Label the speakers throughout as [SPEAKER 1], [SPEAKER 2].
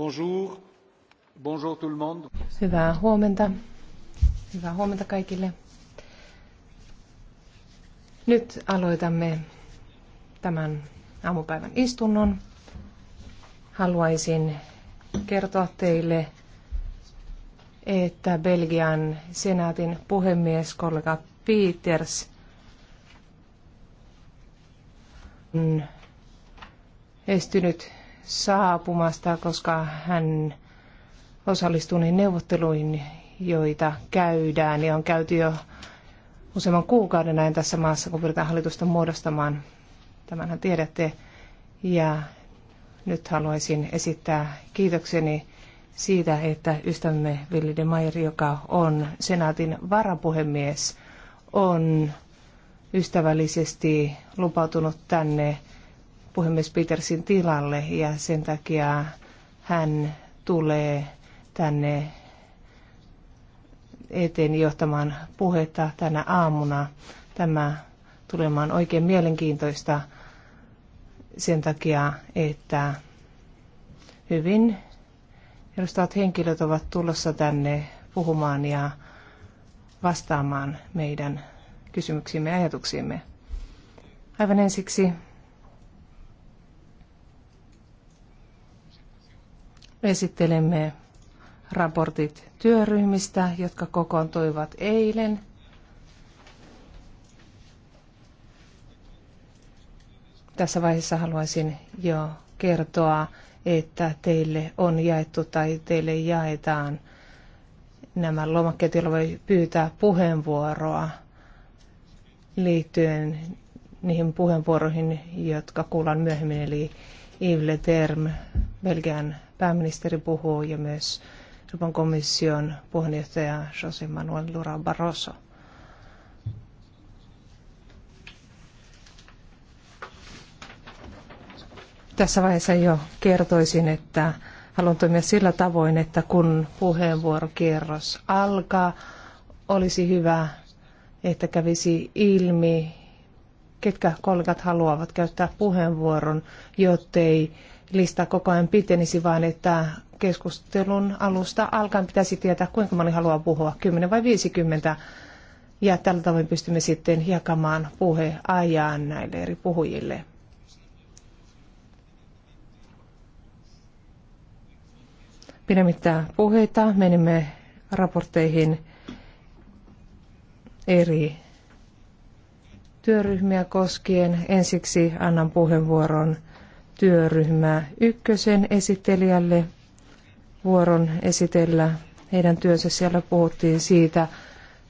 [SPEAKER 1] Bonjour. Bonjour tout le monde.
[SPEAKER 2] Hyvää huomenta. Hyvää huomenta kaikille. Nyt aloitamme tämän aamupäivän istunnon. Haluaisin kertoa teille, että Belgian senaatin puhemies kollega Peters on estynyt saapumasta, koska hän osallistuu niin neuvotteluihin, joita käydään ja on käyty jo useamman kuukauden näin tässä maassa, kun pyritään hallitusta muodostamaan. Tämänhän tiedätte. Ja nyt haluaisin esittää kiitokseni siitä, että ystävämme Ville de Mayer, joka on senaatin varapuhemies, on ystävällisesti lupautunut tänne puhemies Petersin tilalle ja sen takia hän tulee tänne eteen johtamaan puhetta tänä aamuna. Tämä tulemaan oikein mielenkiintoista sen takia, että hyvin edustavat henkilöt ovat tulossa tänne puhumaan ja vastaamaan meidän kysymyksiimme ja ajatuksiimme. Aivan ensiksi esittelemme raportit työryhmistä, jotka kokoontuivat eilen. Tässä vaiheessa haluaisin jo kertoa, että teille on jaettu tai teille jaetaan nämä lomakkeet, joilla voi pyytää puheenvuoroa liittyen niihin puheenvuoroihin, jotka kuullaan myöhemmin, eli Yves Term, Belgian pääministeri puhuu ja myös Euroopan komission puheenjohtaja José Manuel Lura Barroso. Tässä vaiheessa jo kertoisin, että haluan toimia sillä tavoin, että kun puheenvuorokierros alkaa, olisi hyvä, että kävisi ilmi, ketkä kollegat haluavat käyttää puheenvuoron, jottei lista koko ajan pitenisi, vaan että keskustelun alusta alkaen pitäisi tietää, kuinka moni haluaa puhua, 10 vai 50. Ja tällä tavoin pystymme sitten jakamaan puheajan näille eri puhujille. Pidemmittä puheita menimme raportteihin eri työryhmiä koskien. Ensiksi annan puheenvuoron työryhmää ykkösen esittelijälle vuoron esitellä heidän työnsä. Siellä puhuttiin siitä,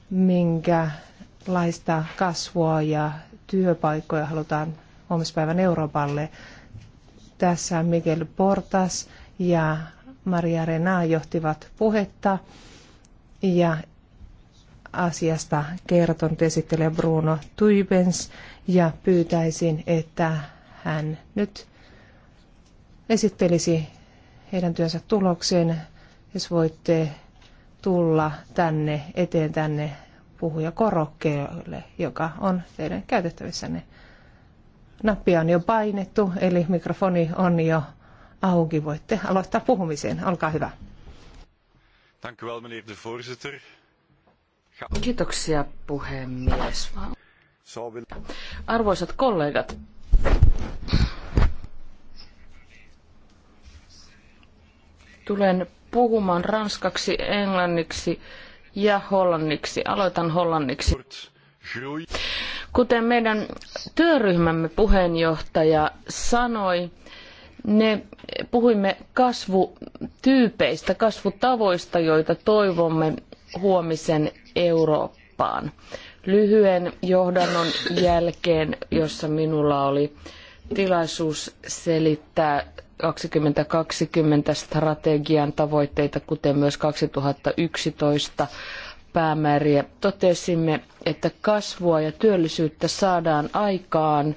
[SPEAKER 2] minkälaista kasvua ja työpaikkoja halutaan huomispäivän Euroopalle. Tässä Miguel Portas ja Maria Renaa johtivat puhetta ja asiasta kerton esittelee Bruno Tuibens ja pyytäisin, että hän nyt esittelisi heidän työnsä tuloksen, jos voitte tulla tänne eteen tänne puhuja korokkeelle, joka on teidän käytettävissänne. Nappia on jo painettu, eli mikrofoni on jo auki. Voitte aloittaa puhumisen. Olkaa hyvä. Kiitoksia, puhemies.
[SPEAKER 3] Arvoisat kollegat, Tulen puhumaan ranskaksi, englanniksi ja hollanniksi. Aloitan hollanniksi. Kuten meidän työryhmämme puheenjohtaja sanoi, ne puhuimme kasvutyypeistä, kasvutavoista, joita toivomme huomisen Eurooppaan. Lyhyen johdannon jälkeen, jossa minulla oli tilaisuus selittää 2020 strategian tavoitteita, kuten myös 2011 päämääriä. Totesimme, että kasvua ja työllisyyttä saadaan aikaan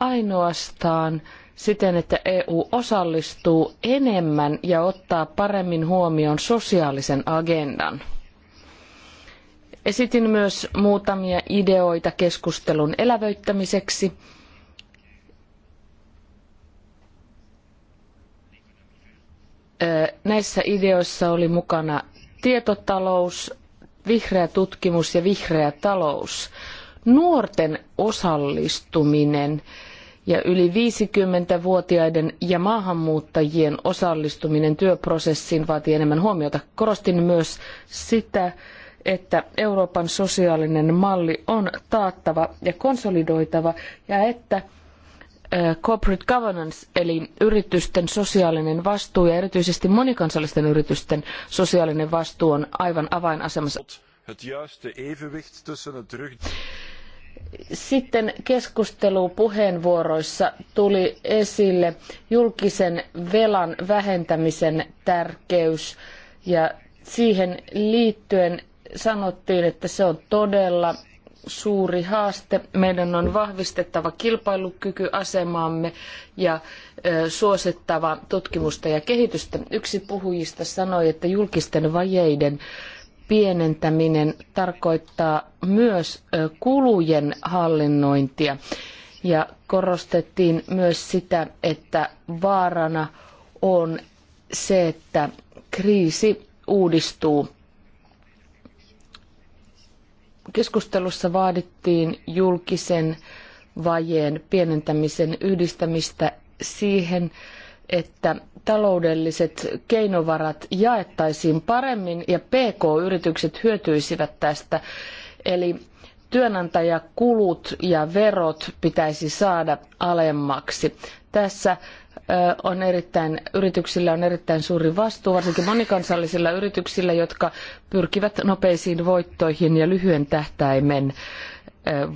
[SPEAKER 3] ainoastaan siten, että EU osallistuu enemmän ja ottaa paremmin huomioon sosiaalisen agendan. Esitin myös muutamia ideoita keskustelun elävöittämiseksi Näissä ideoissa oli mukana tietotalous, vihreä tutkimus ja vihreä talous. Nuorten osallistuminen ja yli 50-vuotiaiden ja maahanmuuttajien osallistuminen työprosessiin vaatii enemmän huomiota. Korostin myös sitä, että Euroopan sosiaalinen malli on taattava ja konsolidoitava ja että corporate governance eli yritysten sosiaalinen vastuu ja erityisesti monikansallisten yritysten sosiaalinen vastuu on aivan avainasemassa. Sitten keskustelupuheenvuoroissa tuli esille julkisen velan vähentämisen tärkeys ja siihen liittyen sanottiin, että se on todella suuri haaste. Meidän on vahvistettava kilpailukykyasemaamme ja suosittava tutkimusta ja kehitystä. Yksi puhujista sanoi, että julkisten vajeiden pienentäminen tarkoittaa myös kulujen hallinnointia. Ja korostettiin myös sitä, että vaarana on se, että kriisi uudistuu Keskustelussa vaadittiin julkisen vajeen pienentämisen yhdistämistä siihen, että taloudelliset keinovarat jaettaisiin paremmin ja PK-yritykset hyötyisivät tästä. Eli työnantajakulut ja verot pitäisi saada alemmaksi. Tässä on erittäin, yrityksillä on erittäin suuri vastuu, varsinkin monikansallisilla yrityksillä, jotka pyrkivät nopeisiin voittoihin ja lyhyen tähtäimen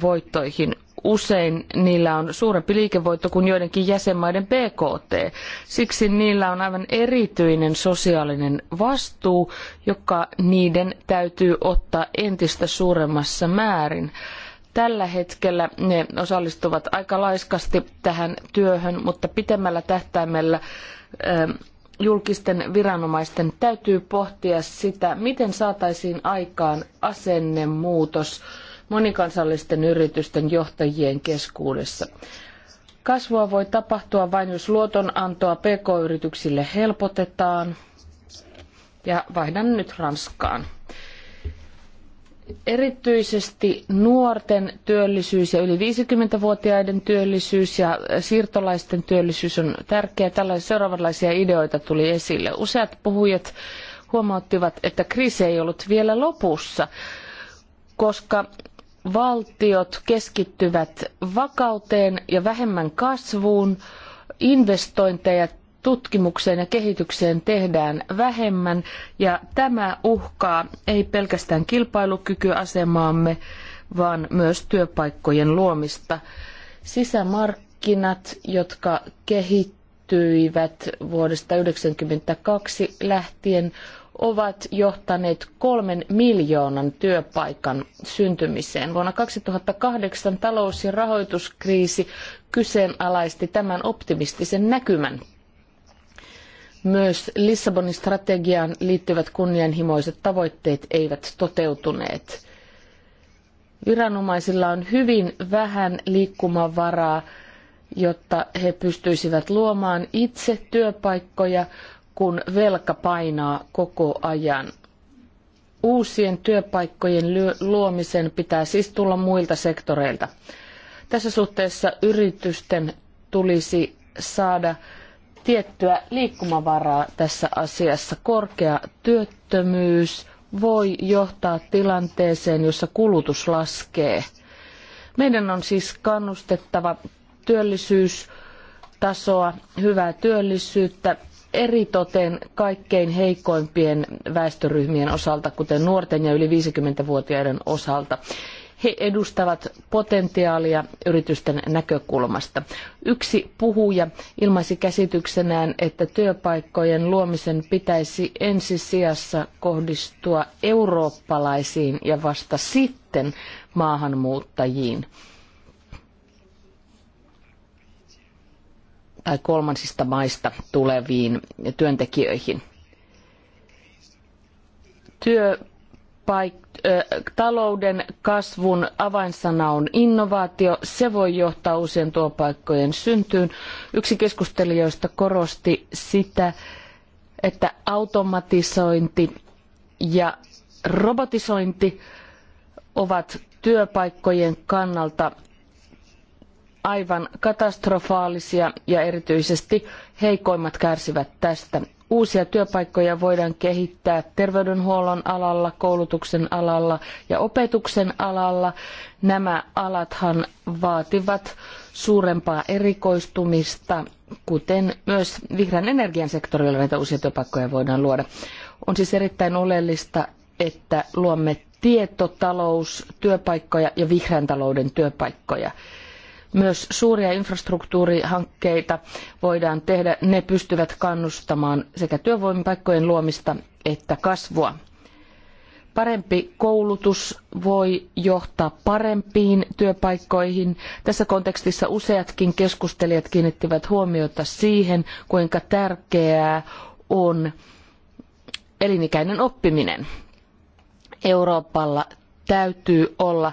[SPEAKER 3] voittoihin. Usein niillä on suurempi liikevoitto kuin joidenkin jäsenmaiden BKT. Siksi niillä on aivan erityinen sosiaalinen vastuu, joka niiden täytyy ottaa entistä suuremmassa määrin. Tällä hetkellä ne osallistuvat aika laiskasti tähän työhön, mutta pitemmällä tähtäimellä ähm, julkisten viranomaisten täytyy pohtia sitä, miten saataisiin aikaan asennemuutos monikansallisten yritysten johtajien keskuudessa. Kasvua voi tapahtua vain, jos luotonantoa pk-yrityksille helpotetaan. Ja vaihdan nyt Ranskaan. Erityisesti nuorten työllisyys ja yli 50-vuotiaiden työllisyys ja siirtolaisten työllisyys on tärkeä Tällaisia seuraavanlaisia ideoita tuli esille. Useat puhujat huomauttivat, että kriisi ei ollut vielä lopussa, koska valtiot keskittyvät vakauteen ja vähemmän kasvuun, investointeja tutkimukseen ja kehitykseen tehdään vähemmän ja tämä uhkaa ei pelkästään kilpailukykyasemaamme, vaan myös työpaikkojen luomista. Sisämarkkinat, jotka kehittyivät vuodesta 1992 lähtien, ovat johtaneet kolmen miljoonan työpaikan syntymiseen. Vuonna 2008 talous- ja rahoituskriisi kyseenalaisti tämän optimistisen näkymän myös Lissabonin strategiaan liittyvät kunnianhimoiset tavoitteet eivät toteutuneet. Viranomaisilla on hyvin vähän liikkumavaraa, jotta he pystyisivät luomaan itse työpaikkoja, kun velka painaa koko ajan. Uusien työpaikkojen luomisen pitää siis tulla muilta sektoreilta. Tässä suhteessa yritysten tulisi saada tiettyä liikkumavaraa tässä asiassa. Korkea työttömyys voi johtaa tilanteeseen, jossa kulutus laskee. Meidän on siis kannustettava työllisyystasoa, hyvää työllisyyttä, eritoten kaikkein heikoimpien väestöryhmien osalta, kuten nuorten ja yli 50-vuotiaiden osalta. He edustavat potentiaalia yritysten näkökulmasta. Yksi puhuja ilmaisi käsityksenään, että työpaikkojen luomisen pitäisi ensisijassa kohdistua eurooppalaisiin ja vasta sitten maahanmuuttajiin. tai kolmansista maista tuleviin työntekijöihin. Työ paik- talouden kasvun avainsana on innovaatio. Se voi johtaa uusien työpaikkojen syntyyn. Yksi keskustelijoista korosti sitä, että automatisointi ja robotisointi ovat työpaikkojen kannalta aivan katastrofaalisia ja erityisesti heikoimmat kärsivät tästä. Uusia työpaikkoja voidaan kehittää terveydenhuollon alalla, koulutuksen alalla ja opetuksen alalla. Nämä alathan vaativat suurempaa erikoistumista, kuten myös vihreän energian sektorilla näitä uusia työpaikkoja voidaan luoda. On siis erittäin oleellista, että luomme tietotalous, työpaikkoja ja vihreän talouden työpaikkoja. Myös suuria infrastruktuurihankkeita voidaan tehdä. Ne pystyvät kannustamaan sekä työvoimapaikkojen luomista että kasvua. Parempi koulutus voi johtaa parempiin työpaikkoihin. Tässä kontekstissa useatkin keskustelijat kiinnittivät huomiota siihen, kuinka tärkeää on elinikäinen oppiminen. Euroopalla täytyy olla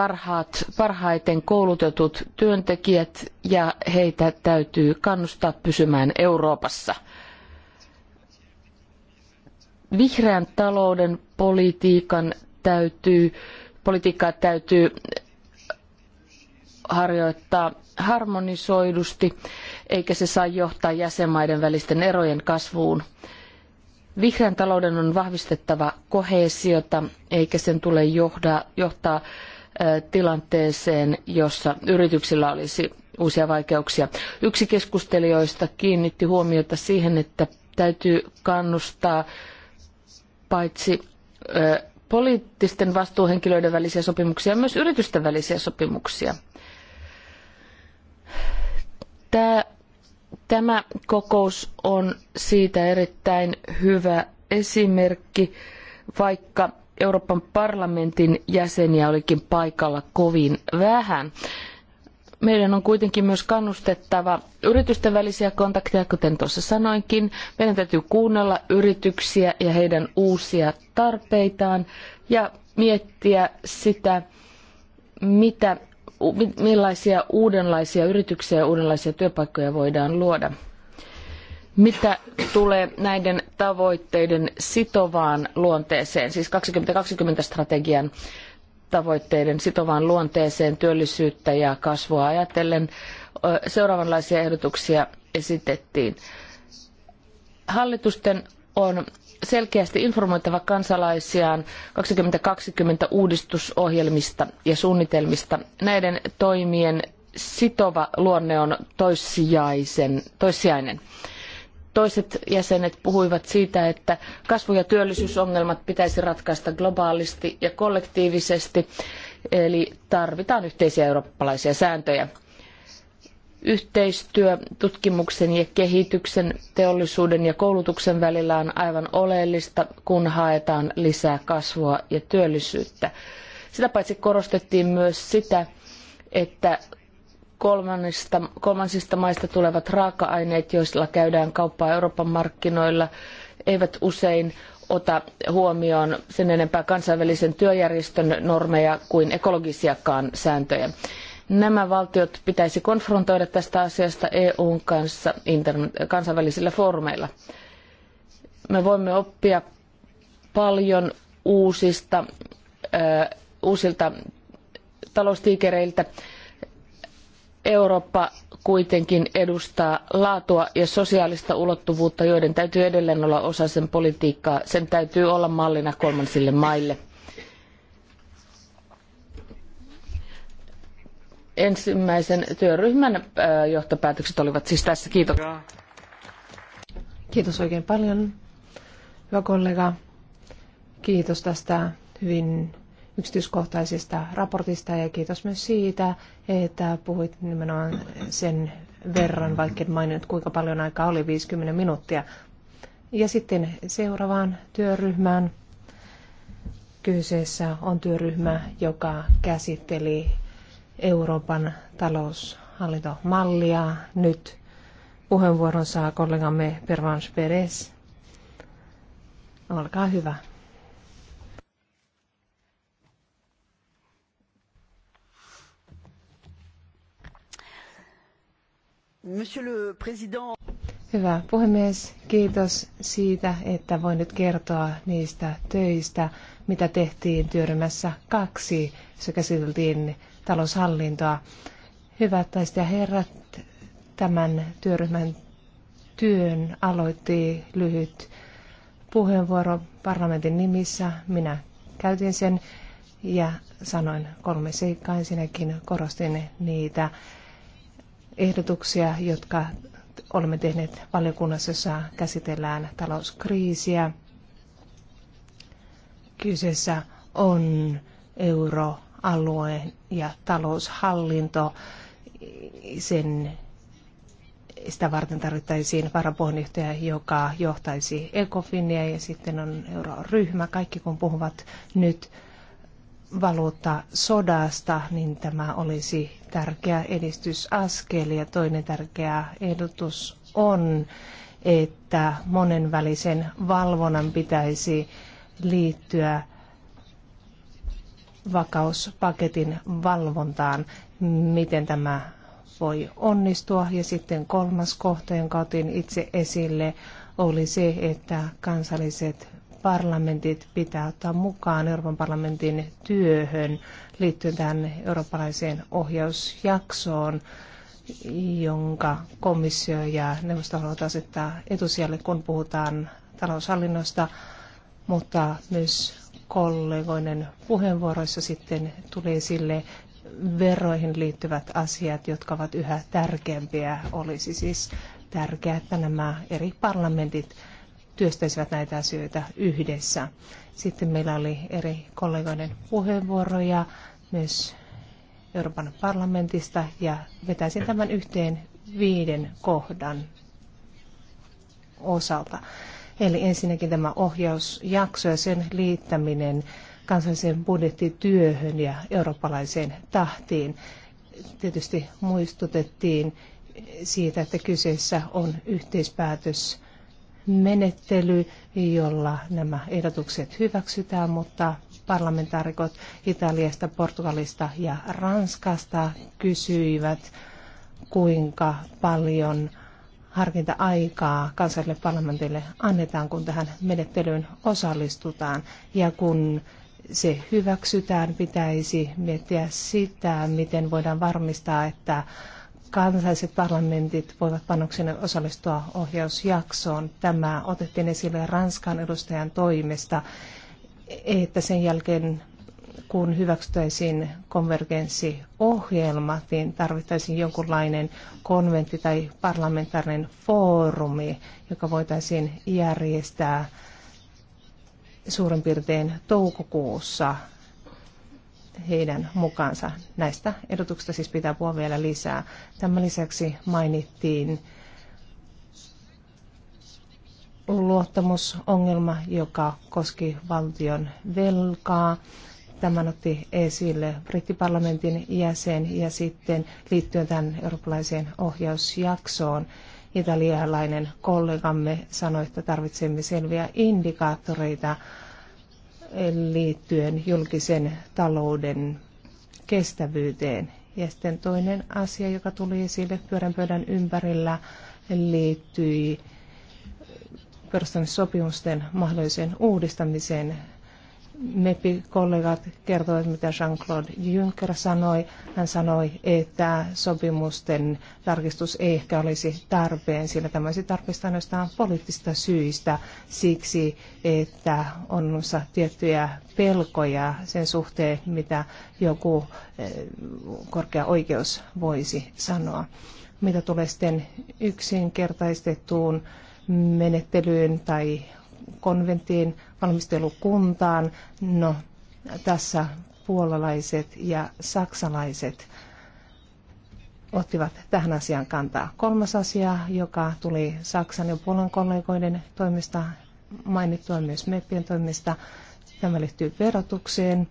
[SPEAKER 3] parhaat, parhaiten koulutetut työntekijät ja heitä täytyy kannustaa pysymään Euroopassa. Vihreän talouden politiikan täytyy, politiikkaa täytyy harjoittaa harmonisoidusti, eikä se saa johtaa jäsenmaiden välisten erojen kasvuun. Vihreän talouden on vahvistettava koheesiota, eikä sen tule johda, johtaa tilanteeseen, jossa yrityksillä olisi uusia vaikeuksia. Yksi keskustelijoista kiinnitti huomiota siihen, että täytyy kannustaa paitsi poliittisten vastuuhenkilöiden välisiä sopimuksia, myös yritysten välisiä sopimuksia. Tämä, tämä kokous on siitä erittäin hyvä esimerkki, vaikka Euroopan parlamentin jäseniä olikin paikalla kovin vähän. Meidän on kuitenkin myös kannustettava yritysten välisiä kontakteja, kuten tuossa sanoinkin. Meidän täytyy kuunnella yrityksiä ja heidän uusia tarpeitaan ja miettiä sitä, mitä, millaisia uudenlaisia yrityksiä ja uudenlaisia työpaikkoja voidaan luoda. Mitä tulee näiden tavoitteiden sitovaan luonteeseen, siis 2020-strategian tavoitteiden sitovaan luonteeseen työllisyyttä ja kasvua ajatellen, seuraavanlaisia ehdotuksia esitettiin. Hallitusten on selkeästi informoitava kansalaisiaan 2020 uudistusohjelmista ja suunnitelmista. Näiden toimien sitova luonne on toissijaisen, toissijainen. Toiset jäsenet puhuivat siitä, että kasvu- ja työllisyysongelmat pitäisi ratkaista globaalisti ja kollektiivisesti, eli tarvitaan yhteisiä eurooppalaisia sääntöjä yhteistyö tutkimuksen ja kehityksen, teollisuuden ja koulutuksen välillä on aivan oleellista, kun haetaan lisää kasvua ja työllisyyttä. Sitä paitsi korostettiin myös sitä, että kolmansista, kolmansista maista tulevat raaka-aineet, joilla käydään kauppaa Euroopan markkinoilla, eivät usein ota huomioon sen enempää kansainvälisen työjärjestön normeja kuin ekologisiakaan sääntöjä. Nämä valtiot pitäisi konfrontoida tästä asiasta EUn kanssa kansainvälisillä foorumeilla. Me voimme oppia paljon uusista, uusilta taloustiikereiltä, Eurooppa kuitenkin edustaa laatua ja sosiaalista ulottuvuutta, joiden täytyy edelleen olla osa sen politiikkaa. Sen täytyy olla mallina kolmansille maille. Ensimmäisen työryhmän äh, johtopäätökset olivat siis tässä. Kiitos.
[SPEAKER 2] Kiitos oikein paljon, hyvä kollega. Kiitos tästä hyvin yksityiskohtaisesta raportista ja kiitos myös siitä, että puhuit nimenomaan sen verran, vaikka en maininnut kuinka paljon aikaa oli, 50 minuuttia. Ja sitten seuraavaan työryhmään. Kyseessä on työryhmä, joka käsitteli Euroopan taloushallintomallia. Nyt puheenvuoron saa kollegamme Pervans Perez. Olkaa hyvä.
[SPEAKER 4] Monsieur le Président.
[SPEAKER 2] Hyvä puhemies, kiitos siitä, että voin nyt kertoa niistä töistä, mitä tehtiin työryhmässä kaksi, jossa käsiteltiin taloushallintoa. Hyvät naiset ja herrat, tämän työryhmän työn aloitti lyhyt puheenvuoro parlamentin nimissä. Minä käytin sen ja sanoin kolme seikkaa. Ensinnäkin korostin niitä ehdotuksia, jotka olemme tehneet valiokunnassa, jossa käsitellään talouskriisiä. Kyseessä on euroalue ja taloushallinto. Sen, sitä varten tarvittaisiin varapuheenjohtaja, joka johtaisi ECOFINia ja sitten on euroryhmä. Kaikki kun puhuvat nyt valuutta sodasta, niin tämä olisi tärkeä edistysaskel ja toinen tärkeä ehdotus on, että monenvälisen valvonnan pitäisi liittyä vakauspaketin valvontaan, miten tämä voi onnistua. Ja sitten kolmas kohta, jonka otin itse esille, oli se, että kansalliset parlamentit pitää ottaa mukaan Euroopan parlamentin työhön liittyen tähän eurooppalaiseen ohjausjaksoon, jonka komissio ja neuvosto haluavat asettaa etusijalle, kun puhutaan taloushallinnosta, mutta myös kollegoiden puheenvuoroissa sitten tuli esille veroihin liittyvät asiat, jotka ovat yhä tärkeämpiä. Olisi siis tärkeää, että nämä eri parlamentit työstäisivät näitä asioita yhdessä. Sitten meillä oli eri kollegoiden puheenvuoroja myös Euroopan parlamentista ja vetäisin tämän yhteen viiden kohdan osalta. Eli ensinnäkin tämä ohjausjakso ja sen liittäminen kansalliseen budjettityöhön ja eurooppalaiseen tahtiin. Tietysti muistutettiin siitä, että kyseessä on yhteispäätös menettely, jolla nämä ehdotukset hyväksytään, mutta parlamentaarikot Italiasta, Portugalista ja Ranskasta kysyivät, kuinka paljon harkinta-aikaa kansalliselle parlamentille annetaan, kun tähän menettelyyn osallistutaan. Ja kun se hyväksytään, pitäisi miettiä sitä, miten voidaan varmistaa, että kansalliset parlamentit voivat panoksena osallistua ohjausjaksoon. Tämä otettiin esille Ranskan edustajan toimesta, että sen jälkeen kun hyväksyttäisiin konvergenssiohjelma, niin tarvittaisiin jonkunlainen konventti tai parlamentaarinen foorumi, joka voitaisiin järjestää suurin piirtein toukokuussa heidän mukaansa. Näistä ehdotuksista siis pitää puhua vielä lisää. Tämän lisäksi mainittiin luottamusongelma, joka koski valtion velkaa. Tämän otti esille brittiparlamentin jäsen ja sitten liittyen tämän eurooppalaiseen ohjausjaksoon italialainen kollegamme sanoi, että tarvitsemme selviä indikaattoreita liittyen julkisen talouden kestävyyteen. Ja sitten toinen asia, joka tuli esille pyörän pöydän ympärillä, liittyi perustamissopimusten mahdolliseen uudistamiseen MEPI-kollegat kertoivat, mitä Jean-Claude Juncker sanoi. Hän sanoi, että sopimusten tarkistus ei ehkä olisi tarpeen, sillä tämä olisi tarpeista ainoastaan poliittista syistä, siksi että on tiettyjä pelkoja sen suhteen, mitä joku eh, korkea oikeus voisi sanoa. Mitä tulee sitten yksinkertaistettuun menettelyyn tai konventtiin, valmistelukuntaan. No, tässä puolalaiset ja saksalaiset ottivat tähän asiaan kantaa. Kolmas asia, joka tuli Saksan ja Puolan kollegoiden toimesta, mainittua myös meppien toimesta, tämä liittyy verotukseen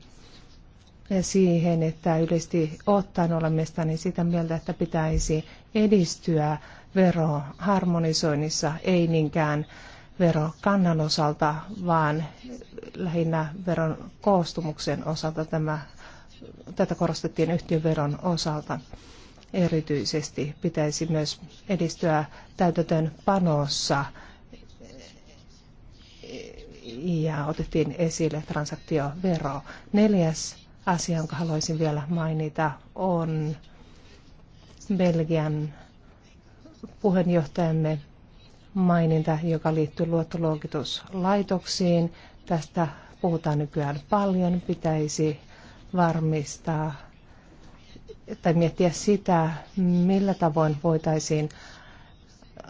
[SPEAKER 2] ja siihen, että yleisesti ottaen olemme niin sitä mieltä, että pitäisi edistyä veroharmonisoinnissa, ei niinkään verokannan osalta, vaan lähinnä veron koostumuksen osalta tämä, tätä korostettiin yhtiöveron osalta. Erityisesti pitäisi myös edistyä täytetön panossa ja otettiin esille transaktiovero. Neljäs asia, jonka haluaisin vielä mainita, on Belgian puheenjohtajamme maininta, joka liittyy luottoluokituslaitoksiin. Tästä puhutaan nykyään paljon. Pitäisi varmistaa tai miettiä sitä, millä tavoin voitaisiin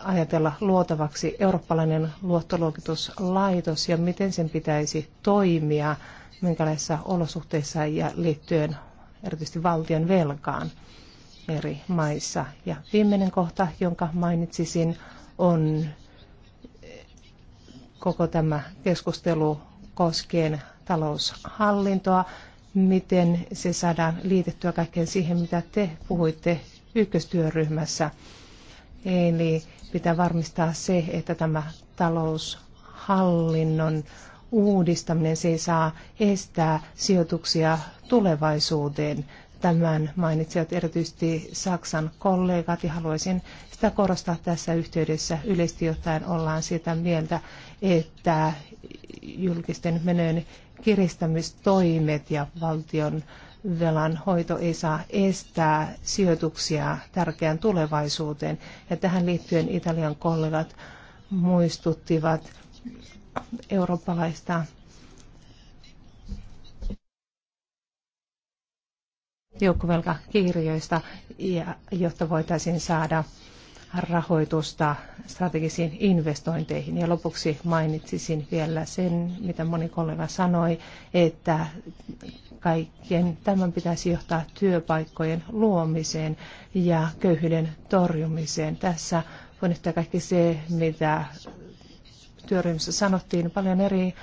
[SPEAKER 2] ajatella luotavaksi eurooppalainen luottoluokituslaitos ja miten sen pitäisi toimia, minkälaisissa olosuhteissa ja liittyen erityisesti valtion velkaan eri maissa. Ja viimeinen kohta, jonka mainitsisin, on koko tämä keskustelu koskien taloushallintoa, miten se saadaan liitettyä kaikkeen siihen, mitä te puhuitte ykköstyöryhmässä. Eli pitää varmistaa se, että tämä taloushallinnon uudistaminen se ei saa estää sijoituksia tulevaisuuteen tämän mainitsivat erityisesti Saksan kollegat ja haluaisin sitä korostaa tässä yhteydessä. Yleisesti ottaen ollaan sitä mieltä, että julkisten menojen kiristämistoimet ja valtion velan hoito ei saa estää sijoituksia tärkeään tulevaisuuteen. Ja tähän liittyen Italian kollegat muistuttivat eurooppalaista joukkovelkakirjoista, ja, jotta voitaisiin saada rahoitusta strategisiin investointeihin. Ja lopuksi mainitsisin vielä sen, mitä moni kollega sanoi, että kaikkien tämän pitäisi johtaa työpaikkojen luomiseen ja köyhyyden torjumiseen. Tässä on kaikki se, mitä työryhmässä sanottiin, paljon eri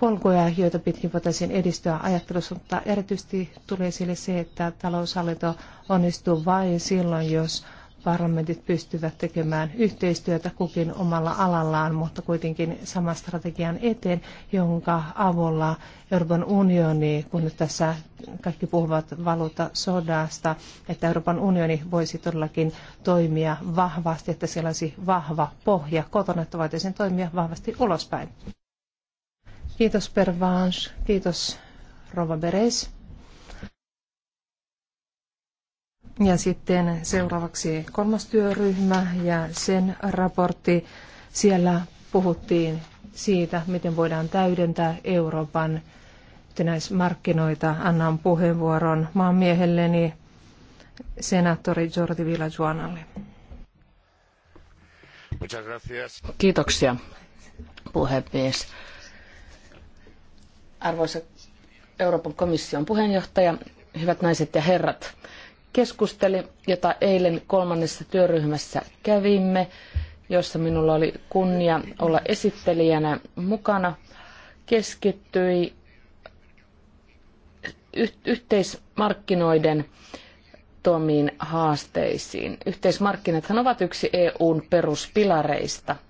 [SPEAKER 2] polkuja, joita pitkin voitaisiin edistyä ajattelussa, mutta erityisesti tulee sille se, että taloushallinto onnistuu vain silloin, jos parlamentit pystyvät tekemään yhteistyötä kukin omalla alallaan, mutta kuitenkin saman strategian eteen, jonka avulla Euroopan unioni, kun nyt tässä kaikki puhuvat valuutta sodasta, että Euroopan unioni voisi todellakin toimia vahvasti, että siellä olisi vahva pohja kotona, että voitaisiin toimia vahvasti ulospäin. Kiitos Pervange, kiitos Rova Beres. Ja sitten seuraavaksi kolmas työryhmä ja sen raportti. Siellä puhuttiin siitä, miten voidaan täydentää Euroopan yhtenäismarkkinoita. Annan puheenvuoron maanmiehelleni senaattori Jordi Villajuanalle. Kiitoksia puhemies.
[SPEAKER 3] Arvoisa Euroopan komission puheenjohtaja, hyvät naiset ja herrat, keskusteli, jota eilen kolmannessa työryhmässä kävimme, jossa minulla oli kunnia olla esittelijänä mukana, keskittyi yhteismarkkinoiden tuomiin haasteisiin. Yhteismarkkinathan ovat yksi EUn peruspilareista –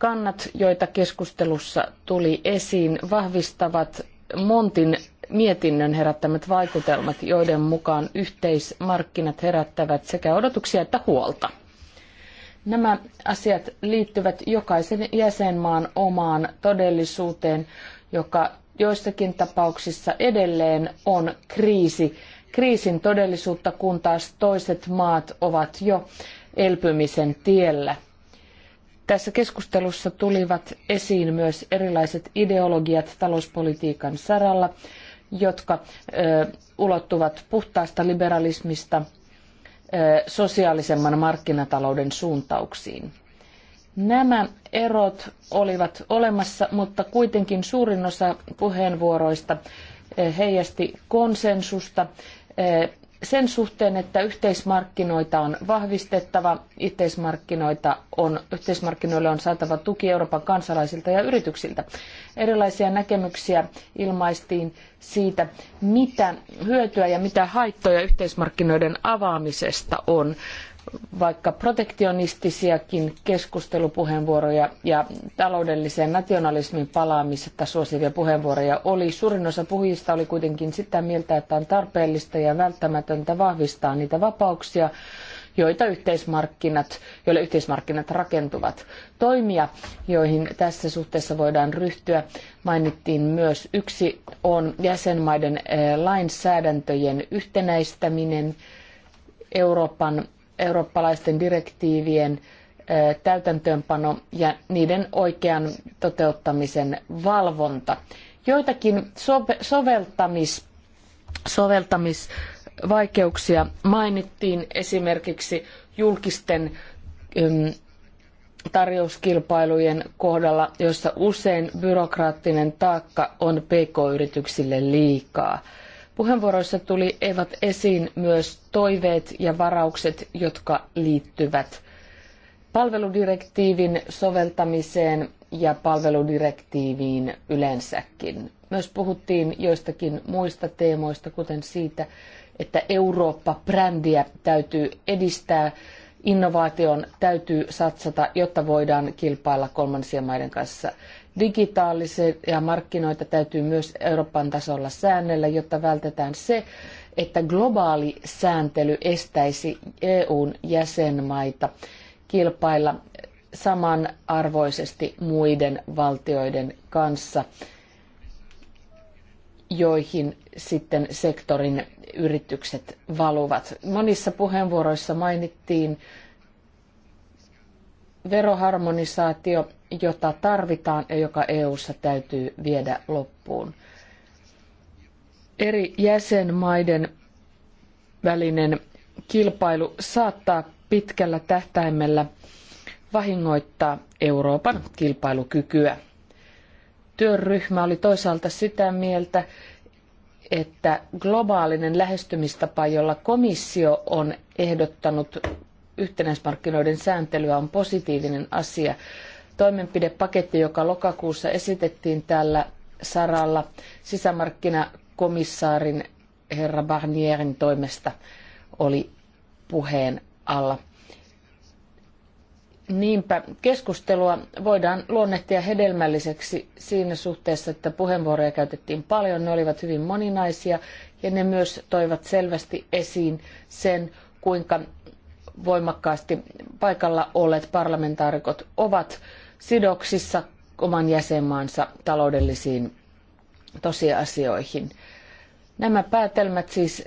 [SPEAKER 3] Kannat, joita keskustelussa tuli esiin, vahvistavat Montin mietinnön herättämät vaikutelmat, joiden mukaan yhteismarkkinat herättävät sekä odotuksia että huolta. Nämä asiat liittyvät jokaisen jäsenmaan omaan todellisuuteen, joka joissakin tapauksissa edelleen on kriisi. Kriisin todellisuutta, kun taas toiset maat ovat jo elpymisen tiellä. Tässä keskustelussa tulivat esiin myös erilaiset ideologiat talouspolitiikan saralla, jotka ulottuvat puhtaasta liberalismista sosiaalisemman markkinatalouden suuntauksiin. Nämä erot olivat olemassa, mutta kuitenkin suurin osa puheenvuoroista heijasti konsensusta sen suhteen, että yhteismarkkinoita on vahvistettava, yhteismarkkinoita on, yhteismarkkinoille on saatava tuki Euroopan kansalaisilta ja yrityksiltä. Erilaisia näkemyksiä ilmaistiin siitä, mitä hyötyä ja mitä haittoja yhteismarkkinoiden avaamisesta on vaikka protektionistisiakin keskustelupuheenvuoroja ja taloudelliseen nationalismin palaamista suosivia puheenvuoroja oli. Suurin osa puhujista oli kuitenkin sitä mieltä, että on tarpeellista ja välttämätöntä vahvistaa niitä vapauksia, joita yhteismarkkinat, joille yhteismarkkinat rakentuvat. Toimia, joihin tässä suhteessa voidaan ryhtyä, mainittiin myös. Yksi on jäsenmaiden eh, lainsäädäntöjen yhtenäistäminen. Euroopan eurooppalaisten direktiivien täytäntöönpano ja niiden oikean toteuttamisen valvonta. Joitakin soveltamis, soveltamisvaikeuksia mainittiin esimerkiksi julkisten tarjouskilpailujen kohdalla, joissa usein byrokraattinen taakka on pk-yrityksille liikaa. Puheenvuoroissa tuli evat esiin myös toiveet ja varaukset, jotka liittyvät palveludirektiivin soveltamiseen ja palveludirektiiviin yleensäkin. Myös puhuttiin joistakin muista teemoista, kuten siitä, että Eurooppa-brändiä täytyy edistää, innovaation täytyy satsata, jotta voidaan kilpailla kolmansien maiden kanssa. Digitaalisia markkinoita täytyy myös Euroopan tasolla säännellä, jotta vältetään se, että globaali sääntely estäisi EUn jäsenmaita kilpailla samanarvoisesti muiden valtioiden kanssa, joihin sitten sektorin yritykset valuvat. Monissa puheenvuoroissa mainittiin veroharmonisaatio jota tarvitaan ja joka EU:ssa täytyy viedä loppuun. Eri jäsenmaiden välinen kilpailu saattaa pitkällä tähtäimellä vahingoittaa Euroopan kilpailukykyä. Työryhmä oli toisaalta sitä mieltä, että globaalinen lähestymistapa, jolla komissio on ehdottanut yhtenäismarkkinoiden sääntelyä, on positiivinen asia, toimenpidepaketti, joka lokakuussa esitettiin tällä saralla sisämarkkinakomissaarin herra Barnierin toimesta oli puheen alla. Niinpä keskustelua voidaan luonnehtia hedelmälliseksi siinä suhteessa, että puheenvuoroja käytettiin paljon, ne olivat hyvin moninaisia ja ne myös toivat selvästi esiin sen, kuinka voimakkaasti paikalla olleet parlamentaarikot ovat sidoksissa oman jäsenmaansa taloudellisiin tosiasioihin. Nämä päätelmät siis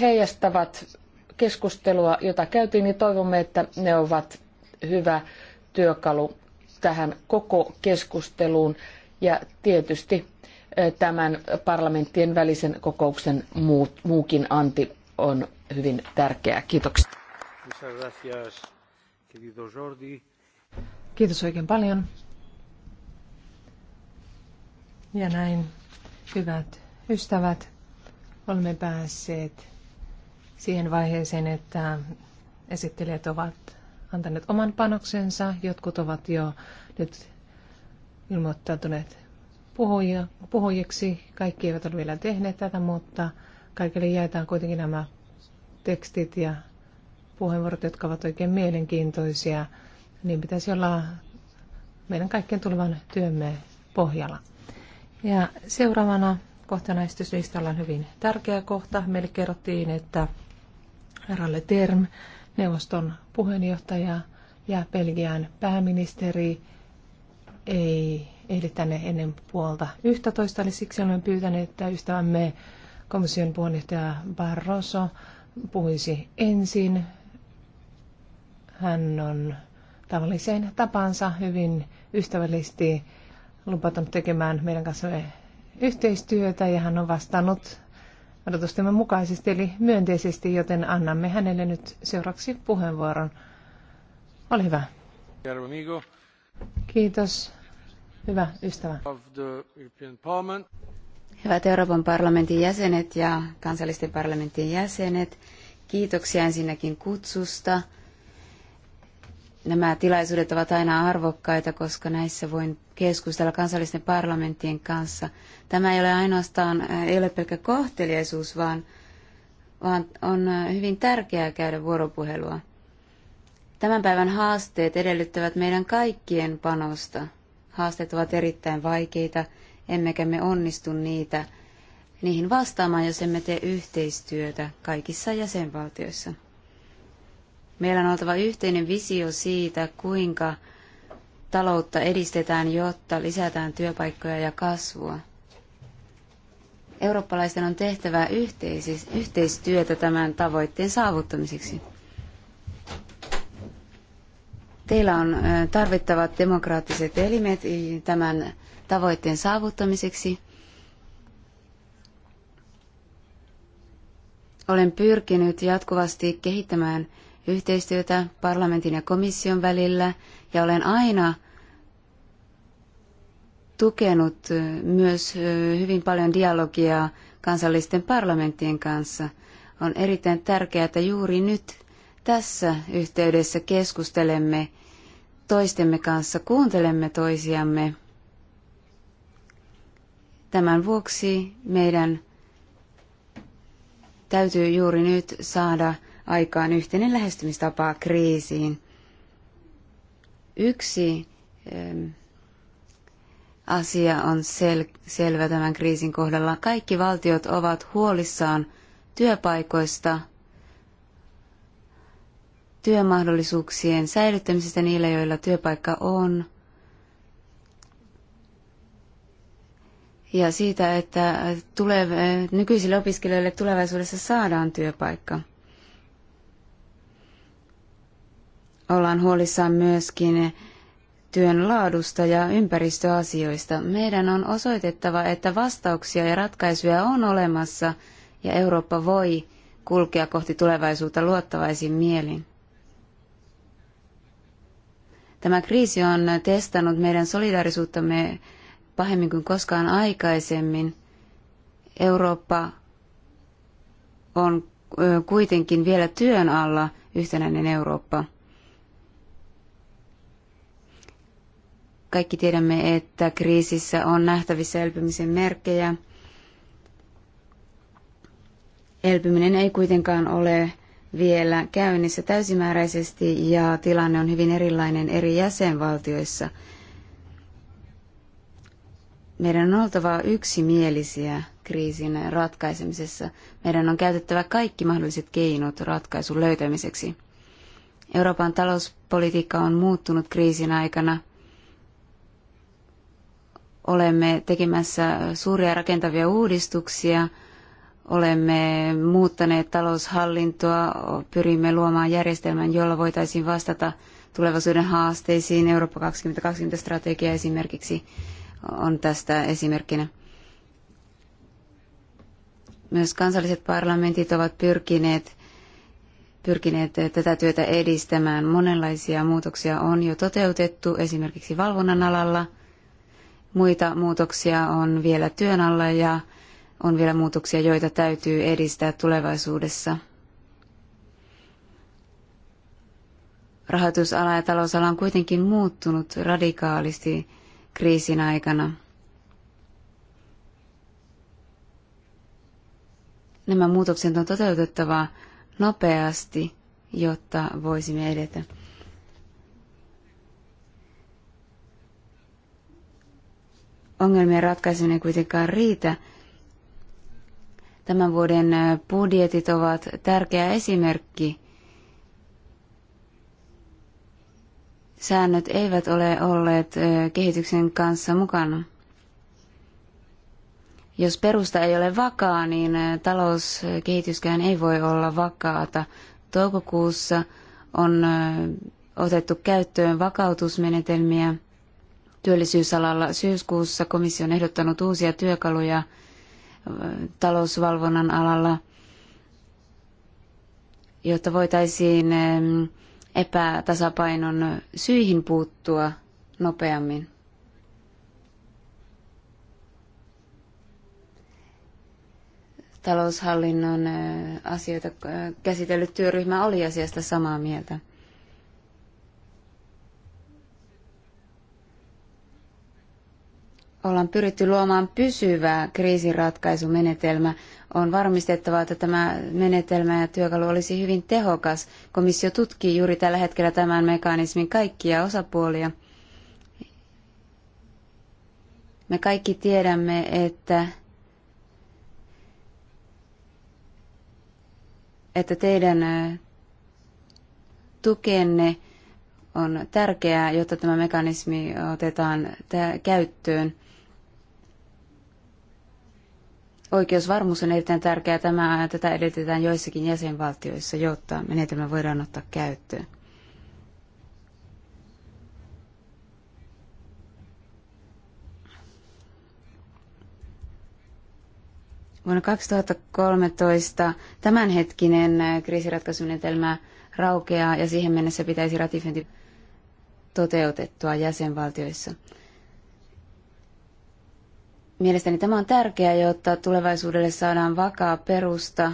[SPEAKER 3] heijastavat keskustelua, jota käytiin, niin toivomme, että ne ovat hyvä työkalu tähän koko keskusteluun ja tietysti tämän parlamenttien välisen kokouksen muut, muukin anti on hyvin tärkeää. Kiitoksia.
[SPEAKER 2] Kiitos oikein paljon. Ja näin, hyvät ystävät, olemme päässeet siihen vaiheeseen, että esittelijät ovat antaneet oman panoksensa. Jotkut ovat jo nyt ilmoittautuneet puhujiksi. Kaikki eivät ole vielä tehneet tätä, mutta kaikille jaetaan kuitenkin nämä tekstit ja puheenvuorot, jotka ovat oikein mielenkiintoisia niin pitäisi olla meidän kaikkien tulevan työmme pohjalla. Ja seuraavana kohtana esityslistalla on hyvin tärkeä kohta. Meille kerrottiin, että Ralle Term, neuvoston puheenjohtaja ja Belgian pääministeri ei ehdi tänne ennen puolta 11, eli siksi olemme pyytäneet, että ystävämme komission puheenjohtaja Barroso puhuisi ensin. Hän on tavalliseen tapansa hyvin ystävällisesti lupaton tekemään meidän kanssamme yhteistyötä ja hän on vastannut odotustemme mukaisesti eli myönteisesti, joten annamme hänelle nyt seuraavaksi puheenvuoron. Ole hyvä.
[SPEAKER 4] Kiitos. Hyvä ystävä. Hyvät Euroopan parlamentin jäsenet ja kansallisten parlamentin jäsenet, kiitoksia ensinnäkin kutsusta Nämä tilaisuudet ovat aina arvokkaita, koska näissä voin keskustella kansallisten parlamenttien kanssa. Tämä ei ole ainoastaan, äh, ei ole pelkkä kohteliaisuus, vaan, vaan on äh, hyvin tärkeää käydä vuoropuhelua. Tämän päivän haasteet edellyttävät meidän kaikkien panosta. Haasteet ovat erittäin vaikeita, emmekä me onnistu niitä niihin vastaamaan, jos emme tee yhteistyötä kaikissa jäsenvaltioissa. Meillä on oltava yhteinen visio siitä, kuinka taloutta edistetään, jotta lisätään työpaikkoja ja kasvua. Eurooppalaisten on tehtävä yhteistyötä tämän tavoitteen saavuttamiseksi. Teillä on tarvittavat demokraattiset elimet tämän tavoitteen saavuttamiseksi. Olen pyrkinyt jatkuvasti kehittämään yhteistyötä parlamentin ja komission välillä ja olen aina tukenut myös hyvin paljon dialogia kansallisten parlamenttien kanssa. On erittäin tärkeää, että juuri nyt tässä yhteydessä keskustelemme toistemme kanssa, kuuntelemme toisiamme. Tämän vuoksi meidän täytyy juuri nyt saada aikaan yhteinen lähestymistapa kriisiin. Yksi asia on sel- selvä tämän kriisin kohdalla. Kaikki valtiot ovat huolissaan työpaikoista, työmahdollisuuksien säilyttämisestä niillä, joilla työpaikka on, ja siitä, että tule- nykyisille opiskelijoille tulevaisuudessa saadaan työpaikka – ollaan huolissaan myöskin työn laadusta ja ympäristöasioista. Meidän on osoitettava, että vastauksia ja ratkaisuja on olemassa ja Eurooppa voi kulkea kohti tulevaisuutta luottavaisin mielin. Tämä kriisi on testannut meidän solidaarisuuttamme pahemmin kuin koskaan aikaisemmin. Eurooppa on kuitenkin vielä työn alla yhtenäinen Eurooppa. Kaikki tiedämme, että kriisissä on nähtävissä elpymisen merkkejä. Elpyminen ei kuitenkaan ole vielä käynnissä täysimääräisesti ja tilanne on hyvin erilainen eri jäsenvaltioissa. Meidän on oltava yksimielisiä kriisin ratkaisemisessa. Meidän on käytettävä kaikki mahdolliset keinot ratkaisun löytämiseksi. Euroopan talouspolitiikka on muuttunut kriisin aikana – olemme tekemässä suuria rakentavia uudistuksia, olemme muuttaneet taloushallintoa, pyrimme luomaan järjestelmän, jolla voitaisiin vastata tulevaisuuden haasteisiin. Eurooppa 2020-strategia esimerkiksi on tästä esimerkkinä. Myös kansalliset parlamentit ovat pyrkineet, pyrkineet tätä työtä edistämään. Monenlaisia muutoksia on jo toteutettu esimerkiksi valvonnan alalla – Muita muutoksia on vielä työn alla ja on vielä muutoksia, joita täytyy edistää tulevaisuudessa. Rahoitusala ja talousala on kuitenkin muuttunut radikaalisti kriisin aikana. Nämä muutokset on toteutettava nopeasti, jotta voisimme edetä. ongelmien ratkaiseminen kuitenkaan riitä. Tämän vuoden budjetit ovat tärkeä esimerkki. Säännöt eivät ole olleet kehityksen kanssa mukana. Jos perusta ei ole vakaa, niin talouskehityskään ei voi olla vakaata. Toukokuussa on otettu käyttöön vakautusmenetelmiä – työllisyysalalla. Syyskuussa komissio on ehdottanut uusia työkaluja talousvalvonnan alalla, jotta voitaisiin epätasapainon syihin puuttua nopeammin. Taloushallinnon asioita käsitellyt työryhmä oli asiasta samaa mieltä. ollaan pyritty luomaan pysyvä kriisinratkaisumenetelmä, on varmistettava, että tämä menetelmä ja työkalu olisi hyvin tehokas. Komissio tutkii juuri tällä hetkellä tämän mekanismin kaikkia osapuolia. Me kaikki tiedämme, että, että teidän tukenne on tärkeää, jotta tämä mekanismi otetaan käyttöön. Oikeusvarmuus on erittäin tärkeää. Tämä, tätä edellytetään joissakin jäsenvaltioissa, jotta menetelmä voidaan ottaa käyttöön. Vuonna 2013 tämänhetkinen kriisiratkaisumenetelmä raukeaa ja siihen mennessä pitäisi ratifiointi toteutettua jäsenvaltioissa. Mielestäni tämä on tärkeää, jotta tulevaisuudelle saadaan vakaa perusta.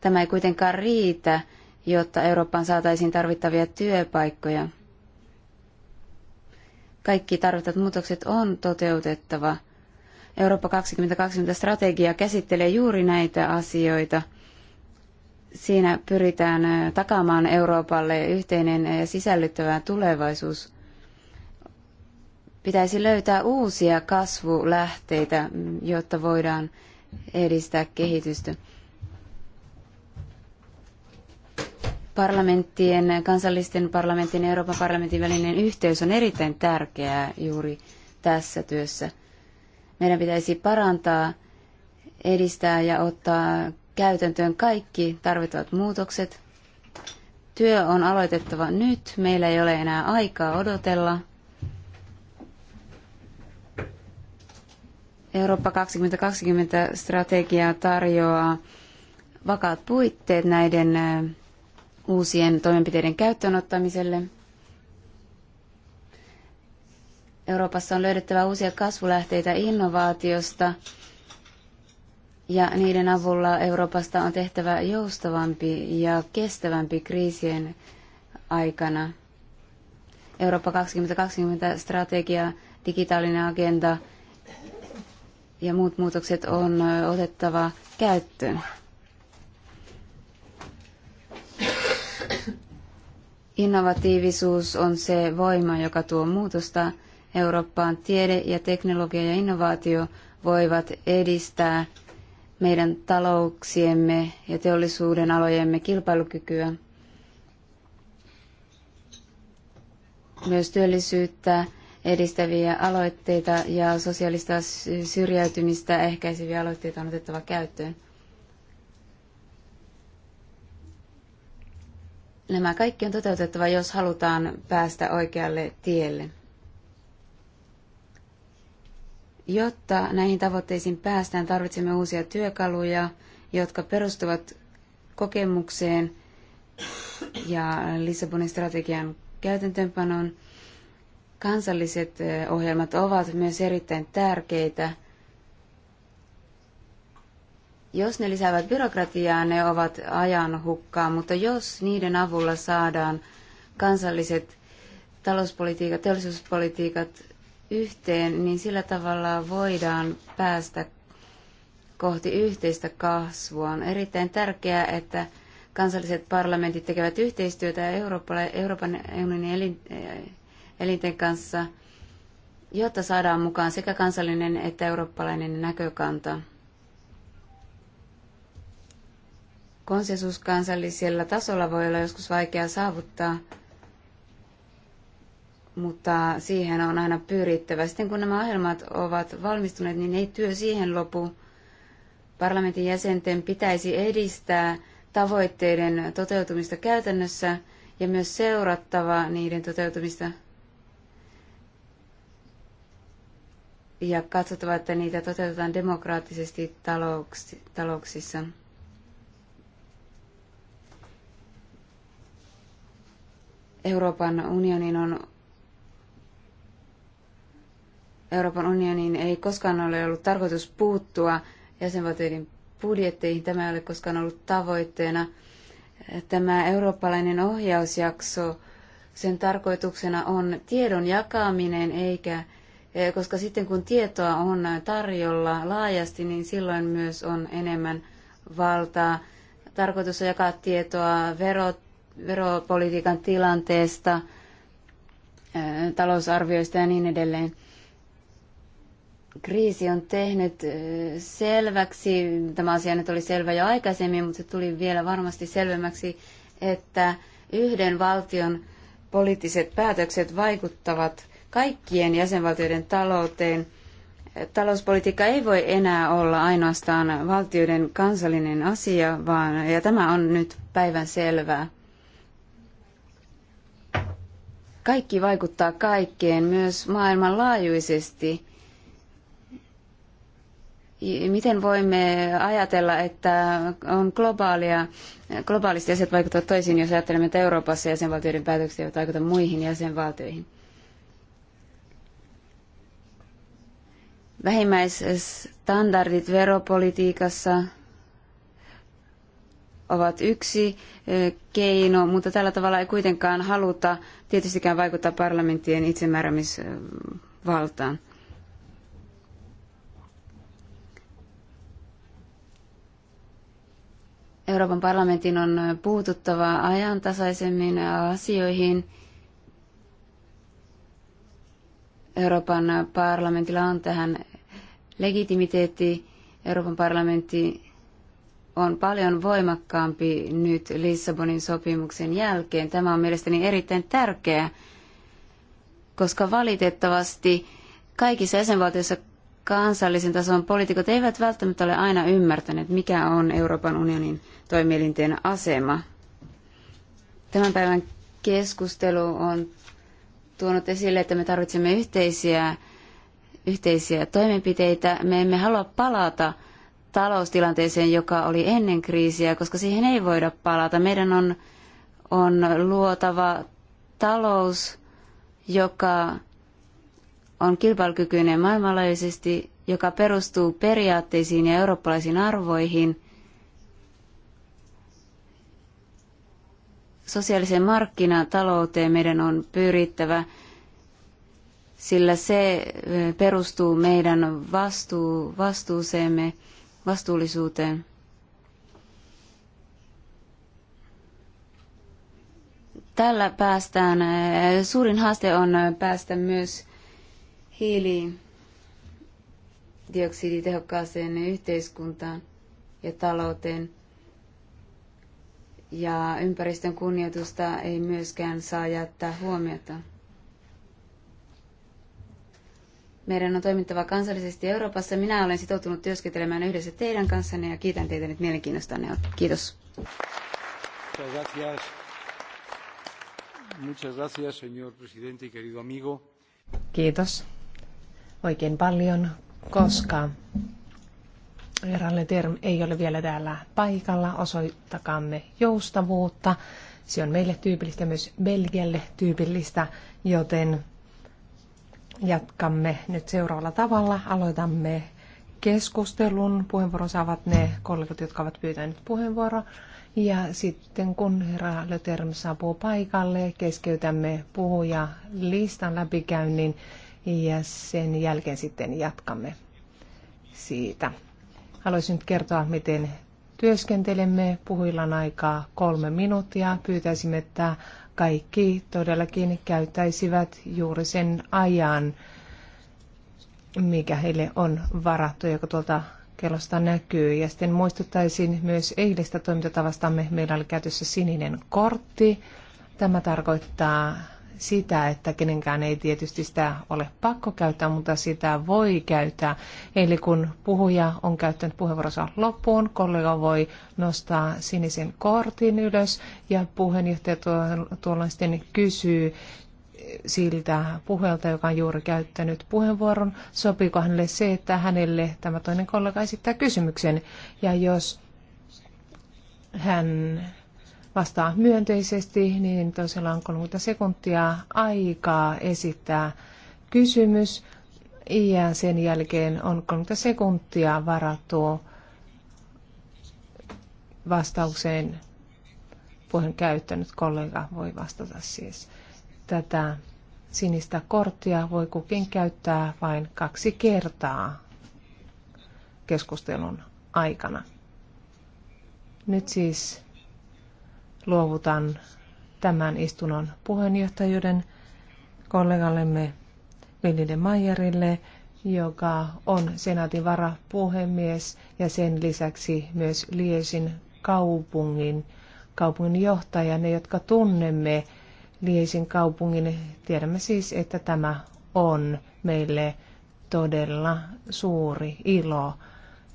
[SPEAKER 4] Tämä ei kuitenkaan riitä, jotta Eurooppaan saataisiin tarvittavia työpaikkoja. Kaikki tarvittavat muutokset on toteutettava. Eurooppa 2020-strategia käsittelee juuri näitä asioita. Siinä pyritään takaamaan Euroopalle yhteinen ja sisällyttävä tulevaisuus. Pitäisi löytää uusia kasvulähteitä, jotta voidaan edistää kehitystä. Parlamenttien, kansallisten parlamenttien ja Euroopan parlamentin välinen yhteys on erittäin tärkeää juuri tässä työssä. Meidän pitäisi parantaa, edistää ja ottaa käytäntöön kaikki tarvittavat muutokset. Työ on aloitettava nyt, meillä ei ole enää aikaa odotella – Eurooppa 2020 strategia tarjoaa vakaat puitteet näiden uusien toimenpiteiden käyttöönottamiselle. Euroopassa on löydettävä uusia kasvulähteitä innovaatiosta ja niiden avulla Euroopasta on tehtävä joustavampi ja kestävämpi kriisien aikana. Eurooppa 2020 strategia, digitaalinen agenda ja muut muutokset on otettava käyttöön. Innovatiivisuus on se voima, joka tuo muutosta Eurooppaan. Tiede ja teknologia ja innovaatio voivat edistää meidän talouksiemme ja teollisuuden alojemme kilpailukykyä, myös työllisyyttä edistäviä aloitteita ja sosiaalista syrjäytymistä ehkäiseviä aloitteita on otettava käyttöön. Nämä kaikki on toteutettava, jos halutaan päästä oikealle tielle. Jotta näihin tavoitteisiin päästään, tarvitsemme uusia työkaluja, jotka perustuvat kokemukseen ja Lissabonin strategian käytäntöönpanoon – Kansalliset ohjelmat ovat myös erittäin tärkeitä. Jos ne lisäävät byrokratiaa, ne ovat ajan hukkaa, mutta jos niiden avulla saadaan kansalliset talouspolitiikat, teollisuuspolitiikat yhteen, niin sillä tavalla voidaan päästä kohti yhteistä kasvua. On erittäin tärkeää, että kansalliset parlamentit tekevät yhteistyötä ja Euroopan unionin elin, elinten kanssa, jotta saadaan mukaan sekä kansallinen että eurooppalainen näkökanta. Konsensus kansallisella tasolla voi olla joskus vaikea saavuttaa, mutta siihen on aina pyrittävä. Sitten kun nämä ohjelmat ovat valmistuneet, niin ei työ siihen lopu. Parlamentin jäsenten pitäisi edistää tavoitteiden toteutumista käytännössä ja myös seurattava niiden toteutumista. ja katsottava, että niitä toteutetaan demokraattisesti talouksissa. Euroopan unionin on Euroopan unionin ei koskaan ole ollut tarkoitus puuttua jäsenvaltioiden budjetteihin. Tämä ei ole koskaan ollut tavoitteena. Tämä eurooppalainen ohjausjakso, sen tarkoituksena on tiedon jakaminen eikä Eh, koska sitten kun tietoa on tarjolla laajasti, niin silloin myös on enemmän valtaa. Tarkoitus on jakaa tietoa vero, veropolitiikan tilanteesta, eh, talousarvioista ja niin edelleen. Kriisi on tehnyt eh, selväksi, tämä asia nyt oli selvä jo aikaisemmin, mutta se tuli vielä varmasti selvemmäksi, että yhden valtion poliittiset päätökset vaikuttavat – kaikkien jäsenvaltioiden talouteen. Talouspolitiikka ei voi enää olla ainoastaan valtioiden kansallinen asia, vaan, ja tämä on nyt päivän selvää. Kaikki vaikuttaa kaikkeen, myös maailmanlaajuisesti. Miten voimme ajatella, että on globaalia, globaalisti asiat vaikuttavat toisiin, jos ajattelemme, että Euroopassa jäsenvaltioiden päätökset eivät vaikuta muihin jäsenvaltioihin? Vähimmäisstandardit veropolitiikassa ovat yksi eh, keino, mutta tällä tavalla ei kuitenkaan haluta tietystikään vaikuttaa parlamenttien itsemääräämisvaltaan. Euroopan parlamentin on puututtava ajantasaisemmin asioihin. Euroopan parlamentilla on tähän legitimiteetti Euroopan parlamentti on paljon voimakkaampi nyt Lissabonin sopimuksen jälkeen. Tämä on mielestäni erittäin tärkeää, koska valitettavasti kaikissa jäsenvaltioissa kansallisen tason poliitikot eivät välttämättä ole aina ymmärtäneet, mikä on Euroopan unionin toimielinten asema. Tämän päivän keskustelu on tuonut esille, että me tarvitsemme yhteisiä yhteisiä toimenpiteitä. Me emme halua palata taloustilanteeseen, joka oli ennen kriisiä, koska siihen ei voida palata. Meidän on, on luotava talous, joka on kilpailukykyinen maailmanlaajuisesti, joka perustuu periaatteisiin ja eurooppalaisiin arvoihin, sosiaaliseen markkinatalouteen meidän on pyrittävä – sillä se eh, perustuu meidän vastuu, vastuuseemme, vastuullisuuteen. Tällä päästään, eh, suurin haaste on eh, päästä myös hiilidioksiditehokkaaseen yhteiskuntaan ja talouteen. Ja ympäristön kunnioitusta ei myöskään saa jättää huomiota. Meidän on toimittava kansallisesti Euroopassa. Minä olen sitoutunut työskentelemään yhdessä teidän kanssanne ja kiitän teitä nyt mielenkiinnostanne. Kiitos. Kiitos
[SPEAKER 2] oikein paljon, koska herra term ei ole vielä täällä paikalla. Osoittakaamme joustavuutta. Se on meille tyypillistä, myös Belgialle tyypillistä, joten Jatkamme nyt seuraavalla tavalla. Aloitamme keskustelun. Puheenvuoron saavat ne kollegat, jotka ovat pyytäneet puheenvuoroa. Ja sitten kun herra Löterm saapuu paikalle, keskeytämme puhuja listan läpikäynnin ja sen jälkeen sitten jatkamme siitä. Haluaisin nyt kertoa, miten työskentelemme. puhujilla on aikaa kolme minuuttia. Pyytäisimme, että kaikki todellakin käyttäisivät juuri sen ajan, mikä heille on varattu, joka tuolta kellosta näkyy. Ja sitten muistuttaisin myös eilistä toimintatavastamme. Meillä oli käytössä sininen kortti. Tämä tarkoittaa sitä, että kenenkään ei tietysti sitä ole pakko käyttää, mutta sitä voi käyttää. Eli kun puhuja on käyttänyt puheenvuoronsa loppuun, kollega voi nostaa sinisen kortin ylös ja puheenjohtaja tuolloin sitten kysyy siltä puhelta, joka on juuri käyttänyt puheenvuoron, sopiiko hänelle se, että hänelle tämä toinen kollega esittää kysymyksen. Ja jos hän vastaa myönteisesti, niin toisella on 30 sekuntia aikaa esittää kysymys. Ja sen jälkeen on 30 sekuntia varattu vastaukseen. Puheen käyttänyt kollega voi vastata siis tätä sinistä korttia voi kukin käyttää vain kaksi kertaa keskustelun aikana. Nyt siis luovutan tämän istunnon puheenjohtajuuden kollegallemme Villide Maijerille, joka on senaatin varapuhemies ja sen lisäksi myös Liesin kaupungin kaupunginjohtaja. Ne, jotka tunnemme Liesin kaupungin, tiedämme siis, että tämä on meille todella suuri ilo.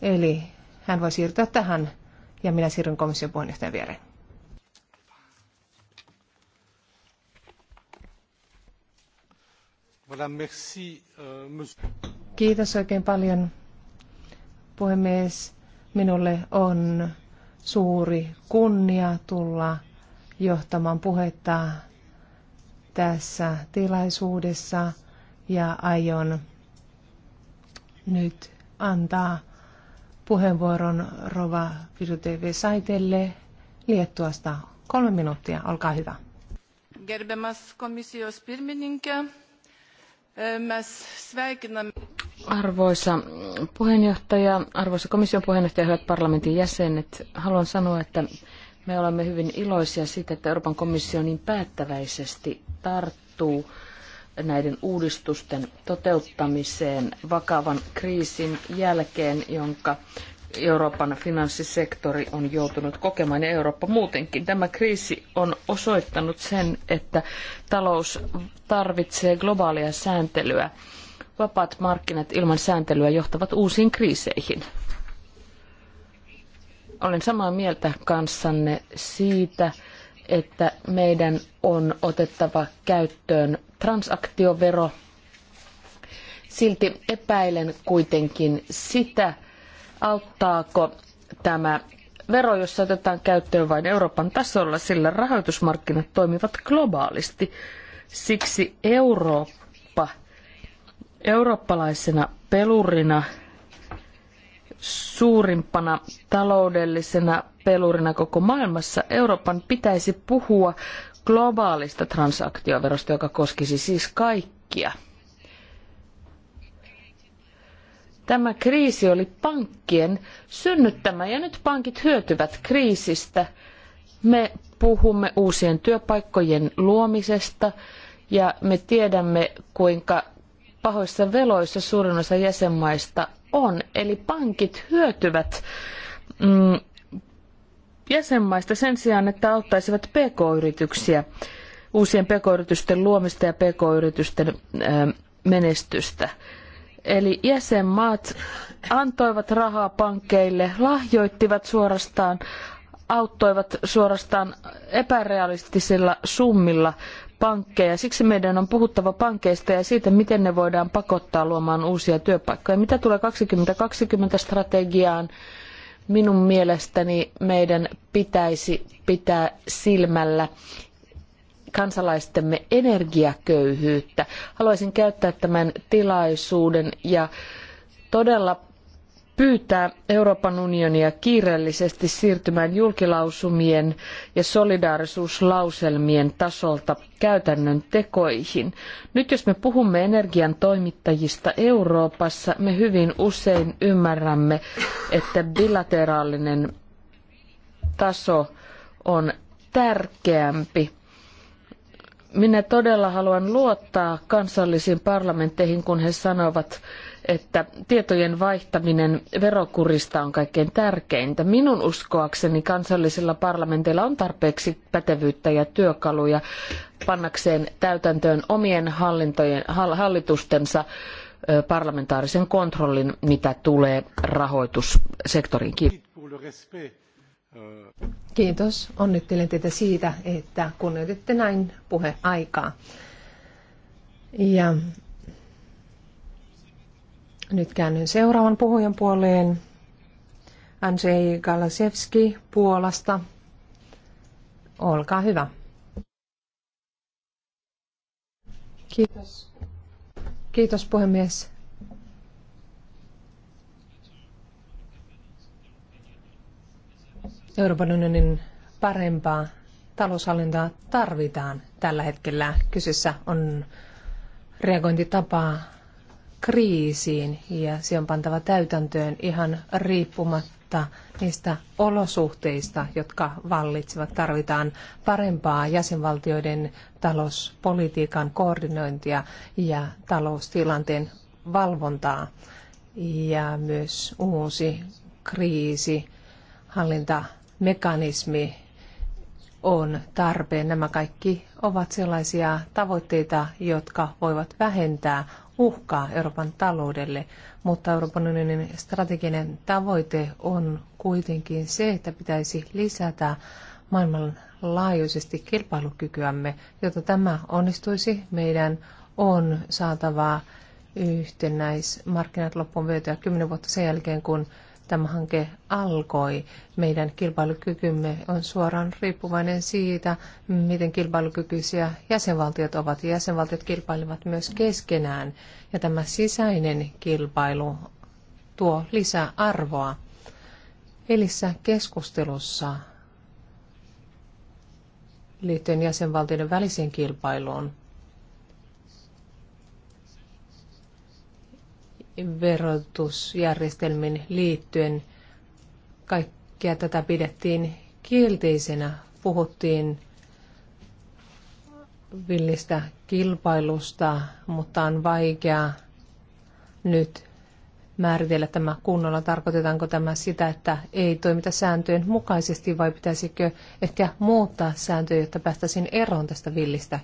[SPEAKER 2] Eli hän voi siirtyä tähän ja minä siirryn komission puheenjohtajan viereen. Euh, Kiitos oikein paljon, puhemies. Minulle on suuri kunnia tulla johtamaan puhetta tässä tilaisuudessa ja aion nyt antaa puheenvuoron Rova Viruteve Saitelle Liettuasta. Kolme minuuttia, olkaa hyvä. Gerbiamas komisijos pirmininkė,
[SPEAKER 3] Arvoisa puheenjohtaja, arvoisa komission puheenjohtaja, hyvät parlamentin jäsenet, haluan sanoa, että me olemme hyvin iloisia siitä, että Euroopan komissio niin päättäväisesti tarttuu näiden uudistusten toteuttamiseen vakavan kriisin jälkeen, jonka Euroopan finanssisektori on joutunut kokemaan ja Eurooppa muutenkin. Tämä kriisi on osoittanut sen, että talous tarvitsee globaalia sääntelyä. Vapaat markkinat ilman sääntelyä johtavat uusiin kriiseihin. Olen samaa mieltä kanssanne siitä, että meidän on otettava käyttöön transaktiovero. Silti epäilen kuitenkin sitä, Auttaako tämä vero, jossa otetaan käyttöön vain Euroopan tasolla, sillä rahoitusmarkkinat toimivat globaalisti. Siksi Eurooppa eurooppalaisena pelurina, suurimpana taloudellisena pelurina koko maailmassa, Euroopan pitäisi puhua globaalista transaktioverosta, joka koskisi siis kaikkia. Tämä kriisi oli pankkien synnyttämä ja nyt pankit hyötyvät kriisistä. Me puhumme uusien työpaikkojen luomisesta ja me tiedämme, kuinka pahoissa veloissa suurin osa jäsenmaista on. Eli pankit hyötyvät mm, jäsenmaista sen sijaan, että auttaisivat pk-yrityksiä, uusien pk-yritysten luomista ja pk-yritysten menestystä. Eli jäsenmaat antoivat rahaa pankeille, lahjoittivat suorastaan, auttoivat suorastaan epärealistisilla summilla pankkeja. Siksi meidän on puhuttava pankeista ja siitä, miten ne voidaan pakottaa luomaan uusia työpaikkoja. Mitä tulee 2020-strategiaan, minun mielestäni meidän pitäisi pitää silmällä kansalaistemme energiaköyhyyttä. Haluaisin käyttää tämän tilaisuuden ja todella pyytää Euroopan unionia kiireellisesti siirtymään julkilausumien ja solidaarisuuslauselmien tasolta käytännön tekoihin. Nyt jos me puhumme energian toimittajista Euroopassa, me hyvin usein ymmärrämme, että bilateraalinen taso on tärkeämpi minä todella haluan luottaa kansallisiin parlamentteihin, kun he sanovat, että tietojen vaihtaminen verokurista on kaikkein tärkeintä. Minun uskoakseni kansallisilla parlamenteilla on tarpeeksi pätevyyttä ja työkaluja pannakseen täytäntöön omien hallintojen, hallitustensa parlamentaarisen kontrollin, mitä tulee rahoitussektoriin. Kiitos.
[SPEAKER 1] Kiitos.
[SPEAKER 2] Onnittelen teitä siitä, että kunnioititte näin puheaikaa. Ja nyt käännyn seuraavan puhujan puoleen. Andrzej Galasiewski Puolasta. Olkaa hyvä. Kiitos. Kiitos puhemies. Euroopan unionin parempaa taloushallintaa tarvitaan tällä hetkellä. Kyseessä on reagointitapaa kriisiin ja se on pantava täytäntöön ihan riippumatta niistä olosuhteista, jotka vallitsevat. Tarvitaan parempaa jäsenvaltioiden talouspolitiikan koordinointia ja taloustilanteen valvontaa ja myös uusi kriisi hallinta mekanismi on tarpeen. Nämä kaikki ovat sellaisia tavoitteita, jotka voivat vähentää uhkaa Euroopan taloudelle, mutta Euroopan unionin strateginen tavoite on kuitenkin se, että pitäisi lisätä maailmanlaajuisesti kilpailukykyämme. Jotta tämä onnistuisi, meidän on saatava yhtenäismarkkinat loppuun vietyä kymmenen vuotta sen jälkeen, kun tämä hanke alkoi. Meidän kilpailukykymme on suoraan riippuvainen siitä, miten kilpailukykyisiä jäsenvaltiot ovat. Jäsenvaltiot kilpailevat myös keskenään ja tämä sisäinen kilpailu tuo lisää arvoa. Elissä keskustelussa liittyen jäsenvaltioiden väliseen kilpailuun verotusjärjestelmiin liittyen. Kaikkea tätä pidettiin kielteisenä. Puhuttiin villistä kilpailusta, mutta on vaikea nyt määritellä tämä kunnolla. Tarkoitetaanko tämä sitä, että ei toimita sääntöjen mukaisesti vai pitäisikö ehkä muuttaa sääntöjä, jotta päästäisiin eroon tästä villistä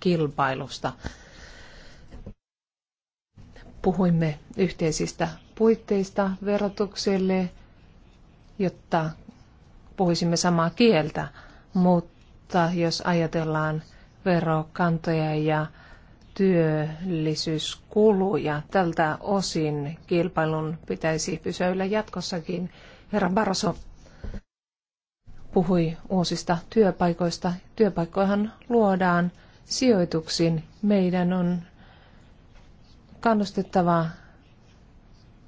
[SPEAKER 2] kilpailusta? puhuimme yhteisistä puitteista verotukselle, jotta puhuisimme samaa kieltä, mutta jos ajatellaan verokantoja ja työllisyyskuluja, tältä osin kilpailun pitäisi yllä jatkossakin. Herra Barroso puhui uusista työpaikoista. Työpaikkoihan luodaan sijoituksiin. Meidän on kannustettava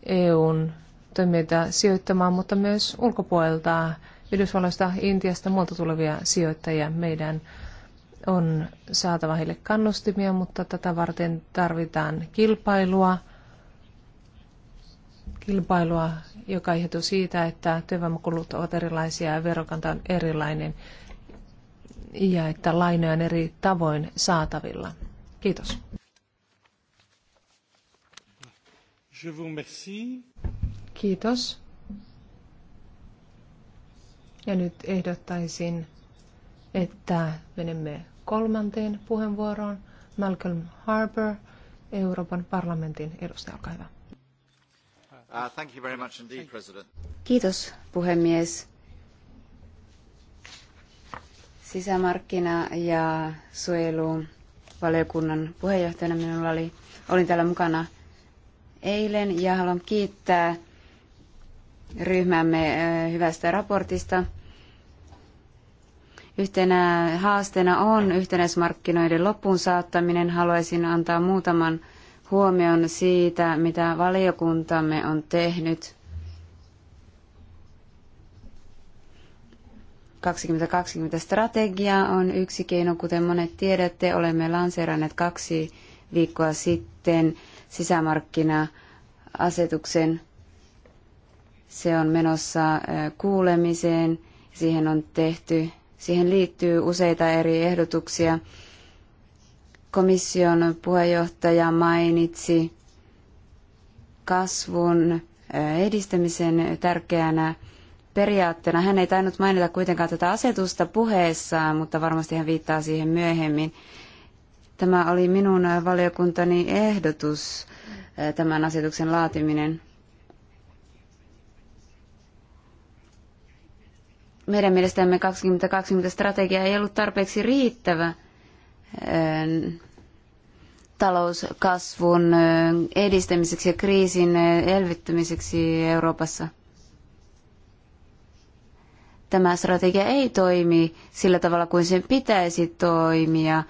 [SPEAKER 2] EUn toimijoita sijoittamaan, mutta myös ulkopuolelta Yhdysvalloista, Intiasta ja tulevia sijoittajia. Meidän on saatava heille kannustimia, mutta tätä varten tarvitaan kilpailua, kilpailua joka johtuu siitä, että työvoimakulut ovat erilaisia ja verokanta on erilainen ja että lainoja on eri tavoin saatavilla. Kiitos.
[SPEAKER 1] Je vous remercie.
[SPEAKER 2] Kiitos. Ja nyt ehdottaisin, että menemme kolmanteen puheenvuoroon. Malcolm Harper Euroopan parlamentin edustaja, olkaa hyvä. Uh,
[SPEAKER 4] Kiitos, puhemies. Sisämarkkina- ja suojeluvaliokunnan puheenjohtajana minulla oli, olin täällä mukana – eilen ja haluan kiittää ryhmämme hyvästä raportista. Yhtenä haasteena on yhtenäismarkkinoiden loppuun saattaminen. Haluaisin antaa muutaman huomion siitä, mitä valiokuntamme on tehnyt. 2020 strategia on yksi keino, kuten monet tiedätte, olemme lanseeranneet kaksi viikkoa sitten sisämarkkina-asetuksen. Se on menossa kuulemiseen. Siihen on tehty, siihen liittyy useita eri ehdotuksia. Komission puheenjohtaja mainitsi kasvun edistämisen tärkeänä periaatteena. Hän ei tainnut mainita kuitenkaan tätä asetusta puheessaan, mutta varmasti hän viittaa siihen myöhemmin. Tämä oli minun valiokuntani ehdotus, eh, tämän asetuksen laatiminen. Meidän mielestämme 2020-strategia ei ollut tarpeeksi riittävä eh, talouskasvun eh, edistämiseksi ja kriisin elvyttämiseksi Euroopassa. Tämä strategia ei toimi sillä tavalla kuin sen pitäisi toimia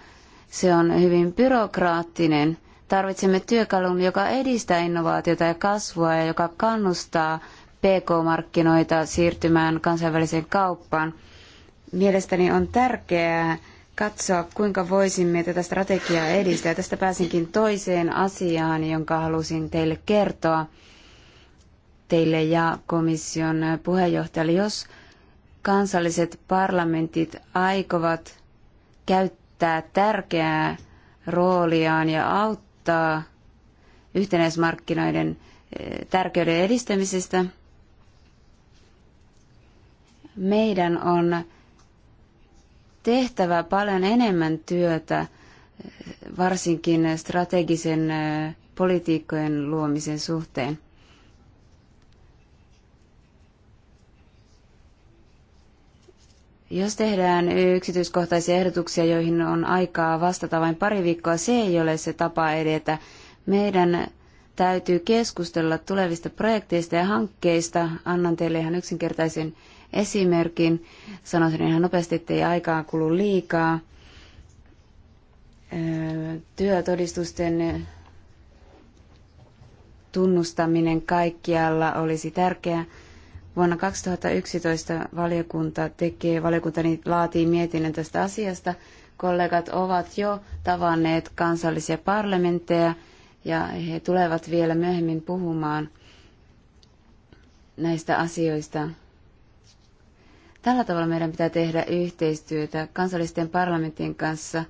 [SPEAKER 4] se on hyvin byrokraattinen. Tarvitsemme työkalun, joka edistää innovaatiota ja kasvua ja joka kannustaa PK-markkinoita siirtymään kansainväliseen kauppaan. Mielestäni on tärkeää katsoa, kuinka voisimme tätä strategiaa edistää. Tästä pääsinkin toiseen asiaan, jonka halusin teille kertoa, teille ja komission puheenjohtajalle. Jos kansalliset parlamentit aikovat käyttää näyttää tärkeää rooliaan ja auttaa yhtenäismarkkinoiden eh, tärkeyden edistämisestä. Meidän on tehtävä paljon enemmän työtä, eh, varsinkin strategisen eh, politiikkojen luomisen suhteen. Jos tehdään yksityiskohtaisia ehdotuksia, joihin on aikaa vastata vain pari viikkoa, se ei ole se tapa edetä. Meidän täytyy keskustella tulevista projekteista ja hankkeista. Annan teille ihan yksinkertaisen esimerkin. Sanon sen ihan nopeasti, ettei aikaa kulu liikaa. Työtodistusten tunnustaminen kaikkialla olisi tärkeää. Vuonna 2011 valiokunta tekee, valiokuntani laatii mietinnön tästä asiasta. Kollegat ovat jo tavanneet kansallisia parlamentteja ja he tulevat vielä myöhemmin puhumaan näistä asioista. Tällä tavalla meidän pitää tehdä yhteistyötä kansallisten parlamenttien kanssa.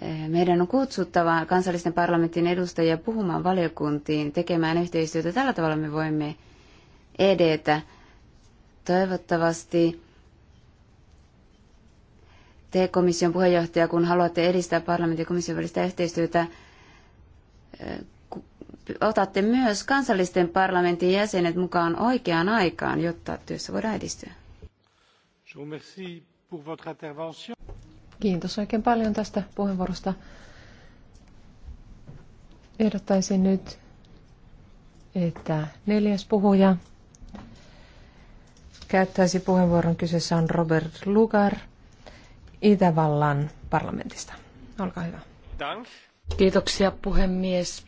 [SPEAKER 4] Eh, meidän on kutsuttava kansallisten parlamenttien edustajia puhumaan valiokuntiin, tekemään yhteistyötä. Tällä tavalla me voimme edetä. Toivottavasti te komission puheenjohtaja, kun haluatte edistää parlamentin ja komission välistä yhteistyötä, eh, otatte myös kansallisten parlamentin jäsenet mukaan oikeaan aikaan, jotta työssä voidaan edistyä. Kiitos oikein paljon tästä
[SPEAKER 2] puheenvuorosta. Ehdottaisin nyt, että neljäs puhuja käyttäisi puheenvuoron. Kyseessä on Robert Lugar Itävallan parlamentista. Olkaa hyvä. Dank. Kiitoksia puhemies.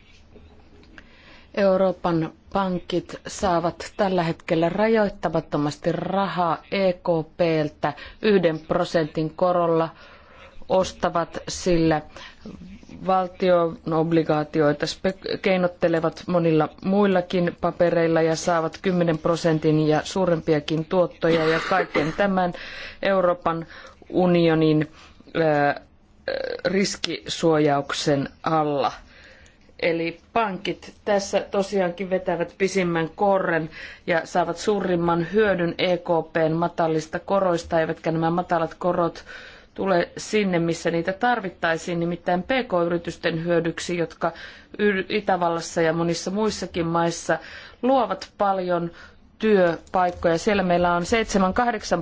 [SPEAKER 3] Euroopan pankit saavat tällä hetkellä rajoittamattomasti rahaa EKPltä yhden prosentin korolla ostavat sillä valtion obligaatioita keinottelevat monilla muillakin papereilla ja saavat kymmenen prosentin ja suurempiakin tuottoja ja kaiken tämän Euroopan unionin riskisuojauksen alla. Eli pankit tässä tosiaankin vetävät pisimmän korren ja saavat suurimman hyödyn EKPn matalista koroista, eivätkä nämä matalat korot tule sinne, missä niitä tarvittaisiin, nimittäin PK-yritysten hyödyksi, jotka Itävallassa ja monissa muissakin maissa luovat paljon työpaikkoja. Siellä meillä on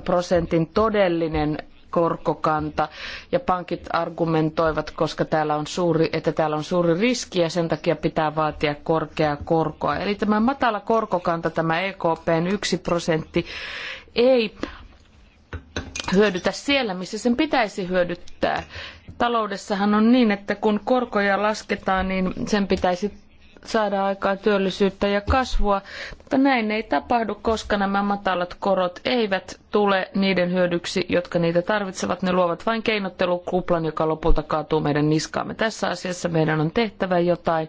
[SPEAKER 3] 7-8 prosentin todellinen korkokanta ja pankit argumentoivat, koska täällä on suuri, että täällä on suuri riski ja sen takia pitää vaatia korkeaa korkoa. Eli tämä matala korkokanta, tämä EKPn yksi prosentti, ei hyödytä siellä, missä sen pitäisi hyödyttää. Taloudessahan on niin, että kun korkoja lasketaan, niin sen pitäisi saada aikaa työllisyyttä ja kasvua, mutta näin ei tapahdu, koska nämä matalat korot eivät tule niiden hyödyksi, jotka niitä tarvitsevat. Ne luovat vain keinottelukuplan, joka lopulta kaatuu meidän niskaamme. Tässä asiassa meidän on tehtävä jotain.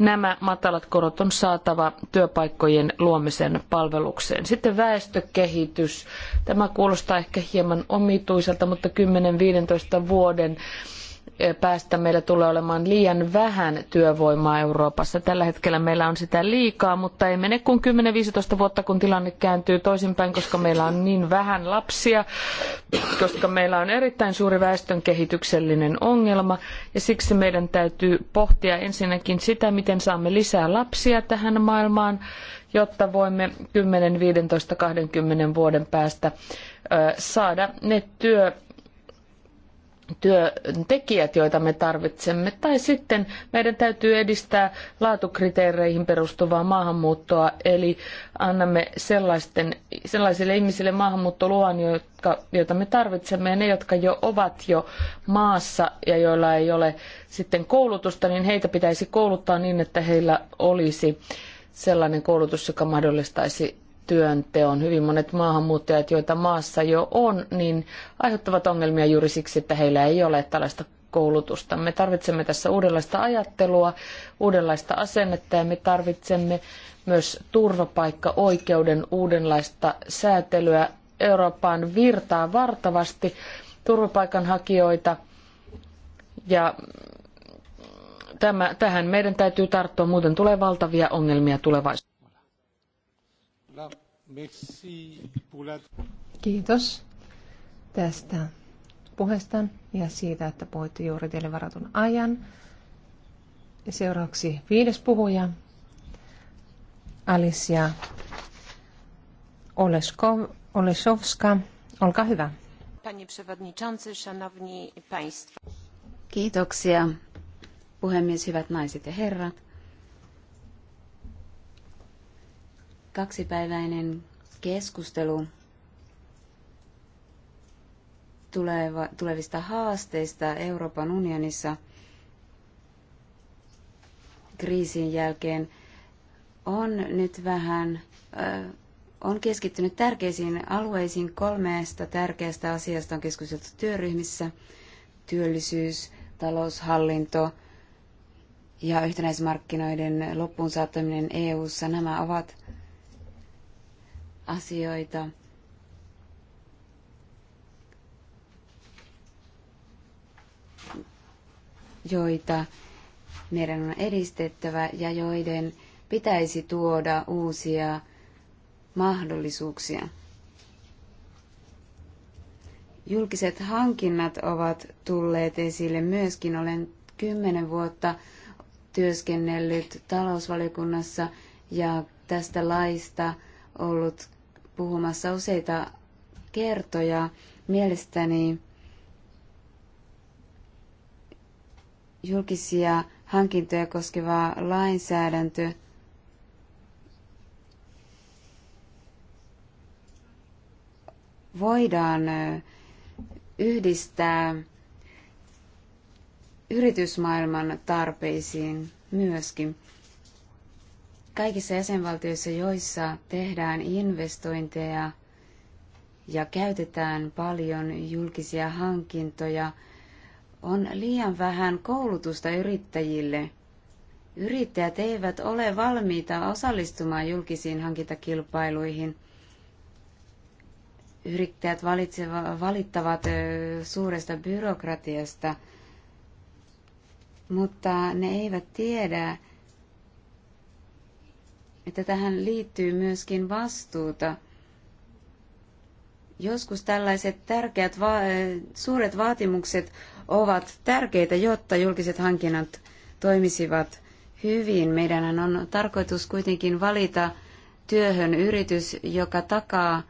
[SPEAKER 3] Nämä matalat korot on saatava työpaikkojen luomisen palvelukseen. Sitten väestökehitys. Tämä kuulostaa ehkä hieman omituiselta, mutta 10-15 vuoden päästä meillä tulee olemaan liian vähän työvoimaa Euroopassa. Tällä hetkellä meillä on sitä liikaa, mutta ei mene kuin 10-15 vuotta, kun tilanne kääntyy toisinpäin, koska meillä on niin vähän lapsia, koska meillä on erittäin suuri väestön kehityksellinen ongelma. Ja siksi meidän täytyy pohtia ensinnäkin sitä, miten saamme lisää lapsia tähän maailmaan, jotta voimme 10, 15, 20 vuoden päästä saada ne työ työntekijät, joita me tarvitsemme, tai sitten meidän täytyy edistää laatukriteereihin perustuvaa maahanmuuttoa, eli annamme sellaisten, sellaisille ihmisille maahanmuuttoluvan, jotka, joita me tarvitsemme, ja ne, jotka jo ovat jo maassa ja joilla ei ole sitten koulutusta, niin heitä pitäisi kouluttaa niin, että heillä olisi sellainen koulutus, joka mahdollistaisi työnteon. Hyvin monet maahanmuuttajat, joita maassa jo on, niin aiheuttavat ongelmia juuri siksi, että heillä ei ole tällaista koulutusta. Me tarvitsemme tässä uudenlaista ajattelua, uudenlaista asennetta ja me tarvitsemme myös turvapaikkaoikeuden uudenlaista säätelyä. Euroopan virtaa vartavasti turvapaikanhakijoita ja tämä, tähän meidän täytyy tarttua, muuten tulee valtavia
[SPEAKER 2] ongelmia tulevaisuudessa. Kiitos tästä puheesta ja siitä, että puhuitte juuri teille varatun ajan. Seuraavaksi viides puhuja, Alicia Oleskov,
[SPEAKER 4] Olkaa hyvä. Panie przewodniczący, szanowni państwo. Kiitoksia, puhemies, hyvät naiset ja herrat. kaksipäiväinen keskustelu tuleva, tulevista haasteista Euroopan unionissa kriisin jälkeen on nyt vähän, äh, on keskittynyt tärkeisiin alueisiin. Kolmeesta tärkeästä asiasta on keskusteltu työryhmissä. Työllisyys, taloushallinto ja yhtenäismarkkinoiden loppuun saattaminen EU-ssa. Nämä ovat asioita. joita meidän on edistettävä ja joiden pitäisi tuoda uusia mahdollisuuksia. Julkiset hankinnat ovat tulleet esille myöskin. Olen kymmenen vuotta työskennellyt talousvaliokunnassa ja tästä laista – ollut puhumassa useita kertoja. Mielestäni julkisia hankintoja koskeva lainsäädäntö voidaan yhdistää yritysmaailman tarpeisiin myöskin. Kaikissa jäsenvaltioissa, joissa tehdään investointeja ja käytetään paljon julkisia hankintoja, on liian vähän koulutusta yrittäjille. Yrittäjät eivät ole valmiita osallistumaan julkisiin hankintakilpailuihin. Yrittäjät valittavat suuresta byrokratiasta, mutta ne eivät tiedä, että tähän liittyy myöskin vastuuta. Joskus tällaiset tärkeät, va- äh, suuret vaatimukset ovat tärkeitä, jotta julkiset hankinnat toimisivat hyvin. Meidän on tarkoitus kuitenkin valita työhön yritys, joka takaa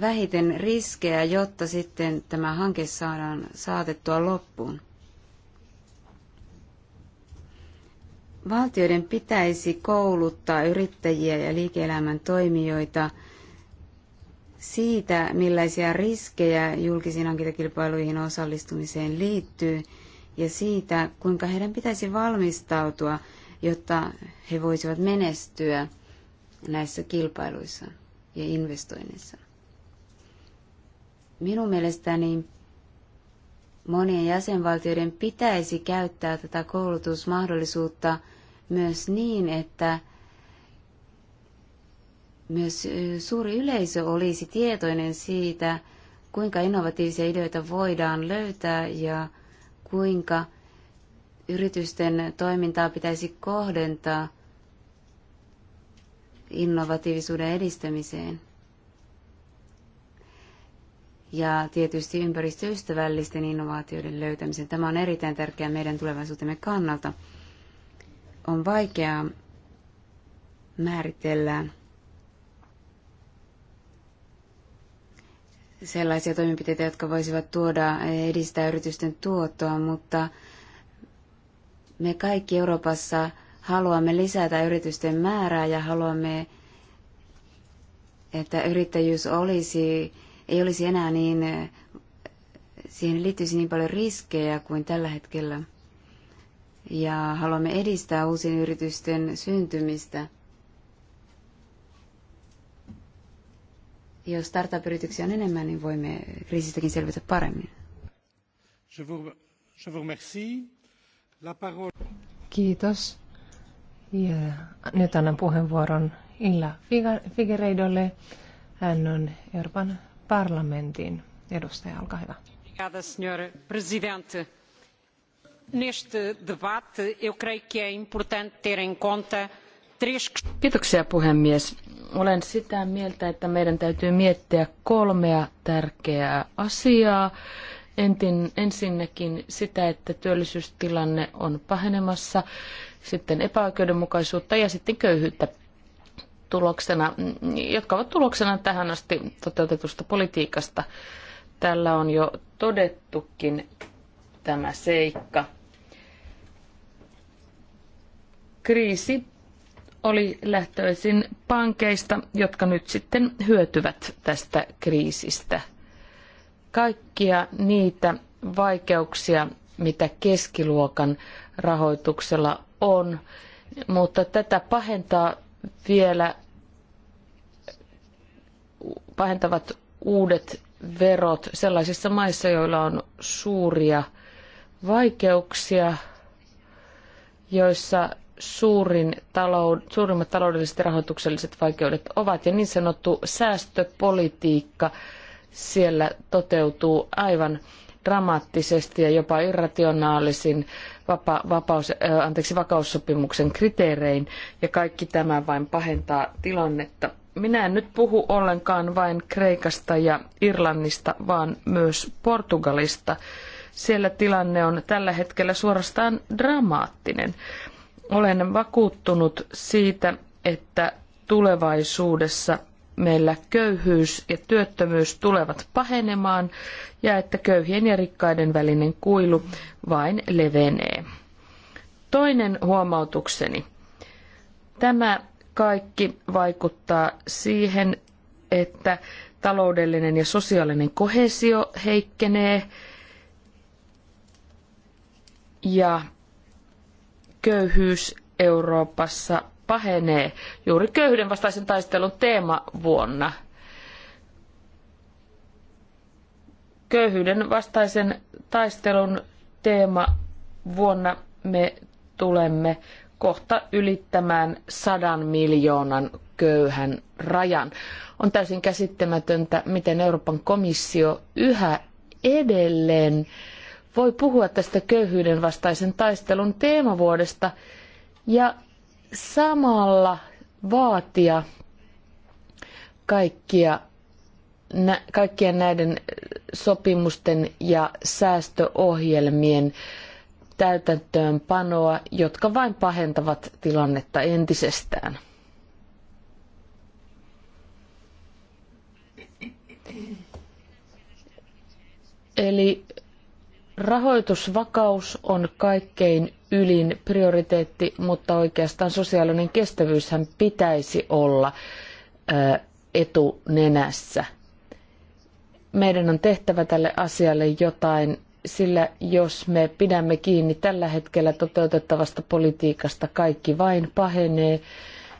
[SPEAKER 4] vähiten riskejä, jotta sitten tämä hanke saadaan saatettua loppuun. Valtioiden pitäisi kouluttaa yrittäjiä ja liike-elämän toimijoita siitä, millaisia riskejä julkisiin hankintakilpailuihin osallistumiseen liittyy ja siitä, kuinka heidän pitäisi valmistautua, jotta he voisivat menestyä näissä kilpailuissa ja investoinnissa. Minun mielestäni monien jäsenvaltioiden pitäisi käyttää tätä koulutusmahdollisuutta – myös niin, että myös suuri yleisö olisi tietoinen siitä, kuinka innovatiivisia ideoita voidaan löytää ja kuinka yritysten toimintaa pitäisi kohdentaa innovatiivisuuden edistämiseen. Ja tietysti ympäristöystävällisten innovaatioiden löytämisen. Tämä on erittäin tärkeää meidän tulevaisuutemme kannalta on vaikeaa määritellä sellaisia toimenpiteitä, jotka voisivat tuoda edistää yritysten tuottoa, mutta me kaikki Euroopassa haluamme lisätä yritysten määrää ja haluamme, että yrittäjyys olisi, ei olisi enää niin, siihen liittyisi niin paljon riskejä kuin tällä hetkellä – ja haluamme edistää uusien yritysten syntymistä. Jos startup-yrityksiä on enemmän, niin voimme kriisistäkin selvitä paremmin. Kiitos. Ja nyt
[SPEAKER 2] annan puheenvuoron Illa Figereidolle. Hän on Euroopan parlamentin edustaja. Olkaa hyvä
[SPEAKER 3] neste debate eu creio que é importante ter em conta três... Kiitoksia puhemies. Olen sitä mieltä, että meidän täytyy miettiä kolmea tärkeää asiaa. Entin, ensinnäkin sitä, että työllisyystilanne on pahenemassa, sitten epäoikeudenmukaisuutta ja sitten köyhyyttä tuloksena, jotka ovat tuloksena tähän asti toteutetusta politiikasta. Tällä on jo todettukin tämä seikka. Kriisi oli lähtöisin pankeista, jotka nyt sitten hyötyvät tästä kriisistä. Kaikkia niitä vaikeuksia, mitä keskiluokan rahoituksella on, mutta tätä pahentaa vielä pahentavat uudet verot sellaisissa maissa, joilla on suuria vaikeuksia, joissa suurin talou, suurimmat taloudelliset ja rahoitukselliset vaikeudet ovat. Ja niin sanottu säästöpolitiikka siellä toteutuu aivan dramaattisesti ja jopa irrationaalisin vapa, vapaus, anteeksi, vakaussopimuksen kriteerein. Ja kaikki tämä vain pahentaa tilannetta. Minä en nyt puhu ollenkaan vain Kreikasta ja Irlannista, vaan myös Portugalista. Siellä tilanne on tällä hetkellä suorastaan dramaattinen. Olen vakuuttunut siitä, että tulevaisuudessa meillä köyhyys ja työttömyys tulevat pahenemaan ja että köyhien ja rikkaiden välinen kuilu vain levenee. Toinen huomautukseni. Tämä kaikki vaikuttaa siihen, että taloudellinen ja sosiaalinen kohesio heikkenee ja köyhyys Euroopassa pahenee juuri köyhyyden vastaisen taistelun teemavuonna. Köyhyyden vastaisen taistelun teema vuonna me tulemme kohta ylittämään sadan miljoonan köyhän rajan. On täysin käsittämätöntä, miten Euroopan komissio yhä edelleen voi puhua tästä köyhyyden vastaisen taistelun teemavuodesta ja samalla vaatia kaikkia, nä, kaikkien näiden sopimusten ja säästöohjelmien täytäntöönpanoa, jotka vain pahentavat tilannetta entisestään. Eli Rahoitusvakaus on kaikkein ylin prioriteetti, mutta oikeastaan sosiaalinen kestävyyshän pitäisi olla etunenässä. Meidän on tehtävä tälle asialle jotain, sillä jos me pidämme kiinni tällä hetkellä toteutettavasta politiikasta, kaikki vain pahenee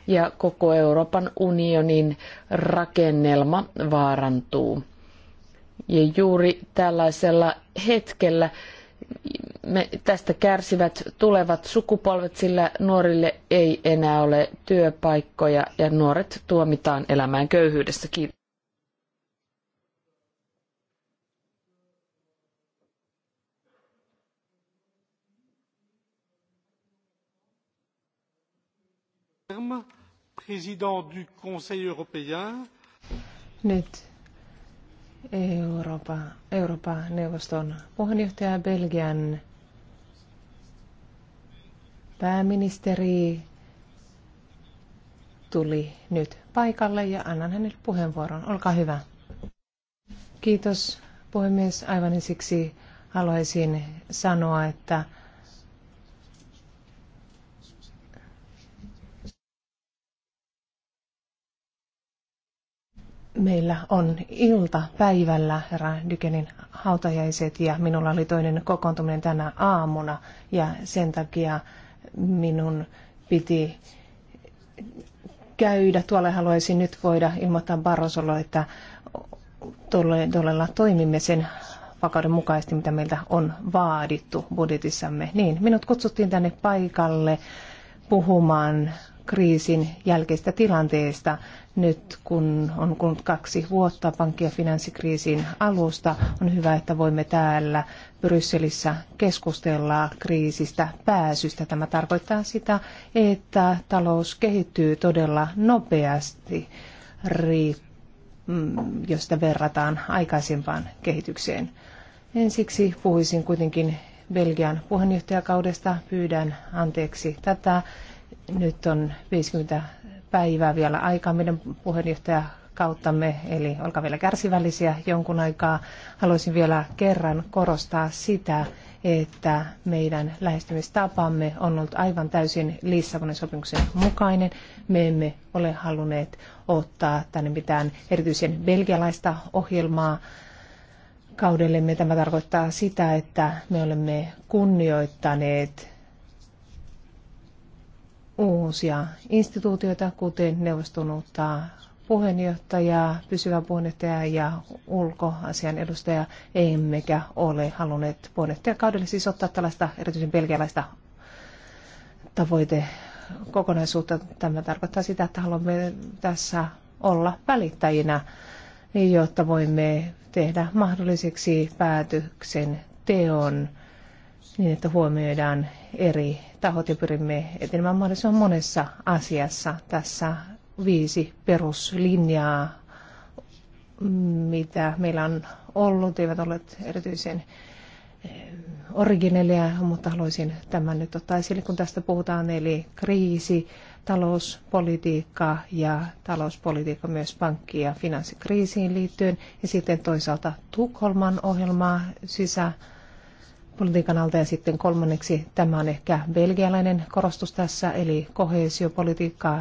[SPEAKER 3] ja koko Euroopan unionin rakennelma vaarantuu. Ja juuri tällaisella hetkellä me tästä kärsivät tulevat sukupolvet, sillä nuorille ei enää ole työpaikkoja ja nuoret tuomitaan elämään köyhyydessä. Kiitos.
[SPEAKER 2] Nyt Eurooppa, Euroopan neuvoston puheenjohtaja Belgian pääministeri tuli nyt paikalle ja annan hänelle puheenvuoron. Olkaa hyvä. Kiitos puhemies. Aivan siksi haluaisin sanoa, että meillä on ilta päivällä herra Dykenin hautajaiset ja minulla oli toinen kokoontuminen tänä aamuna ja sen takia minun piti käydä. Tuolla haluaisin nyt voida ilmoittaa Barrosolle, että todella toimimme sen vakauden mukaisesti, mitä meiltä on vaadittu budjetissamme. Niin, minut kutsuttiin tänne paikalle puhumaan kriisin jälkeistä tilanteesta nyt kun on kulunut kaksi vuotta pankki- ja finanssikriisin alusta, on hyvä, että voimme täällä Brysselissä keskustella kriisistä pääsystä. Tämä tarkoittaa sitä, että talous kehittyy todella nopeasti, mm, jos sitä verrataan aikaisempaan kehitykseen. Ensiksi puhuisin kuitenkin Belgian puheenjohtajakaudesta. Pyydän anteeksi tätä. Nyt on 50 päivää vielä aikaa meidän puheenjohtaja kauttamme, eli olkaa vielä kärsivällisiä jonkun aikaa. Haluaisin vielä kerran korostaa sitä, että meidän lähestymistapamme on ollut aivan täysin Lissabonin sopimuksen mukainen. Me emme ole halunneet ottaa tänne mitään erityisen belgialaista ohjelmaa kaudellemme. Tämä tarkoittaa sitä, että me olemme kunnioittaneet uusia instituutioita, kuten neuvostonuutta puheenjohtajaa, pysyvä puheenjohtaja ja ulkoasian edustaja, emmekä ole halunneet puheenjohtajakaudelle siis ottaa tällaista erityisen belgialaista tavoite kokonaisuutta. Tämä tarkoittaa sitä, että haluamme tässä olla välittäjinä, jotta voimme tehdä mahdolliseksi päätöksen teon niin, että huomioidaan eri tahot ja pyrimme etenemään mahdollisimman monessa asiassa. Tässä viisi peruslinjaa, mitä meillä on ollut, eivät ole erityisen eh, originelia, mutta haluaisin tämän nyt ottaa esille, kun tästä puhutaan, eli kriisi, talouspolitiikka ja talouspolitiikka myös pankki- ja finanssikriisiin liittyen, ja sitten toisaalta Tukholman ohjelmaa, sisä- politiikan alta ja sitten kolmanneksi tämä on ehkä belgialainen korostus tässä, eli kohesiopolitiikka,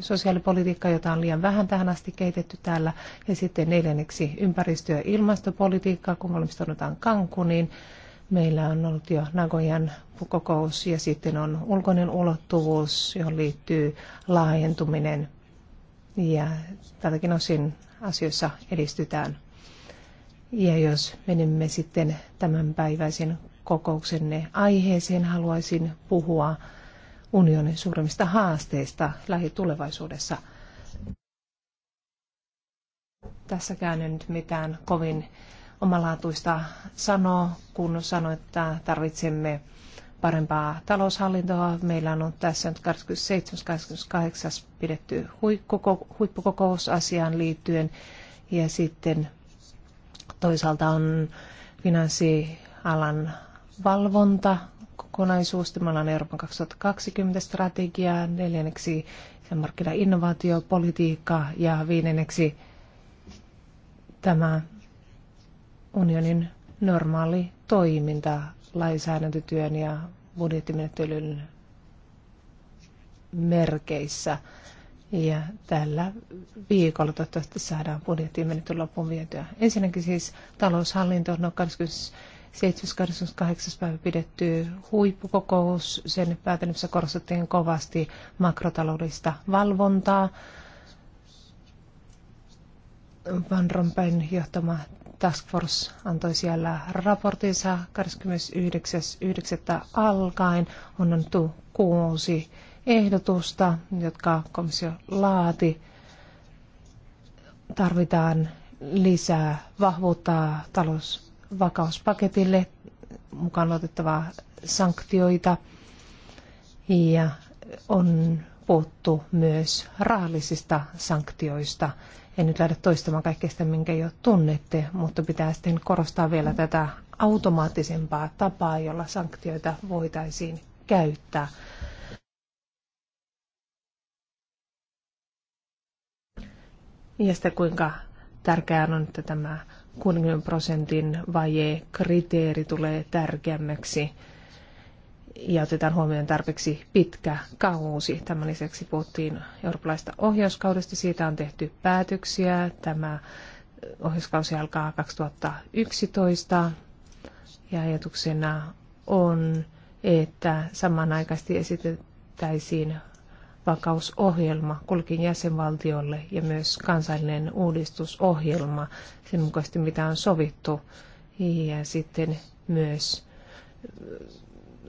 [SPEAKER 2] sosiaalipolitiikka, jota on liian vähän tähän asti kehitetty täällä. Ja sitten neljänneksi ympäristö- ja ilmastopolitiikka, kun valmistaudutaan Kankuniin. Meillä on ollut jo Nagojan kokous ja sitten on ulkoinen ulottuvuus, johon liittyy laajentuminen. Ja tältäkin osin asioissa edistytään. Ja jos menemme sitten tämänpäiväisen kokouksenne aiheeseen. Haluaisin puhua unionin suurimmista haasteista lähitulevaisuudessa. Tässäkään en nyt mitään kovin omalaatuista sanoa, kun sanoin, että tarvitsemme parempaa taloushallintoa. Meillä on tässä nyt 27.28. pidetty huippukokous asiaan liittyen ja sitten toisaalta on finanssialan valvonta kokonaisuus. Meillä Euroopan 2020 strategia, neljänneksi sen markkinainnovaatiopolitiikka ja viidenneksi tämä unionin normaali toiminta lainsäädäntötyön ja budjettimenettelyn merkeissä. Ja tällä viikolla toivottavasti saadaan budjettiin menetty loppuun vietyä. Ensinnäkin siis taloushallinto, no 26. 7.28. päivä pidetty huippukokous. Sen päätelmissä korostettiin kovasti makrotaloudellista valvontaa. Van Rompuyn johtama Task Force antoi siellä raportinsa 29.9. alkaen. On annettu kuusi ehdotusta, jotka komissio laati. Tarvitaan lisää vahvuutta talous vakauspaketille mukaan otettavaa sanktioita ja on puhuttu myös rahallisista sanktioista. En nyt lähde toistamaan kaikkea sitä, minkä jo tunnette, mutta pitää sitten korostaa vielä tätä automaattisempaa tapaa, jolla sanktioita voitaisiin käyttää. Ja sitten kuinka tärkeää on, että tämä 60 prosentin vaje kriteeri tulee tärkeämmäksi ja otetaan huomioon tarpeeksi pitkä kausi. Tämän lisäksi puhuttiin eurooppalaista ohjauskaudesta. Siitä on tehty päätöksiä. Tämä ohjauskausi alkaa 2011 ja ajatuksena on, että samanaikaisesti esitettäisiin vakausohjelma kulkin jäsenvaltiolle ja myös kansallinen uudistusohjelma sen mukaisesti, mitä on sovittu. Ja sitten myös äh,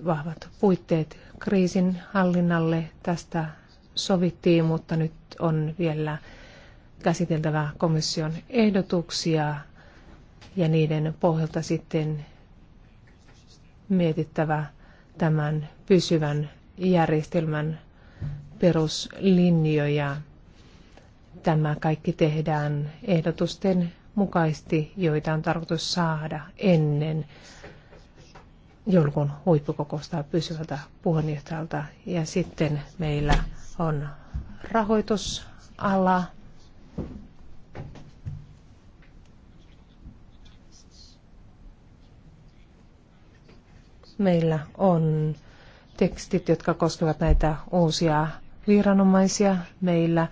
[SPEAKER 2] vahvat puitteet kriisin hallinnalle tästä sovittiin, mutta nyt on vielä käsiteltävä komission ehdotuksia ja niiden pohjalta sitten mietittävä tämän pysyvän järjestelmän peruslinjoja. Tämä kaikki tehdään ehdotusten mukaisesti, joita on tarkoitus saada ennen joulukuun huippukokousta pysyvältä puheenjohtajalta. Ja sitten meillä on rahoitusala, meillä on tekstit, jotka koskevat näitä uusia Viranomaisia Meillä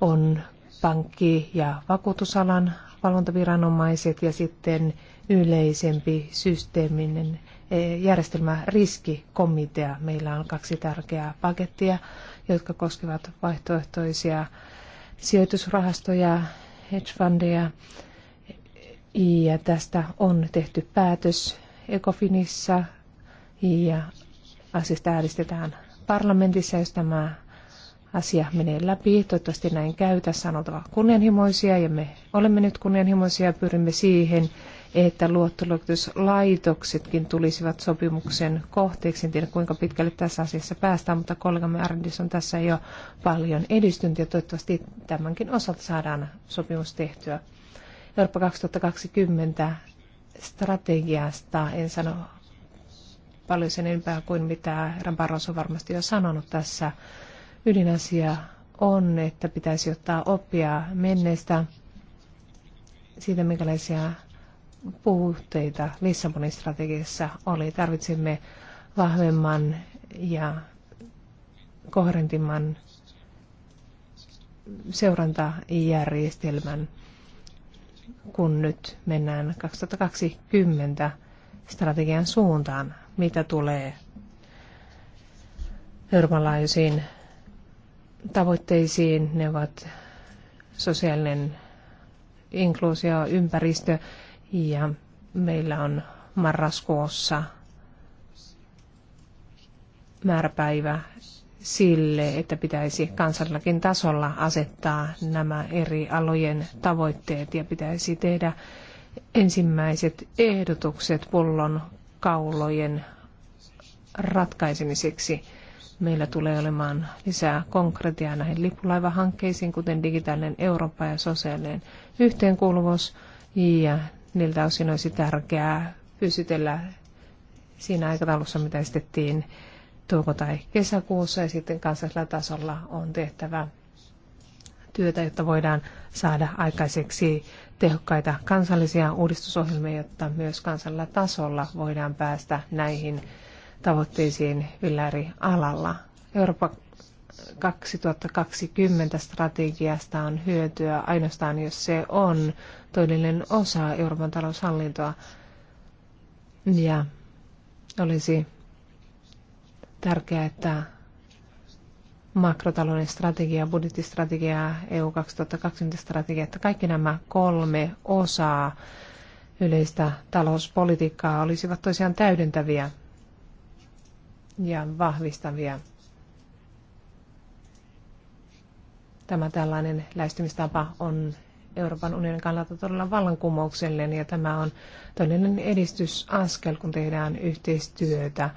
[SPEAKER 2] on pankki- ja vakuutusalan valvontaviranomaiset ja sitten yleisempi systeeminen eh, järjestelmäriskikomitea. Meillä on kaksi tärkeää pakettia, jotka koskevat vaihtoehtoisia sijoitusrahastoja, hedge fundeja. Ja tästä on tehty päätös Ecofinissa ja asiasta äänestetään parlamentissa, jos tämä asia menee läpi. Toivottavasti näin käy. Tässä on oltava kunnianhimoisia ja me olemme nyt kunnianhimoisia ja pyrimme siihen, että luottoluokituslaitoksetkin tulisivat sopimuksen kohteeksi. En tiedä kuinka pitkälle tässä asiassa päästään, mutta kollegamme Ardis on tässä jo paljon edistynyt ja toivottavasti tämänkin osalta saadaan sopimus tehtyä. Eurooppa 2020 strategiasta en sano paljon sen enempää kuin mitä Rambaros on varmasti jo sanonut tässä Ydinasia on, että pitäisi ottaa oppia menneestä siitä, minkälaisia puutteita Lissabonin strategiassa oli. Tarvitsemme vahvemman ja kohdentimman seurantajärjestelmän, kun nyt mennään 2020 strategian suuntaan, mitä tulee Euroopan laajuisiin tavoitteisiin. Ne ovat sosiaalinen inkluusio, ympäristö ja meillä on marraskuussa määräpäivä sille, että pitäisi kansallakin tasolla asettaa nämä eri alojen tavoitteet ja pitäisi tehdä ensimmäiset ehdotukset pullon kaulojen ratkaisemiseksi. Meillä tulee olemaan lisää konkretiaa näihin lippulaivahankkeisiin, kuten digitaalinen Eurooppa ja sosiaalinen yhteenkuuluvuus. Ja niiltä osin olisi tärkeää pysytellä siinä aikataulussa, mitä esitettiin touko- tai kesäkuussa. Ja sitten kansallisella tasolla on tehtävä työtä, jotta voidaan saada aikaiseksi tehokkaita kansallisia uudistusohjelmia, jotta myös kansallisella tasolla voidaan päästä näihin tavoitteisiin alalla. Eurooppa 2020 strategiasta on hyötyä ainoastaan, jos se on todellinen osa Euroopan taloushallintoa. Ja olisi tärkeää, että makrotalouden strategia, budjettistrategia, EU 2020 strategia, että kaikki nämä kolme osaa yleistä talouspolitiikkaa olisivat toisiaan täydentäviä ja vahvistavia. Tämä tällainen lähestymistapa on Euroopan unionin kannalta todella vallankumouksellinen ja tämä on todellinen edistysaskel, kun tehdään yhteistyötä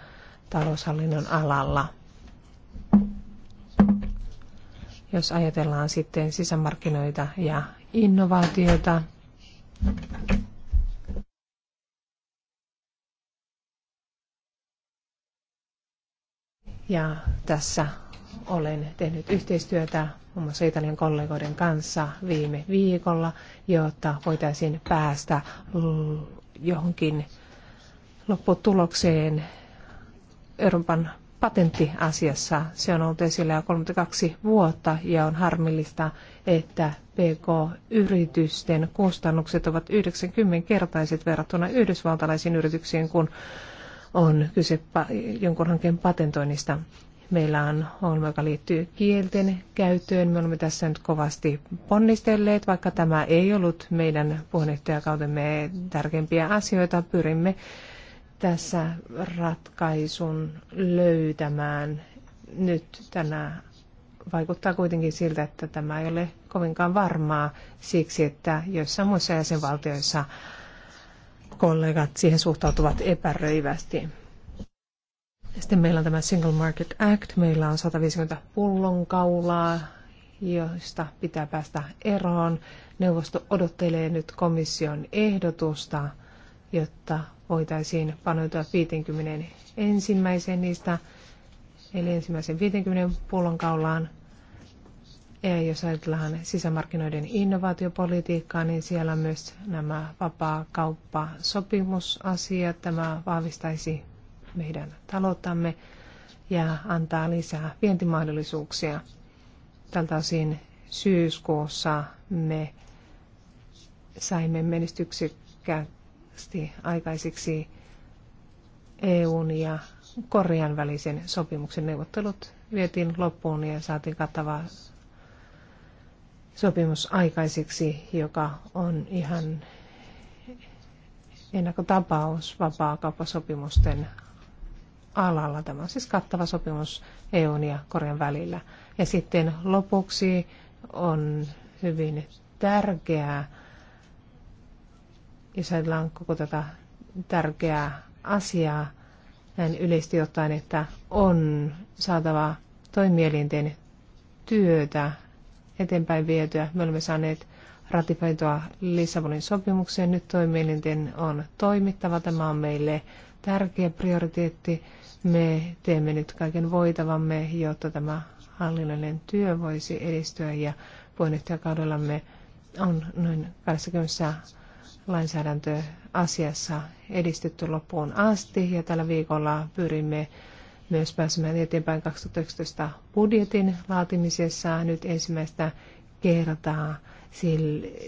[SPEAKER 2] taloushallinnon alalla. Jos ajatellaan sitten sisämarkkinoita ja innovaatioita, Ja tässä olen tehnyt yhteistyötä muun muassa Italian kollegoiden kanssa viime viikolla, jotta voitaisiin päästä johonkin lopputulokseen Euroopan patenttiasiassa. Se on ollut esillä jo 32 vuotta ja on harmillista, että PK-yritysten kustannukset ovat 90-kertaiset verrattuna yhdysvaltalaisiin yrityksiin, kun on kyse jonkun hankkeen patentoinnista. Meillä on ongelma, joka liittyy kielten käyttöön. Me olemme tässä nyt kovasti ponnistelleet, vaikka tämä ei ollut meidän puheenjohtajakautemme tärkeimpiä asioita. Pyrimme tässä ratkaisun löytämään nyt tänä vaikuttaa kuitenkin siltä, että tämä ei ole kovinkaan varmaa siksi, että joissain muissa jäsenvaltioissa kollegat siihen suhtautuvat epäröivästi. Sitten meillä on tämä Single Market Act, meillä on 150 pullonkaulaa, joista pitää päästä eroon. Neuvosto odottelee nyt komission ehdotusta, jotta voitaisiin panoitua 50 ensimmäiseen niistä, eli ensimmäisen 50 pullonkaulaan. Ja jos ajatellaan sisämarkkinoiden innovaatiopolitiikkaa, niin siellä on myös nämä vapaa kauppasopimusasiat. Tämä vahvistaisi meidän talouttamme ja antaa lisää vientimahdollisuuksia. Tältä osin syyskuussa me saimme menestyksekkäästi aikaisiksi EUn ja Korean välisen sopimuksen neuvottelut vietiin loppuun ja saatiin kattava sopimus aikaiseksi, joka on ihan ennakkotapaus vapaakauppasopimusten alalla. Tämä on siis kattava sopimus EUn ja Korean välillä. Ja sitten lopuksi on hyvin tärkeää, jos ajatellaan koko tätä tärkeää asiaa näin yleisesti ottaen, että on saatava toimielinten työtä eteenpäin vietyä. Me olemme saaneet ratifioitua Lissabonin sopimukseen. Nyt toimielinten on toimittava. Tämä on meille tärkeä prioriteetti. Me teemme nyt kaiken voitavamme, jotta tämä hallinnollinen työ voisi edistyä ja puheenjohtajakaudellamme on noin 20 lainsäädäntöasiassa edistetty loppuun asti ja tällä viikolla pyrimme myös pääsemään eteenpäin 2019 budjetin laatimisessa. Nyt ensimmäistä kertaa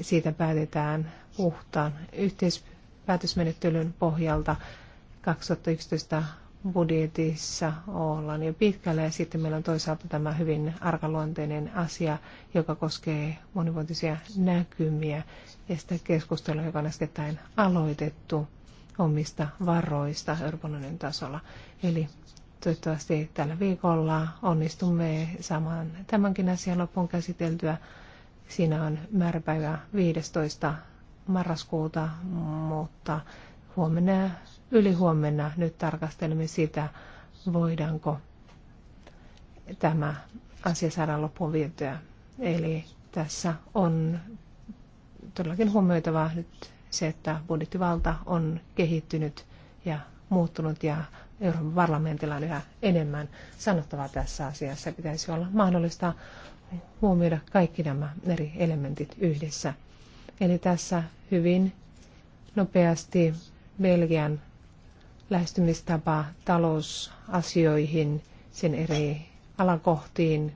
[SPEAKER 2] siitä päätetään puhtaan yhteispäätösmenettelyn pohjalta 2011 budjetissa ollaan jo pitkällä ja sitten meillä on toisaalta tämä hyvin arkaluonteinen asia, joka koskee monivuotisia näkymiä ja sitä keskustelua, joka on äskettäin aloitettu omista varoista Euroopan tasolla. Eli Toivottavasti tällä viikolla onnistumme saamaan tämänkin asian loppuun käsiteltyä. Siinä on määräpäivä 15. marraskuuta, mutta huomenna ja ylihuomenna nyt tarkastelemme sitä, voidaanko tämä asia saada loppuun vietyä. Eli tässä on todellakin huomioitava nyt se, että budjettivalta on kehittynyt ja muuttunut ja Euroopan parlamentilla on yhä enemmän sanottavaa tässä asiassa. Pitäisi olla mahdollista huomioida kaikki nämä eri elementit yhdessä. Eli tässä hyvin nopeasti Belgian lähestymistapa talousasioihin, sen eri alakohtiin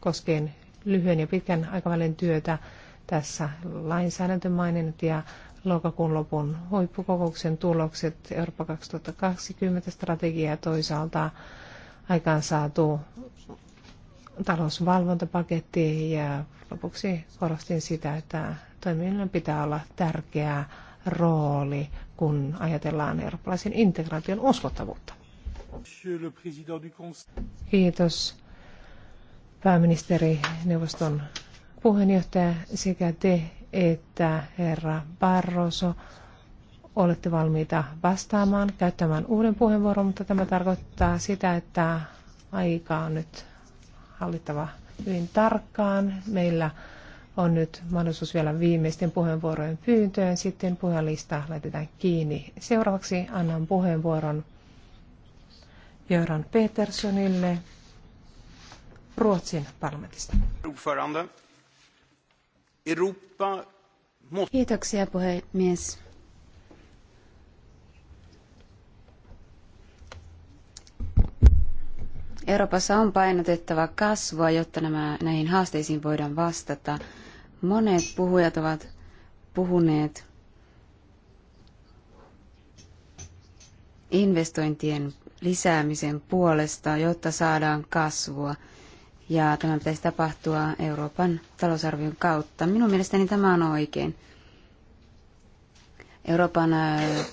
[SPEAKER 2] koskien lyhyen ja pitkän aikavälin työtä, tässä lainsäädäntömainen ja lokakuun lopun huippukokouksen tulokset Eurooppa 2020 strategia toisaalta aikaan saatu talousvalvontapaketti ja lopuksi korostin sitä, että toiminnan pitää olla tärkeä rooli, kun ajatellaan eurooppalaisen integraation uskottavuutta. Kiitos pääministeri, neuvoston puheenjohtaja sekä te että herra Barroso, olette valmiita vastaamaan, käyttämään uuden puheenvuoron, mutta tämä tarkoittaa sitä, että aika on nyt hallittava hyvin tarkkaan. Meillä on nyt mahdollisuus vielä viimeisten puheenvuorojen pyyntöön. Sitten puhelista laitetaan kiinni. Seuraavaksi annan puheenvuoron Göran Petersonille Ruotsin parlamentista.
[SPEAKER 1] Ordförande. Europa...
[SPEAKER 4] Kiitoksia puhemies. Euroopassa on painotettava kasvua, jotta nämä, näihin haasteisiin voidaan vastata. Monet puhujat ovat puhuneet investointien lisäämisen puolesta, jotta saadaan kasvua ja tämän pitäisi tapahtua Euroopan talousarvion kautta. Minun mielestäni tämä on oikein. Euroopan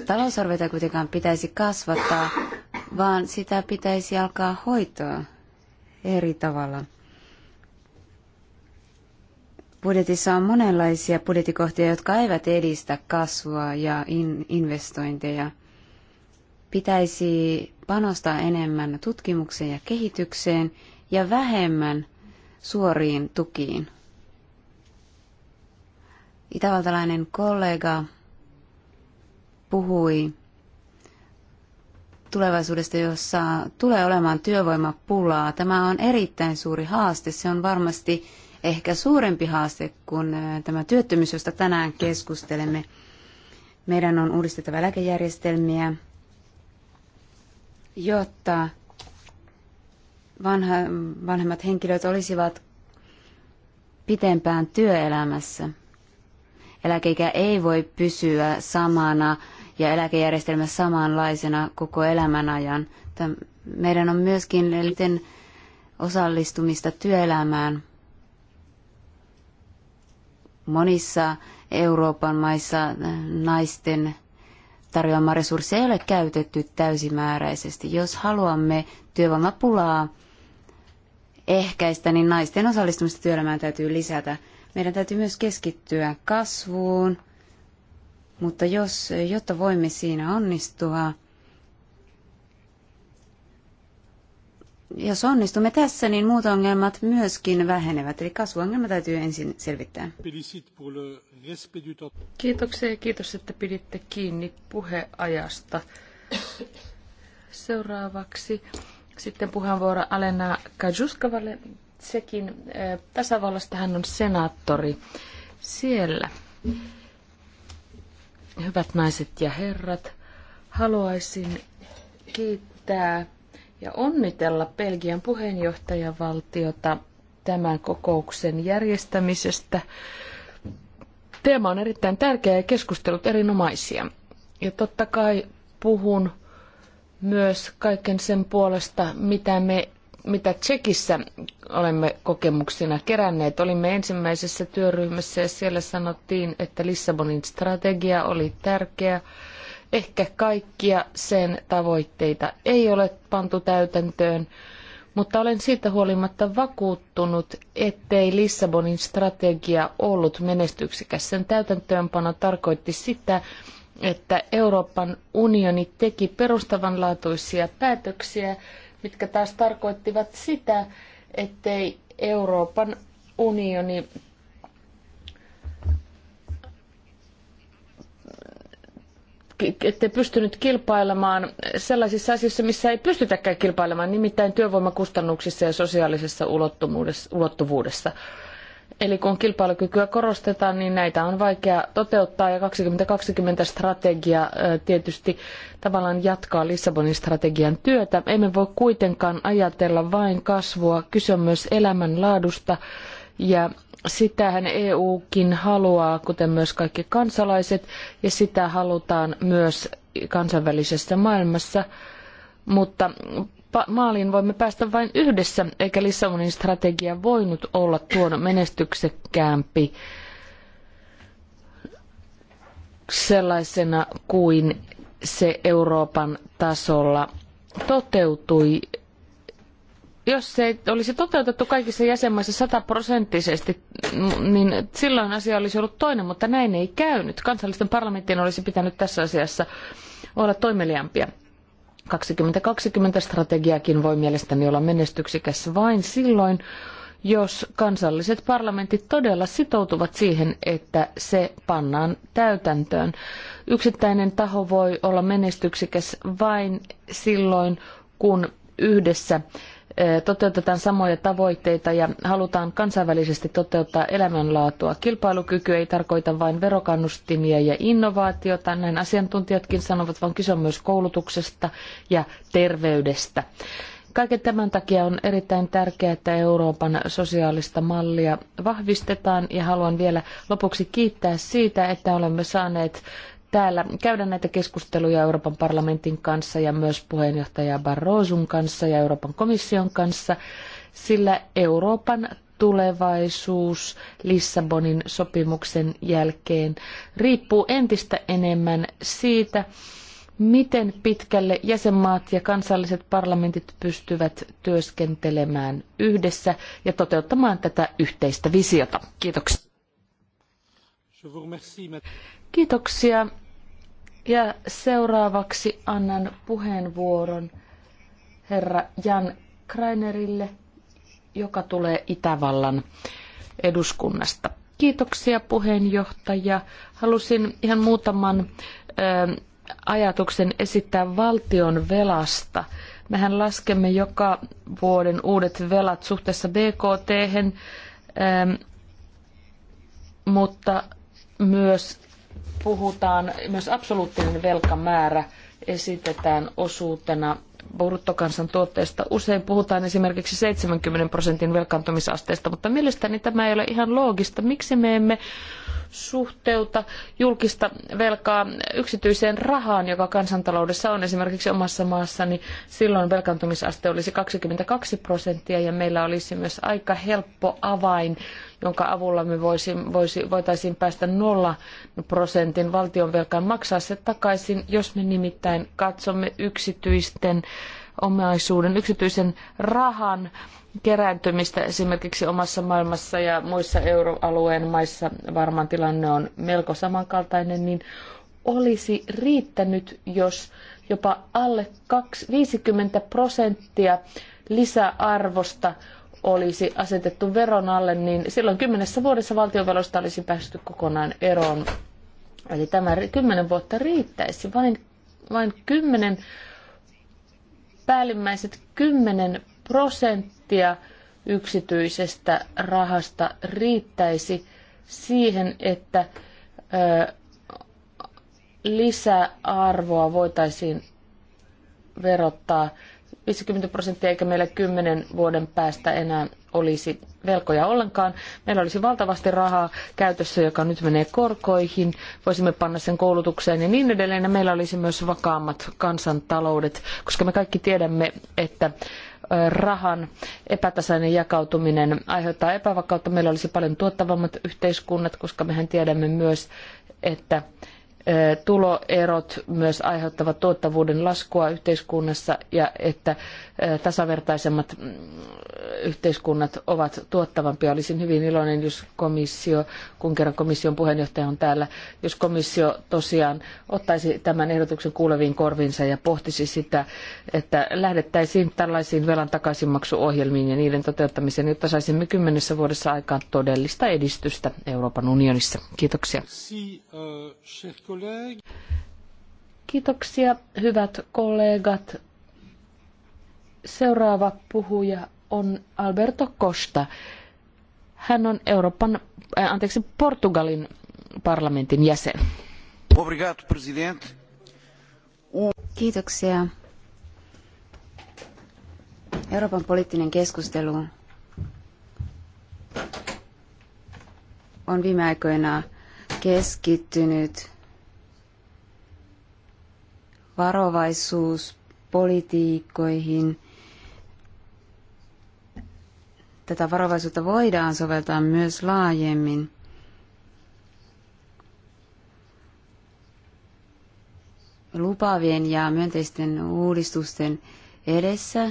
[SPEAKER 4] talousarviota kuitenkaan pitäisi kasvattaa, vaan sitä pitäisi alkaa hoitaa eri tavalla. Budjetissa on monenlaisia budjettikohtia, jotka eivät edistä kasvua ja in- investointeja. Pitäisi panostaa enemmän tutkimukseen ja kehitykseen ja vähemmän suoriin tukiin. Itävaltalainen kollega puhui tulevaisuudesta, jossa tulee olemaan työvoimapulaa. Tämä on erittäin suuri haaste. Se on varmasti ehkä suurempi haaste kuin tämä työttömyys, josta tänään keskustelemme. Meidän on uudistettava eläkejärjestelmiä, jotta vanha, vanhemmat henkilöt olisivat pitempään työelämässä. Eläkeikä ei voi pysyä samana ja eläkejärjestelmä samanlaisena koko elämän ajan. Meidän on myöskin eliten osallistumista työelämään. Monissa Euroopan maissa naisten tarjoama resurssi ei ole käytetty täysimääräisesti. Jos haluamme työvoimapulaa, ehkäistä, niin naisten osallistumista työelämään täytyy lisätä. Meidän täytyy myös keskittyä kasvuun, mutta jos, jotta voimme siinä onnistua, jos onnistumme tässä, niin muut ongelmat myöskin vähenevät. Eli kasvuongelma täytyy ensin selvittää. Kiitoksia
[SPEAKER 3] ja kiitos, että piditte kiinni puheajasta. Seuraavaksi sitten puheenvuoro Alena Kajuskavalle sekin eh, tasavallasta. Hän on senaattori siellä. Hyvät naiset ja herrat, haluaisin kiittää ja onnitella Belgian puheenjohtajavaltiota tämän kokouksen järjestämisestä. Teema on erittäin tärkeä ja keskustelut erinomaisia. Ja totta kai puhun myös kaiken sen puolesta, mitä me mitä Tsekissä olemme kokemuksina keränneet. Olimme ensimmäisessä työryhmässä ja siellä sanottiin, että Lissabonin strategia oli tärkeä. Ehkä kaikkia sen tavoitteita ei ole pantu täytäntöön, mutta olen siitä huolimatta vakuuttunut, ettei Lissabonin strategia ollut menestyksekäs. Sen täytäntöönpano tarkoitti sitä, että Euroopan unioni teki perustavanlaatuisia päätöksiä, mitkä taas tarkoittivat sitä, ettei Euroopan unioni ettei pystynyt kilpailemaan sellaisissa asioissa, missä ei pystytäkään kilpailemaan, nimittäin työvoimakustannuksissa ja sosiaalisessa ulottuvuudessa. Eli kun kilpailukykyä korostetaan, niin näitä on vaikea toteuttaa ja 2020 strategia tietysti tavallaan jatkaa Lissabonin strategian työtä. Emme voi kuitenkaan ajatella vain kasvua, kyse on myös elämänlaadusta ja sitähän EUkin haluaa, kuten myös kaikki kansalaiset, ja sitä halutaan myös kansainvälisessä maailmassa. Mutta maaliin voimme päästä vain yhdessä, eikä Lissabonin strategia voinut olla tuon menestyksekkäämpi sellaisena kuin se Euroopan tasolla toteutui. Jos se olisi toteutettu kaikissa jäsenmaissa sataprosenttisesti, niin silloin asia olisi ollut toinen, mutta näin ei käynyt. Kansallisten parlamenttien olisi pitänyt tässä asiassa olla toimeliampia. 2020 strategiakin voi mielestäni olla menestyksekäs vain silloin, jos kansalliset parlamentit todella sitoutuvat siihen, että se pannaan täytäntöön. Yksittäinen taho voi olla menestyksekäs vain silloin, kun yhdessä toteutetaan samoja tavoitteita ja halutaan kansainvälisesti toteuttaa elämänlaatua. Kilpailukyky ei tarkoita vain verokannustimia ja innovaatiota, näin asiantuntijatkin sanovat, vaan kyse on myös koulutuksesta ja terveydestä. Kaiken tämän takia on erittäin tärkeää, että Euroopan sosiaalista mallia vahvistetaan ja haluan vielä lopuksi kiittää siitä, että olemme saaneet täällä käydä näitä keskusteluja Euroopan parlamentin kanssa ja myös puheenjohtaja Barroson kanssa ja Euroopan komission kanssa, sillä Euroopan tulevaisuus Lissabonin sopimuksen jälkeen riippuu entistä enemmän siitä, miten pitkälle jäsenmaat ja kansalliset parlamentit pystyvät työskentelemään yhdessä ja toteuttamaan tätä yhteistä visiota. Kiitoksia. Kiitoksia. Ja seuraavaksi annan puheenvuoron herra Jan Krainerille, joka tulee Itävallan eduskunnasta. Kiitoksia puheenjohtaja. Halusin ihan muutaman ähm, ajatuksen esittää valtion velasta. Mehän laskemme joka vuoden uudet velat suhteessa BKT, hen, ähm, mutta myös puhutaan, myös absoluuttinen velkamäärä esitetään osuutena bruttokansantuotteesta. Usein puhutaan esimerkiksi 70 prosentin velkaantumisasteesta, mutta mielestäni tämä ei ole ihan loogista. Miksi me emme suhteuta julkista velkaa yksityiseen rahaan, joka kansantaloudessa on esimerkiksi omassa maassa, niin silloin velkaantumisaste olisi 22 prosenttia ja meillä olisi myös aika helppo avain, jonka avulla me voisi, voisi, voitaisiin päästä nolla prosentin valtionvelkaan maksaa se takaisin, jos me nimittäin katsomme yksityisten omaisuuden, yksityisen rahan kerääntymistä esimerkiksi omassa maailmassa ja muissa euroalueen maissa varmaan tilanne on melko samankaltainen, niin olisi riittänyt, jos jopa alle 50 prosenttia lisäarvosta olisi asetettu veron alle, niin silloin kymmenessä vuodessa valtionveloista olisi päästy kokonaan eroon. Eli tämä kymmenen vuotta riittäisi. Vain, vain kymmenen päällimmäiset 10 prosenttia yksityisestä rahasta riittäisi siihen, että ö, lisäarvoa voitaisiin verottaa 50 prosenttia, eikä meillä 10 vuoden päästä enää olisi velkoja ollenkaan. Meillä olisi valtavasti rahaa käytössä, joka nyt menee korkoihin. Voisimme panna sen koulutukseen ja niin edelleen. Ja meillä olisi myös vakaammat kansantaloudet, koska me kaikki tiedämme, että rahan epätasainen jakautuminen aiheuttaa epävakautta. Meillä olisi paljon tuottavammat yhteiskunnat, koska mehän tiedämme myös, että tuloerot myös aiheuttavat tuottavuuden laskua yhteiskunnassa ja että tasavertaisemmat mm, yhteiskunnat ovat tuottavampia. Olisin hyvin iloinen, jos komissio, kun kerran komission puheenjohtaja on täällä, jos komissio tosiaan ottaisi tämän ehdotuksen kuuleviin korvinsa ja pohtisi sitä, että lähdettäisiin tällaisiin velan takaisinmaksuohjelmiin ja niiden toteuttamiseen, jotta saisimme kymmenessä vuodessa aikaan todellista edistystä Euroopan unionissa. Kiitoksia. Euh, Kiitoksia, hyvät kollegat. Seuraava puhuja on Alberto Costa. Hän on Euroopan, äh, anteeksi, Portugalin parlamentin jäsen.
[SPEAKER 4] Obrigado, president. Kiitoksia. Euroopan poliittinen keskustelu on viime aikoina keskittynyt Varovaisuus politiikkoihin. Tätä varovaisuutta voidaan soveltaa myös laajemmin. lupaavien ja myönteisten uudistusten edessä,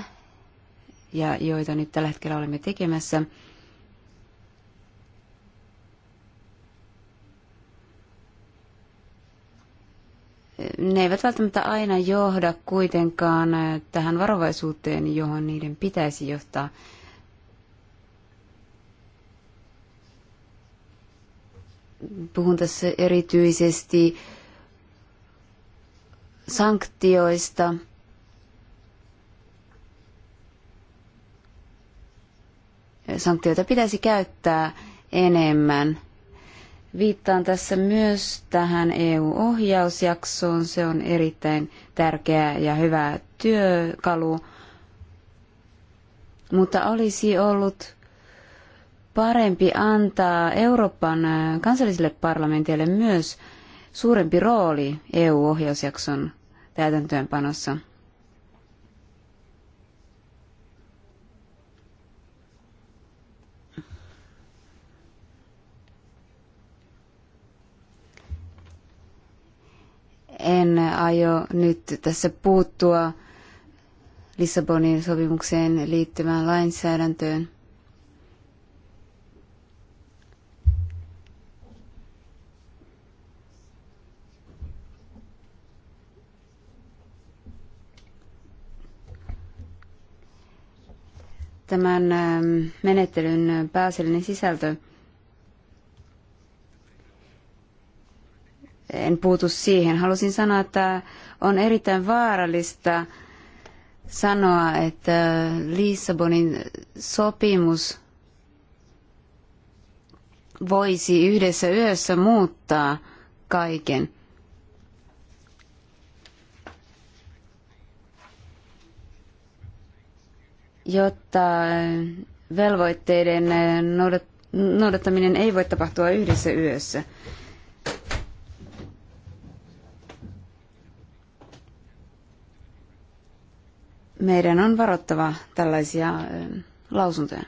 [SPEAKER 4] ja joita nyt tällä hetkellä olemme tekemässä, ne eivät välttämättä aina johda kuitenkaan äh, tähän varovaisuuteen, johon niiden pitäisi johtaa. Puhun tässä erityisesti sanktioista. Sanktioita pitäisi käyttää enemmän – Viittaan tässä myös tähän EU-ohjausjaksoon. Se on erittäin tärkeä ja hyvä työkalu. Mutta olisi ollut parempi antaa Euroopan kansallisille parlamenteille myös suurempi rooli EU-ohjausjakson täytäntöönpanossa. En aio nyt tässä puuttua Lissabonin sopimukseen liittyvään lainsäädäntöön. Tämän ähm, menettelyn pääasiallinen sisältö – en puutu siihen. Halusin sanoa, että on erittäin vaarallista sanoa, että Lissabonin sopimus voisi yhdessä yössä muuttaa kaiken. Jotta velvoitteiden noudattaminen ei voi tapahtua yhdessä yössä. meidän on varottava tällaisia ähm, lausuntoja.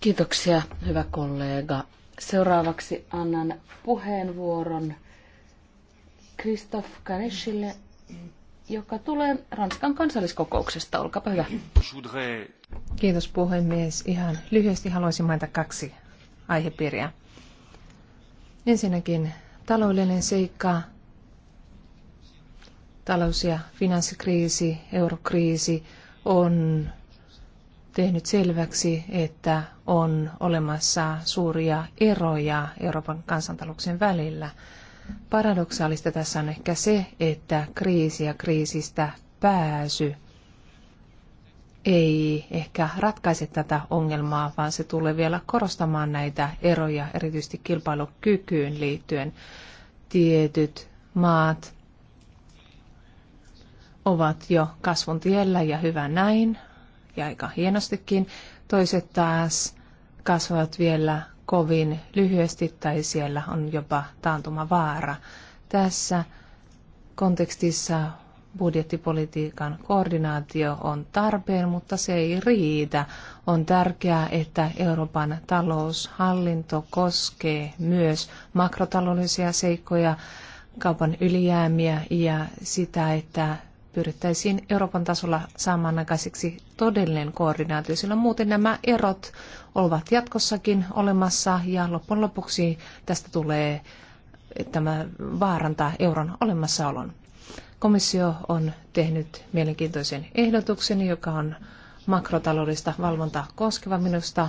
[SPEAKER 3] Kiitoksia, hyvä kollega. Seuraavaksi annan puheenvuoron Christophe Karesille, joka tulee
[SPEAKER 2] Ranskan kansalliskokouksesta. Olkaa hyvä. Kiitos puhemies. Ihan lyhyesti haluaisin mainita kaksi aihepiiriä. Ensinnäkin taloudellinen seikka Talous- ja finanssikriisi, eurokriisi on tehnyt selväksi, että on olemassa suuria eroja Euroopan kansantalouksien välillä. Paradoksaalista tässä on ehkä se, että kriisi ja kriisistä pääsy ei ehkä ratkaise tätä ongelmaa, vaan se tulee vielä korostamaan näitä eroja, erityisesti kilpailukykyyn liittyen. Tietyt maat ovat jo kasvun tiellä ja hyvä näin, ja aika hienostikin. Toiset taas kasvavat vielä kovin lyhyesti tai siellä on jopa taantuma vaara. Tässä kontekstissa budjettipolitiikan koordinaatio on tarpeen, mutta se ei riitä. On tärkeää, että Euroopan taloushallinto koskee myös makrotaloudellisia seikkoja, kaupan ylijäämiä ja sitä, että pyrittäisiin Euroopan tasolla saamaan aikaiseksi todellinen koordinaatio, sillä muuten nämä erot ovat jatkossakin olemassa ja loppujen lopuksi tästä tulee tämä vaarantaa euron olemassaolon. Komissio on tehnyt mielenkiintoisen ehdotuksen, joka on makrotaloudellista valvontaa koskeva minusta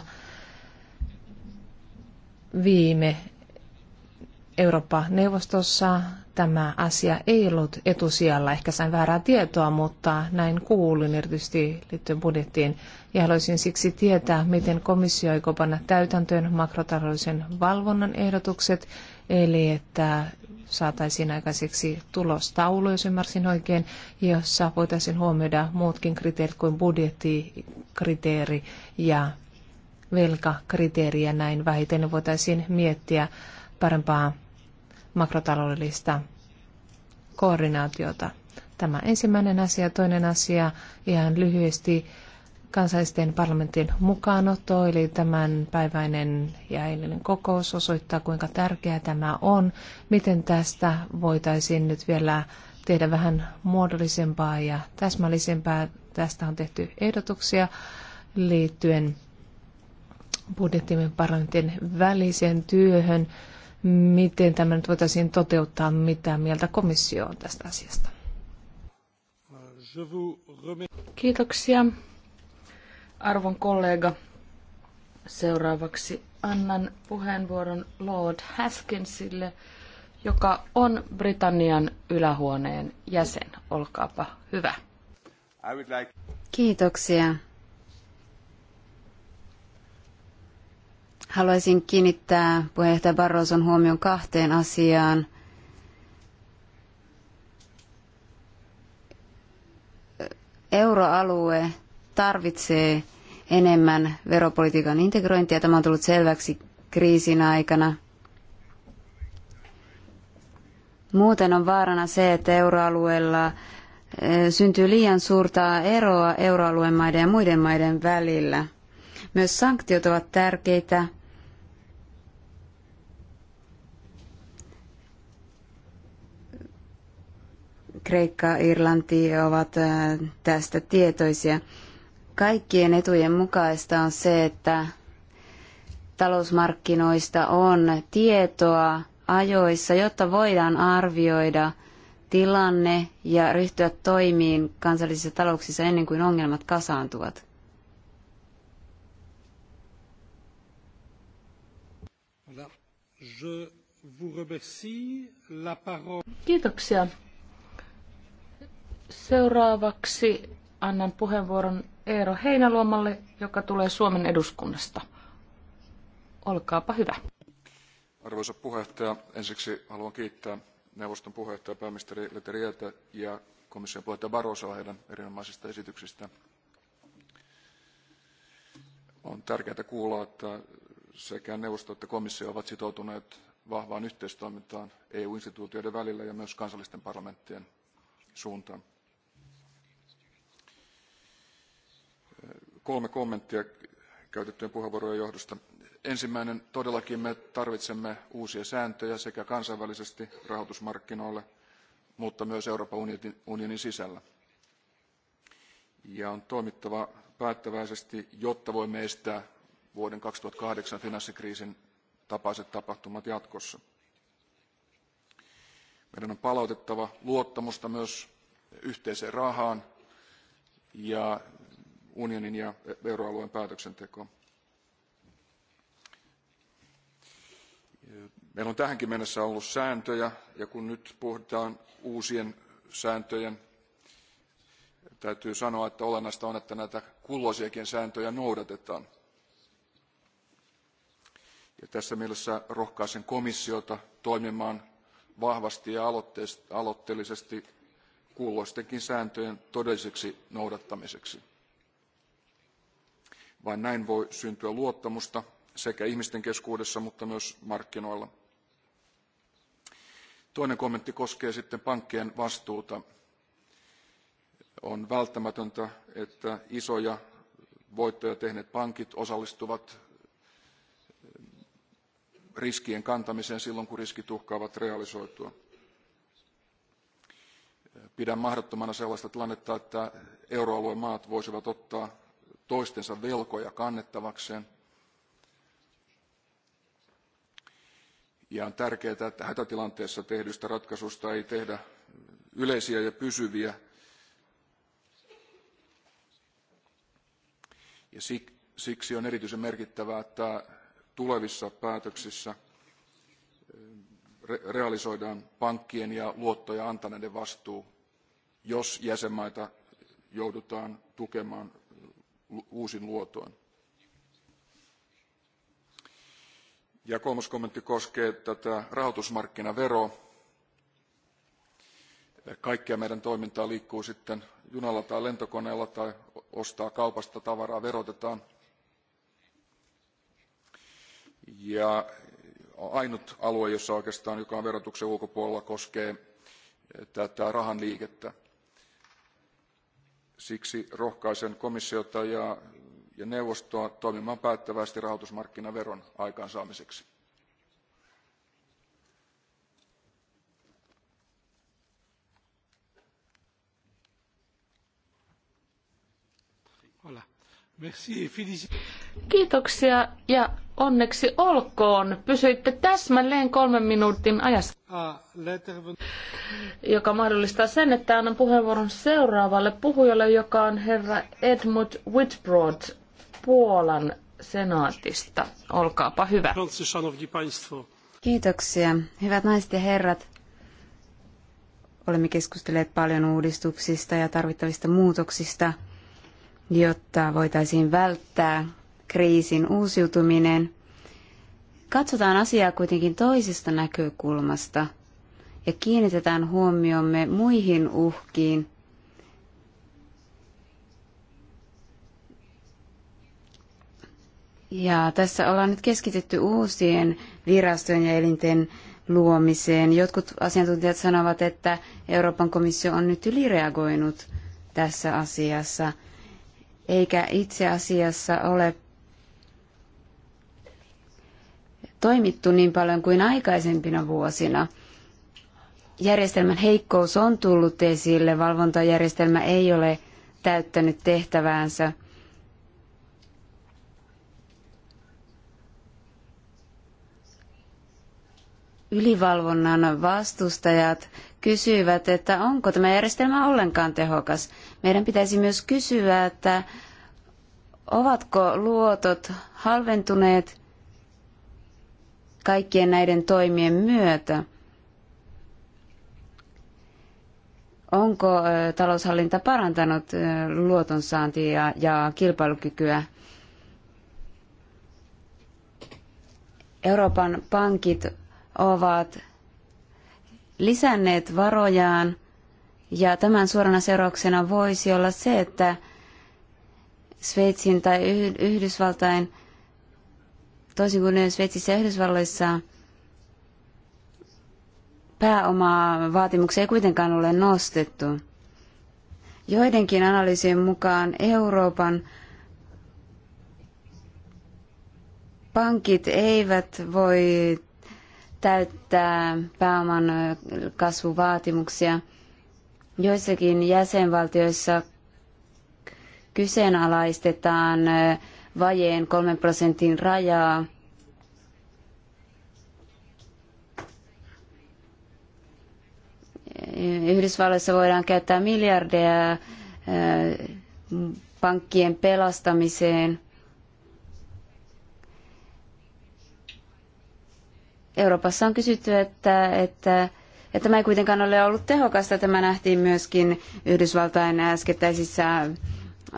[SPEAKER 2] viime Eurooppa-neuvostossa tämä asia ei ollut etusijalla. Ehkä sain väärää tietoa, mutta näin kuulin erityisesti liittyen budjettiin. Ja haluaisin siksi tietää, miten komissio aikoo panna täytäntöön makrotaloudellisen valvonnan ehdotukset, eli että saataisiin aikaiseksi tulostaulu, jos ymmärsin oikein, jossa voitaisiin huomioida muutkin kriteerit kuin budjettikriteeri ja velkakriteeri, ja näin vähiten voitaisiin miettiä parempaa makrotaloudellista koordinaatiota. Tämä ensimmäinen asia. Toinen asia ihan lyhyesti kansallisten parlamentin mukaanotto, eli tämän päiväinen ja eilinen kokous osoittaa, kuinka tärkeää tämä on. Miten tästä voitaisiin nyt vielä tehdä vähän muodollisempaa ja täsmällisempää. Tästä on tehty ehdotuksia liittyen budjettimme parlamentin väliseen työhön Miten tämä nyt voitaisiin toteuttaa? Mitä mieltä komissio on tästä asiasta? Kiitoksia,
[SPEAKER 3] arvon kollega. Seuraavaksi annan puheenvuoron Lord Haskinsille, joka on Britannian ylähuoneen jäsen. Olkaapa hyvä.
[SPEAKER 4] Kiitoksia. Haluaisin kiinnittää puheenjohtaja Barroson huomion kahteen asiaan. Euroalue tarvitsee enemmän veropolitiikan integrointia. Tämä on tullut selväksi kriisin aikana. Muuten on vaarana se, että euroalueella eh, syntyy liian suurta eroa euroalueen maiden ja muiden maiden välillä. Myös sanktiot ovat tärkeitä Kreikka, Irlanti ovat äh, tästä tietoisia. Kaikkien etujen mukaista on se, että talousmarkkinoista on tietoa ajoissa, jotta voidaan arvioida tilanne ja ryhtyä toimiin kansallisissa talouksissa ennen kuin ongelmat kasaantuvat.
[SPEAKER 3] Kiitoksia. Seuraavaksi annan puheenvuoron Eero Heinäluomalle, joka tulee Suomen eduskunnasta. Olkaapa hyvä.
[SPEAKER 1] Arvoisa puheenjohtaja, ensiksi haluan kiittää neuvoston puheenjohtaja pääministeri Leterieltä ja komission puheenjohtaja Barrosoa heidän erinomaisista esityksistä. On tärkeää kuulla, että sekä neuvosto että komissio ovat sitoutuneet vahvaan yhteistoimintaan EU-instituutioiden välillä ja myös kansallisten parlamenttien suuntaan. kolme kommenttia käytettyjen puheenvuorojen johdosta. Ensimmäinen, todellakin me tarvitsemme uusia sääntöjä sekä kansainvälisesti rahoitusmarkkinoille, mutta myös Euroopan unionin sisällä. Ja on toimittava päättäväisesti, jotta voimme estää vuoden 2008 finanssikriisin tapaiset tapahtumat jatkossa. Meidän on palautettava luottamusta myös yhteiseen rahaan ja unionin ja euroalueen päätöksentekoon. Meillä on tähänkin mennessä ollut sääntöjä ja kun nyt puhutaan uusien sääntöjen, täytyy sanoa, että olennaista on, että näitä kulloisiakin sääntöjä noudatetaan. Ja tässä mielessä rohkaisen komissiota toimimaan vahvasti ja aloitteellisesti kulloistenkin sääntöjen todelliseksi noudattamiseksi. Vain näin voi syntyä luottamusta sekä ihmisten keskuudessa, mutta myös markkinoilla. Toinen kommentti koskee sitten pankkien vastuuta. On välttämätöntä, että isoja voittoja tehneet pankit osallistuvat riskien kantamiseen silloin, kun riskit uhkaavat realisoitua. Pidän mahdottomana sellaista tilannetta, että euroalueen maat voisivat ottaa toistensa velkoja kannettavakseen. Ja on tärkeää, että hätätilanteessa tehdystä ratkaisusta ei tehdä yleisiä ja pysyviä. Ja siksi on erityisen merkittävää, että tulevissa päätöksissä eh, realisoidaan pankkien ja luottoja antaneiden vastuu, jos jäsenmaita joudutaan tukemaan uusin luotoin. Ja kolmas kommentti koskee tätä rahoitusmarkkinaveroa. Kaikkea meidän toimintaa liikkuu sitten junalla tai lentokoneella tai ostaa kaupasta tavaraa verotetaan. Ja ainut alue, jossa oikeastaan joka on verotuksen ulkopuolella, koskee tätä rahan liikettä Siksi rohkaisen komissiota ja, ja neuvostoa toimimaan päättävästi rahoitusmarkkinaveron aikaansaamiseksi.
[SPEAKER 3] Kiitoksia ja Onneksi olkoon, pysyitte täsmälleen kolmen minuutin ajassa, joka mahdollistaa sen, että annan puheenvuoron seuraavalle puhujalle, joka on herra Edmund Whitbroad Puolan senaatista. Olkaapa hyvä.
[SPEAKER 4] Kiitoksia. Hyvät naiset ja herrat, olemme keskustelleet paljon uudistuksista ja tarvittavista muutoksista, jotta voitaisiin välttää kriisin uusiutuminen. Katsotaan asiaa kuitenkin toisesta näkökulmasta ja kiinnitetään huomiomme muihin uhkiin. Ja tässä ollaan nyt keskitytty uusien virastojen ja elinten luomiseen. Jotkut asiantuntijat sanovat, että Euroopan komissio on nyt ylireagoinut tässä asiassa, eikä itse asiassa ole toimittu niin paljon kuin aikaisempina vuosina. Järjestelmän heikkous on tullut esille, valvontajärjestelmä ei ole täyttänyt tehtäväänsä. Ylivalvonnan vastustajat kysyivät, että onko tämä järjestelmä ollenkaan tehokas. Meidän pitäisi myös kysyä, että ovatko luotot halventuneet kaikkien näiden toimien myötä. Onko taloushallinta parantanut luotonsaantia ja kilpailukykyä? Euroopan pankit ovat lisänneet varojaan ja tämän suorana seurauksena voisi olla se, että Sveitsin tai Yhdysvaltain – Toisin kuin Sveitsissä ja Yhdysvalloissa pääomaa vaatimuksia ei kuitenkaan ole nostettu. Joidenkin analyysien mukaan Euroopan pankit eivät voi täyttää pääoman kasvuvaatimuksia. Joissakin jäsenvaltioissa kyseenalaistetaan vajeen kolmen prosentin rajaa. Yhdysvalloissa voidaan käyttää miljardeja eh, pankkien pelastamiseen. Euroopassa on kysytty, että, että että tämä ei kuitenkaan ole ollut tehokasta. Tämä nähtiin myöskin Yhdysvaltain äskettäisissä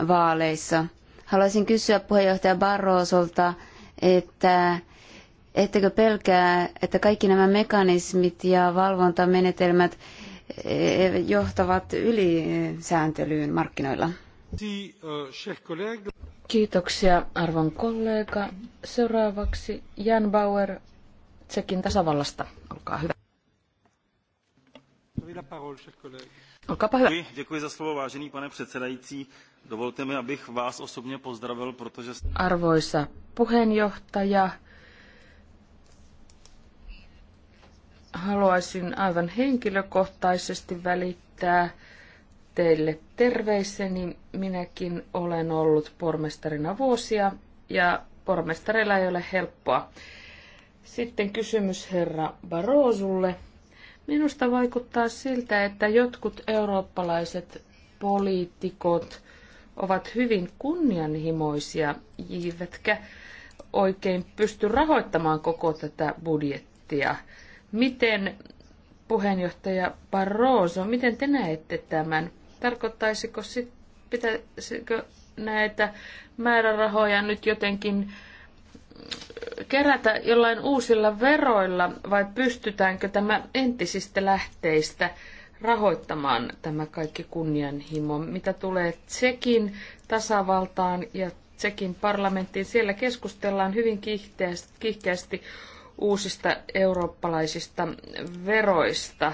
[SPEAKER 4] vaaleissa. Haluaisin kysyä puheenjohtaja Barrosolta, että ettekö pelkää, että kaikki nämä mekanismit ja valvontamenetelmät eh, johtavat ylisääntelyyn markkinoilla? Kiitoksia arvon kollega.
[SPEAKER 3] Seuraavaksi Jan Bauer Tsekin tasavallasta. Olkaa hyvä.
[SPEAKER 1] Olkaapa hyvä. Děkuji za slovo, vážený pane
[SPEAKER 4] předsedající. Dovolte mi, abych vás osobně pozdravil, protože...
[SPEAKER 3] Arvoisa puheenjohtaja, haluaisin aivan henkilökohtaisesti välittää teille terveiseni. Minäkin olen ollut pormestarina vuosia ja pormestarilla ei ole helppoa. Sitten kysymys herra Barosulle. Minusta vaikuttaa siltä, että jotkut eurooppalaiset poliitikot ovat hyvin kunnianhimoisia, eivätkä oikein pysty rahoittamaan koko tätä budjettia. Miten puheenjohtaja Barroso, miten te näette tämän? Tarkoittaisiko sit, pitäisikö näitä määrärahoja nyt jotenkin äh, kerätä jollain uusilla veroilla vai pystytäänkö tämä entisistä lähteistä rahoittamaan tämä kaikki kunnianhimo. Mitä tulee Tsekin tasavaltaan ja Tsekin parlamenttiin, siellä keskustellaan hyvin kiihkeästi uusista eurooppalaisista veroista.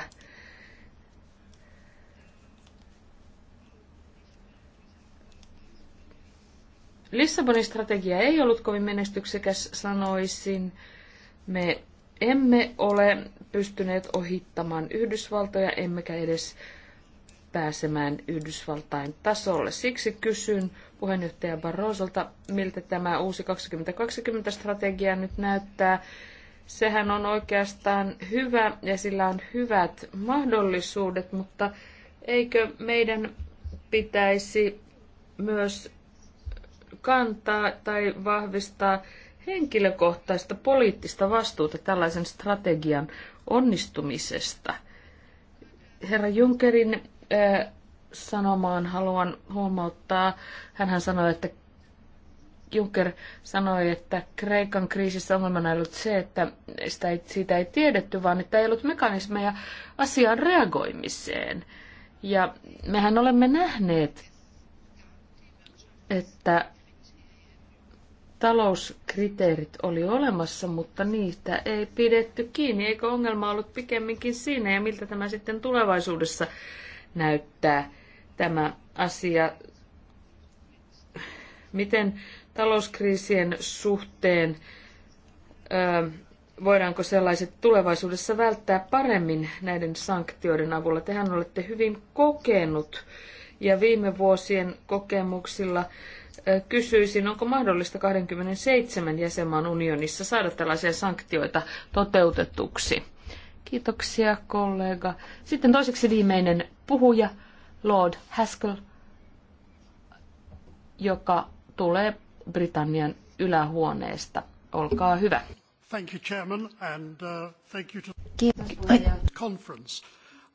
[SPEAKER 3] Lissabonin strategia ei ollut kovin menestyksekäs, sanoisin. Me emme ole pystyneet ohittamaan Yhdysvaltoja, emmekä edes pääsemään Yhdysvaltain tasolle. Siksi kysyn puheenjohtaja Barrosolta, miltä tämä uusi 2020-strategia nyt näyttää. Sehän on oikeastaan hyvä ja sillä on hyvät mahdollisuudet, mutta eikö meidän pitäisi myös kantaa tai vahvistaa henkilökohtaista poliittista vastuuta tällaisen strategian onnistumisesta. Herra Junckerin äh, sanomaan haluan huomauttaa. hän sanoi, että Juncker sanoi, että Kreikan kriisissä ongelmana ei ollut se, että sitä ei, siitä ei tiedetty, vaan että ei ollut mekanismeja asiaan reagoimiseen. Ja mehän olemme nähneet, että talouskriteerit oli olemassa, mutta niitä ei pidetty kiinni. Eikö ongelma ollut pikemminkin siinä ja miltä tämä sitten tulevaisuudessa näyttää tämä asia? Miten talouskriisien suhteen ö, voidaanko sellaiset tulevaisuudessa välttää paremmin näiden sanktioiden avulla? Tehän olette hyvin kokenut ja viime vuosien kokemuksilla kysyisin, onko mahdollista 27 jäsenmaan unionissa saada tällaisia sanktioita toteutetuksi? Kiitoksia kollega. Sitten toiseksi viimeinen puhuja, Lord Haskell, joka tulee Britannian ylähuoneesta.
[SPEAKER 4] Olkaa hyvä.
[SPEAKER 2] Thank you, Chairman, and uh, thank you to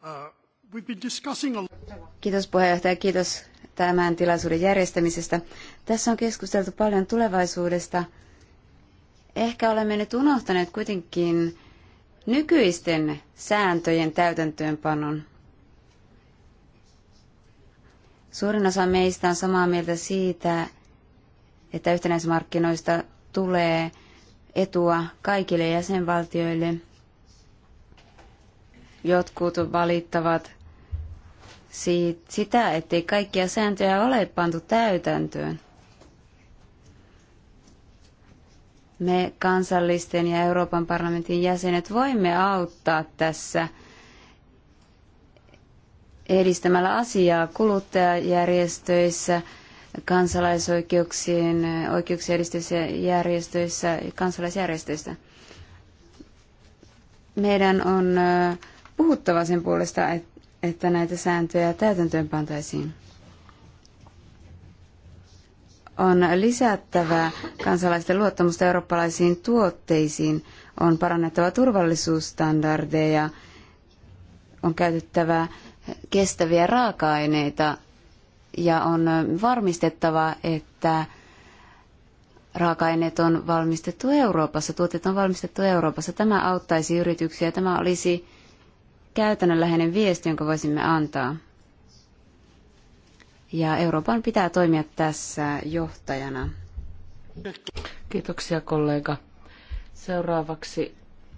[SPEAKER 1] uh,
[SPEAKER 4] Kiitos puheenjohtaja, kiitos tämän tilaisuuden järjestämisestä. Tässä on keskusteltu paljon tulevaisuudesta. Ehkä olemme nyt unohtaneet kuitenkin nykyisten sääntöjen täytäntöönpanon. Suurin osa meistä on samaa mieltä siitä, että yhtenäismarkkinoista tulee etua kaikille jäsenvaltioille. Jotkut valittavat siitä, sitä, ettei kaikkia sääntöjä ole pantu täytäntöön. Me kansallisten ja Euroopan parlamentin jäsenet voimme auttaa tässä edistämällä asiaa kuluttajajärjestöissä, kansalaisoikeuksien, oikeuksien edistävissä järjestöissä, kansalaisjärjestöissä. Meidän on puhuttava sen puolesta, että että näitä sääntöjä täytäntöön pantaisiin. On lisättävä kansalaisten luottamusta eurooppalaisiin tuotteisiin, on parannettava turvallisuusstandardeja, on käytettävä kestäviä raaka-aineita ja on varmistettava, että raaka-aineet on valmistettu Euroopassa, tuotteet on valmistettu Euroopassa. Tämä auttaisi yrityksiä, tämä olisi käytännönläheinen viesti, jonka voisimme antaa. Ja Euroopan pitää toimia tässä johtajana. Kiitoksia kollega.
[SPEAKER 3] Seuraavaksi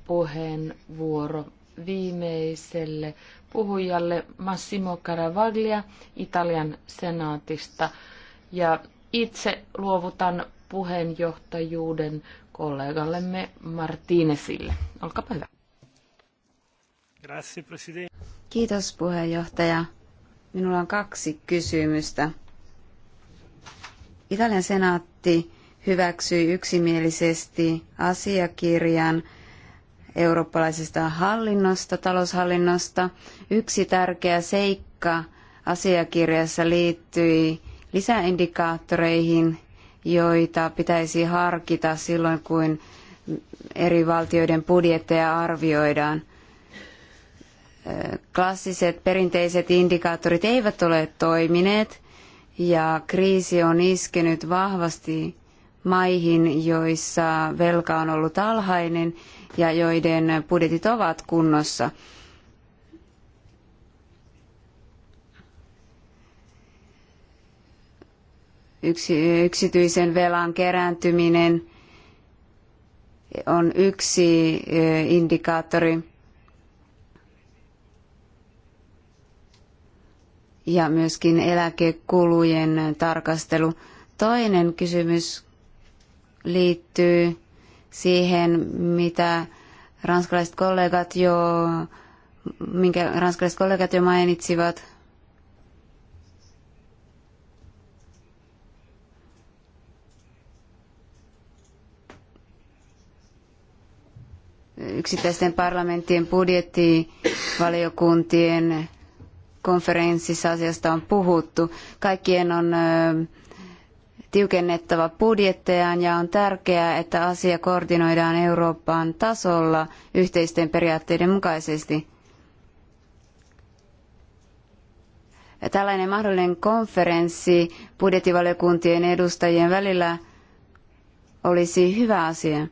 [SPEAKER 3] puheenvuoro viimeiselle puhujalle Massimo Caravaglia Italian senaatista. Ja itse luovutan puheenjohtajuuden
[SPEAKER 4] kollegallemme Martinesille. Olkaapa hyvä. Kiitos puheenjohtaja. Minulla on kaksi kysymystä. Italian senaatti hyväksyi yksimielisesti asiakirjan eurooppalaisesta hallinnosta, taloushallinnosta. Yksi tärkeä seikka asiakirjassa liittyi lisäindikaattoreihin, joita pitäisi harkita silloin, kun eri valtioiden budjetteja arvioidaan – klassiset perinteiset indikaattorit eivät ole toimineet ja kriisi on iskenyt vahvasti maihin, joissa velka on ollut alhainen ja joiden budjetit ovat kunnossa. Yksi, yksityisen velan kerääntyminen on yksi indikaattori ja myöskin eläkekulujen tarkastelu. Toinen kysymys liittyy siihen, mitä ranskalaiset kollegat jo, minkä ranskalaiset kollegat jo mainitsivat. yksittäisten parlamenttien budjettivaliokuntien konferenssissa asiasta on puhuttu. Kaikkien on tiukennettava budjettejaan ja on tärkeää, että asia koordinoidaan Euroopan tasolla yhteisten periaatteiden mukaisesti. Tällainen mahdollinen konferenssi budjettivaliokuntien edustajien välillä olisi hyvä asia.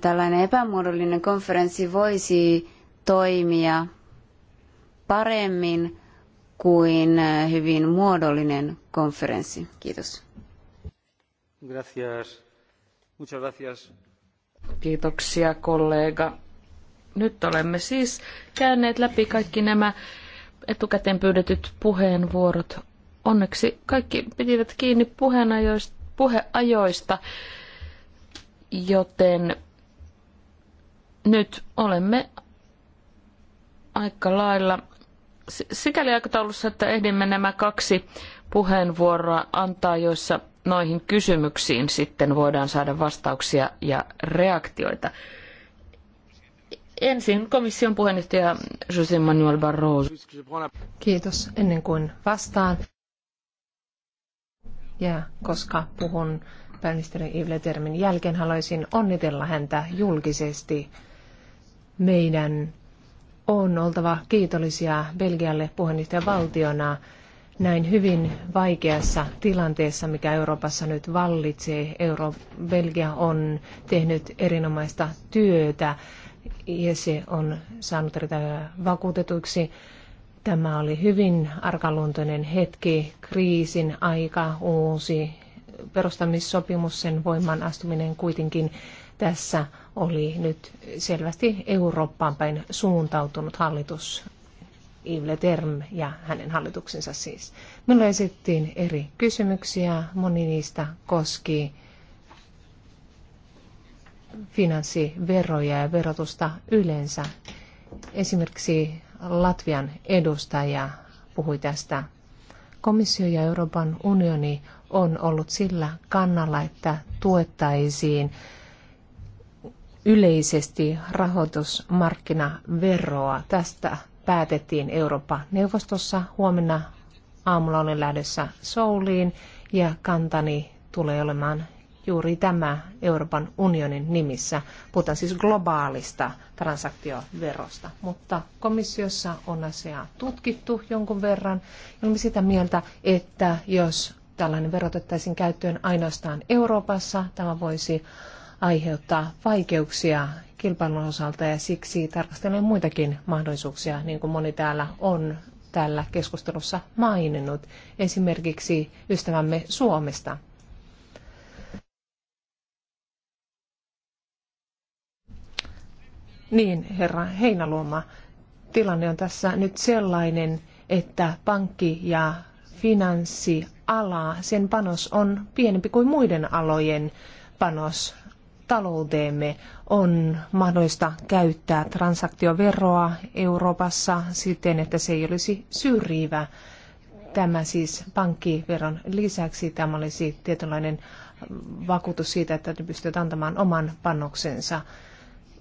[SPEAKER 4] tällainen epämuodollinen konferenssi voisi toimia paremmin kuin hyvin muodollinen konferenssi. Kiitos.
[SPEAKER 1] Gracias. Muchas gracias.
[SPEAKER 4] Kiitoksia kollega. Nyt olemme
[SPEAKER 3] siis käyneet läpi kaikki nämä etukäteen pyydetyt puheenvuorot. Onneksi kaikki pitivät kiinni puheajoista, puheajoista joten nyt olemme aika lailla sikäli aikataulussa, että ehdimme nämä kaksi puheenvuoroa antaa, joissa noihin kysymyksiin sitten voidaan saada vastauksia ja reaktioita. Ensin komission puheenjohtaja José Manuel Barroso.
[SPEAKER 2] Kiitos. Ennen kuin vastaan. Ja koska puhun pääministeri Yvle Termin jälkeen, haluaisin onnitella häntä julkisesti meidän on oltava kiitollisia Belgialle puheenjohtajavaltiona näin hyvin vaikeassa tilanteessa, mikä Euroopassa nyt vallitsee. Euro- Belgia on tehnyt erinomaista työtä ja se on saanut erittäin äh, vakuutetuksi. Tämä oli hyvin arkaluontoinen hetki, kriisin aika, uusi perustamissopimus, sen voimaan astuminen kuitenkin tässä oli nyt selvästi Eurooppaan päin suuntautunut hallitus, Yves Term ja hänen hallituksensa siis. Minulle esittiin eri kysymyksiä, moni niistä koski finanssiveroja ja verotusta yleensä. Esimerkiksi Latvian edustaja puhui tästä. Komissio ja Euroopan unioni on ollut sillä kannalla, että tuettaisiin yleisesti rahoitusmarkkinaveroa. Tästä päätettiin Euroopan neuvostossa. Huomenna aamulla olen lähdössä Souliin ja kantani tulee olemaan juuri tämä Euroopan unionin nimissä. Puhutaan siis globaalista transaktioverosta, mutta komissiossa on asiaa tutkittu jonkun verran. Olemme sitä mieltä, että jos tällainen verotettaisiin käyttöön ainoastaan Euroopassa, tämä voisi aiheuttaa vaikeuksia kilpailun osalta ja siksi tarkastelemme muitakin mahdollisuuksia, niin kuin moni täällä on tällä keskustelussa maininnut, esimerkiksi ystävämme Suomesta. Niin, herra Heinaluoma, tilanne on tässä nyt sellainen, että pankki- ja finanssiala, sen panos on pienempi kuin muiden alojen panos talouteemme. On mahdollista käyttää transaktioveroa Euroopassa siten, että se ei olisi syrjivä. Tämä siis pankkiveron lisäksi tämä olisi tietynlainen vakuutus siitä, että ne pystyvät antamaan oman panoksensa.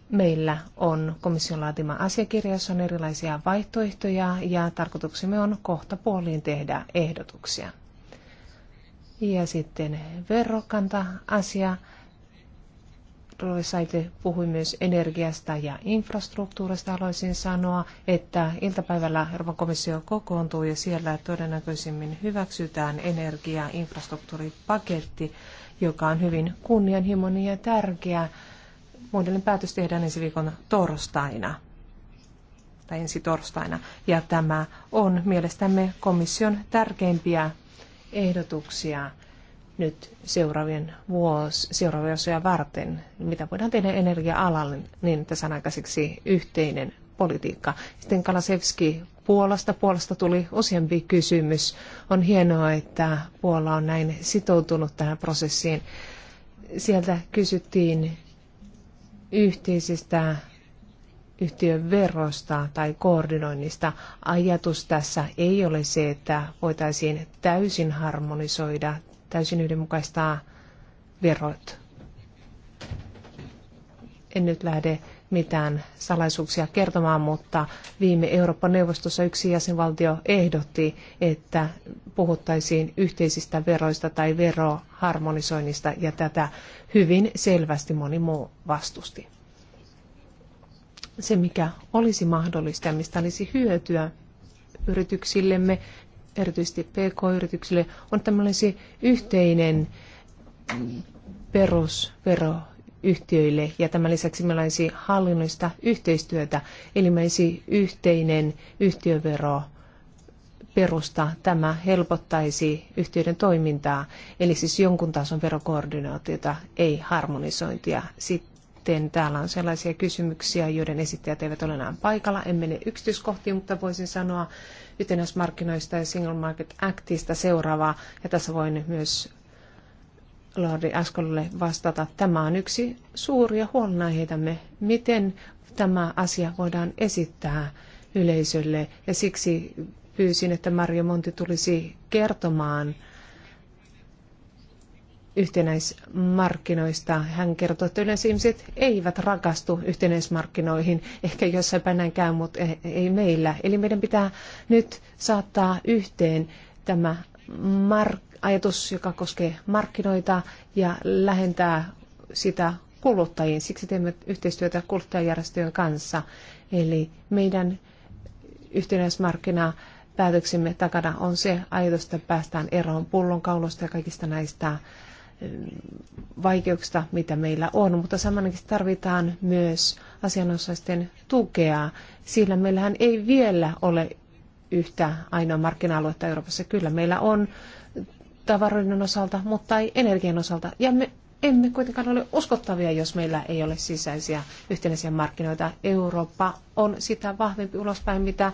[SPEAKER 2] Meillä on komission laatima asiakirja, jossa on erilaisia vaihtoehtoja ja tarkoituksemme on kohta puoliin tehdä ehdotuksia. Ja sitten verokanta-asia. Roisaite puhui myös energiasta ja infrastruktuurista. Haluaisin sanoa, että iltapäivällä Euroopan komissio kokoontuu ja siellä todennäköisimmin hyväksytään energia- infrastruktuuripaketti, joka on hyvin kunnianhimoinen ja tärkeä. Muodellinen päätös tehdään ensi viikon torstaina tai ensi torstaina. Ja tämä on mielestämme komission tärkeimpiä ehdotuksia nyt seuraavien vuos, seuraavia vuosia varten, mitä voidaan tehdä energia-alalle, niin että saadaan aikaiseksi yhteinen politiikka. Sitten Kalasevski Puolasta. Puolasta tuli useampi kysymys. On hienoa, että Puola on näin sitoutunut tähän prosessiin. Sieltä kysyttiin yhteisestä yhtiön verosta tai koordinoinnista. Ajatus tässä ei ole se, että voitaisiin täysin harmonisoida täysin yhdenmukaistaa verot. En nyt lähde mitään salaisuuksia kertomaan, mutta viime Euroopan neuvostossa yksi jäsenvaltio ehdotti, että puhuttaisiin yhteisistä veroista tai veroharmonisoinnista, ja tätä hyvin selvästi moni muu vastusti. Se, mikä olisi mahdollista ja mistä olisi hyötyä yrityksillemme, erityisesti PK-yrityksille, on tämmöinen yhteinen perusvero yhtiöille ja tämän lisäksi meillä olisi hallinnollista yhteistyötä, eli meillä olisi yhteinen yhtiövero perusta. Tämä helpottaisi yhtiöiden toimintaa, eli siis jonkun tason verokoordinaatiota, ei harmonisointia. Sitten täällä on sellaisia kysymyksiä, joiden esittäjät eivät ole enää paikalla. En mene yksityiskohtiin, mutta voisin sanoa, yhtenäismarkkinoista ja Single Market Actista seuraavaa. Ja tässä voin myös Lordi Askolle vastata. Tämä on yksi suuria huolenaiheitamme, miten tämä asia voidaan esittää yleisölle. Ja siksi pyysin, että Mario Monti tulisi kertomaan – yhtenäismarkkinoista. Hän kertoo, että yleensä ihmiset eivät rakastu yhtenäismarkkinoihin, ehkä jossain päin näin käy, mutta ei meillä. Eli meidän pitää nyt saattaa yhteen tämä ajatus, joka koskee markkinoita ja lähentää sitä kuluttajiin. Siksi teemme yhteistyötä kuluttajajärjestöjen kanssa. Eli meidän yhtenäismarkkina päätöksemme takana on se ajatus, että päästään eroon pullonkaulosta ja kaikista näistä Eh, vaikeuksista, mitä meillä on, mutta samanaikaisesti tarvitaan myös asianosaisten tukea, sillä meillähän ei vielä ole yhtä ainoa markkina-aluetta Euroopassa. Kyllä meillä on tavaroiden osalta, mutta ei energian osalta. Ja me emme kuitenkaan ole uskottavia, jos meillä ei ole sisäisiä yhtenäisiä markkinoita. Eurooppa on sitä vahvempi ulospäin, mitä